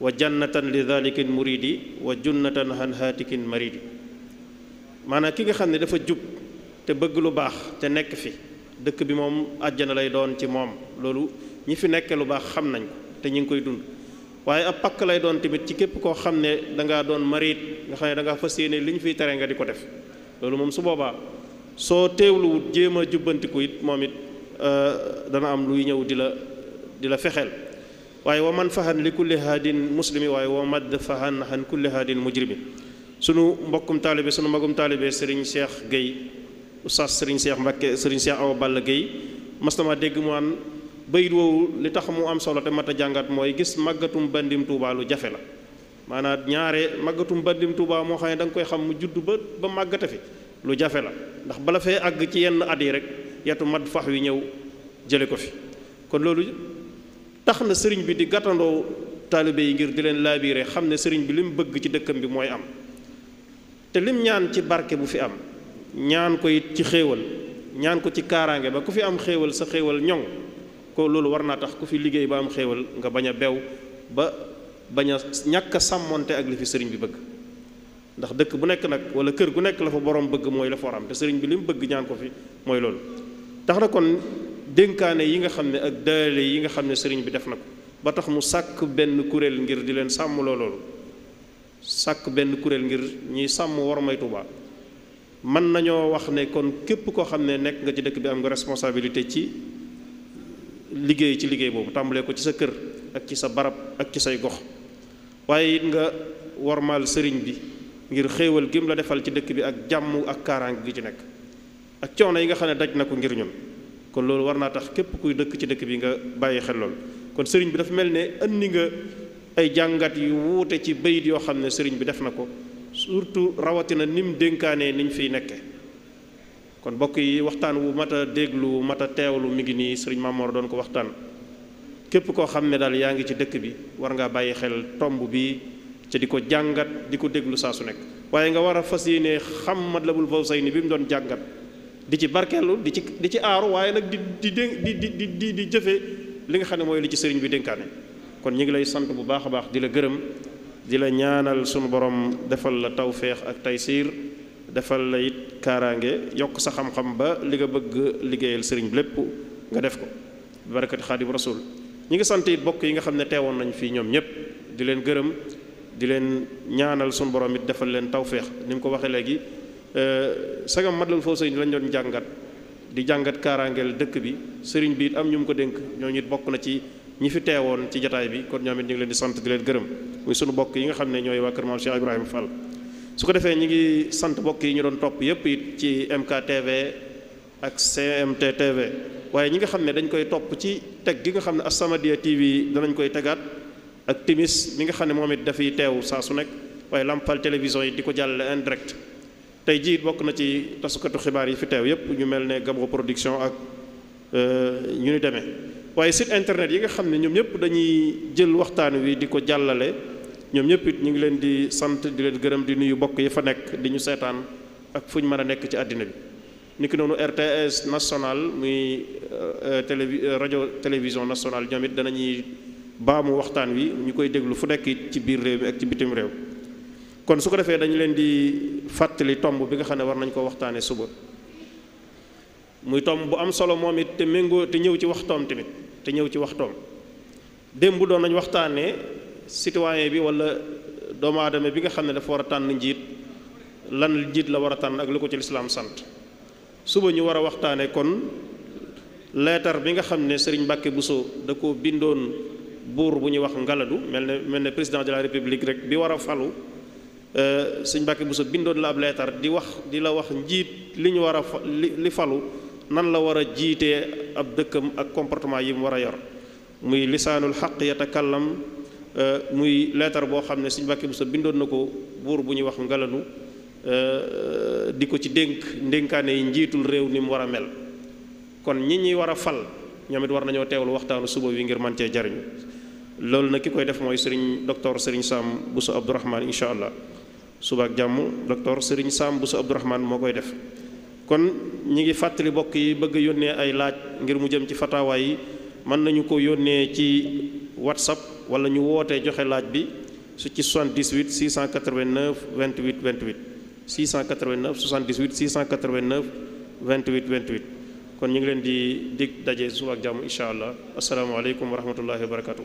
wa jannatan li dhalikin muridi wa junnatan han haatikin maridi maanaam ki nga xam ne dafa jub te bëgg lu baax te nekk fi dëkk bi moom àjjana lay doon ci moom loolu ñi fi nekke lu baax xam nañ te ñu ngi koy dund waaye ab pakk lay doon tamit ci képp koo xam ne dangaa doon marit nga xam ne dangaa fa yéene li ñu fiy tere nga di ko def loolu moom su boobaa soo teewluwut jéem a jubbantiku it moom it euh, dana am luy ñëw di la di la fexeel waaye wa man fahan li kulli haadin muslimi waaye wa madd fahan han kulli haadin mujrimi sunu mbokkum taalibe sunu magum taalibee sëriñ Cheikh Gueye oustaz sëriñ Cheikh Mbacke sëriñ Cheikh Awa Balla Gueye mas namaa dégg mu an bayit woowu li tax mu am solo te mat a jàngat mooy gis màggatum bandim Touba lu jafe la maanaat ñaare màggatum bandim Touba moo xam ne da nga koy xam mu judd ba ba màggate fi lu jafe la ndax bala fee àgg ci yenn at yi rek yetu mat fax wi ñëw jële ko fi tax na sëriñ bi di gàttandoo taalibe yi ngir di leen laabiire xam ne sëriñ bi lim bëgg ci dëkkam bi mooy am te lim ñaan ci barke bu fi am ñaan ko it ci xéewal ñaan ko ci kaaraange ba ku fi am xéewal sa xéewal ñoŋ ko loolu war naa tax ku fi liggéey ba am xéewal nga bañ a bew ba bañ a ñàkk a ak li fi sëriñ bi bëgg ndax dëkk bu nekk nag wala kër gu nekk la fa borom bëgg mooy la fa am te sëriñ bi li bëgg ñaan ko fi mooy loolu tax na kon dénkaane yi nga xam ne ak daale yi nga xam ne sëriñ bi def na ko ba tax mu sàkk benn kuréel ngir di leen sàmm loolu sàkk benn kuréel ngir ñuy sàmm war may Tuuba mën nañoo wax ne kon képp koo xam ne nekk nga ci dëkk bi am nga responsabilité ci liggéey ci liggéey boobu tàmbalee ko ci sa kër ak ci sa barab ak ci say gox waaye it nga warmaal sëriñ bi ngir xéewal gim la defal ci dëkk bi ak jàmm ak kaaraange gi ci nekk ak coono yi nga xam ne daj na ko ngir kon loolu war naa tax képp kuy dëkk ci dëkk bi nga bàyyi xel loolu kon sëriñ bi dafa mel ne andi nga ay jàngat yu wuute ci bayit yoo xam ne sëriñ bi def na ko surtout rawatina ni mu dénkaanee niñ fiy nekke kon mbokk yi waxtaan wu mat a déglu mat a teewlu mi ngi nii sëriñ Mamor doon ko waxtaan képp koo xam ne daal yaa ngi ci dëkk bi war ngaa bàyyi xel tomb bi ca di ko jàngat di ko déglu saa su nekk waaye nga war a fas yéene xam Matlabul Fawzayni bi mu doon jàngat di ci barkeelu di ci di ci aaru waaye nag di di di di di di jëfee li nga xam ne mooy li ci sëriñ bi dénkaane kon ñu ngi lay sant bu baax a baax di la gërëm di la ñaanal sunu borom defal la tawféex ak taysiir defal la it kaaraange yokk sa xam-xam ba li nga bëgg liggéeyal sëriñ bi lépp nga def ko barakati xaadim rasul ñi ngi sant it bokk yi nga xam ne teewoon nañ fii ñoom ñëpp di leen gërëm di leen ñaanal sunu borom it defal leen tawféex ni mu ko waxee léegi Euh, sagam mat la foofu sëriñ lañu doon jàngat di jàngat kaaraangeel dëkk bi sëriñ bi it am ñu mu ko dénk ñooñu it bokk na ci ñi fi teewoon ci jataay bi kon ñoom it ñu leen di sant di leen gërëm muy sunu bokk yi nga xam ne ñooy waa kër maam Cheikh su ko defee ñu ngi sant bokk yi ñu doon topp yépp it ci MKTV ak CMT waaye ñi nga xam ne dañ koy topp ci teg gi nga xam ne As-Samadiyya TV danañ koy tegaat ak timis mi nga xam ne moom it dafay teew saa su nekk waaye Lampal télévision yi di ko jàllale en tey jii bokk na ci tasukatu xibaar yi fi teew yépp ñu mel ne Gabro Production ak euh, ñu ni demee waaye site internet yi nga xam ne ñoom ñëpp dañuy jël waxtaan wi di ko jàllale ñoom ñëpp it ñu ngi leen di sant di leen gërëm di nuyu bokk yi fa nekk di ñu seetaan ak fu ñu mën a nekk ci àddina bi niki noonu RTS national muy euh, télévi euh, rajo télévision nationale ñoom it danañuy baamu waxtaan wi ñu koy déglu fu nekk it ci biir réew mi ak ci bitim réew kon su ko defee dañu leen di fàttali tomb bi nga xam ne war nañ koo waxtaane suba muy tomb bu am solo moom it te méngoo te ñëw ci waxtoom tamit te ñëw ci waxtoom démb doon nañ waxtaanee citoyen bi wala doomu aadama bi nga xam ne dafa war a tànn njiit lan njiit la war a tànn ak lu ko ci lislaam sant suba ñu war a waxtaanee kon leetar bi nga xam ne Serigne Mbacke Bousso da koo bindoon buur bu ñuy wax Ngaladu mel ne mel ne président de la république rek bi war a falu Euh, sëñ Mbàkke Buso bindoon la ab leetar di wax di la wax njiit li ñu war a li falu nan la war a jiitee ab dëkkam ak comportement yi mu war a yor muy lisaanul xaq yatakallam euh, muy leetar boo xam ne sëñ Mbàkke Buso bindoon na ko buur bu ñuy wax ngalanu euh, di ko ci dénk ndénkaane yi njiitul réew ni mu war a mel kon ñi ñi war a fal ñoom it war nañoo teewlu waxtaanu suba wi ngir mën cee jariñu loolu na ki koy def mooy sëriñ docteur sëriñ Sam Bousso Abdourahmane incha allah subaak jàmm docteur Serigne Sam Bousso Abdourahmane moo koy def kon ñi ngi fàttali bokk yi bëgg yónnee ay laaj ngir mu jëm ci fatawa yi mën nañu ko yónnee ci whatsapp wala ñu wootee joxe laaj bi su ci 78 689 28 28 689 78 689 28 kon ñu ngi leen di dig daje subaak jàmm incha allah asalaamaaleykum wa rahmatullahi wa barakatu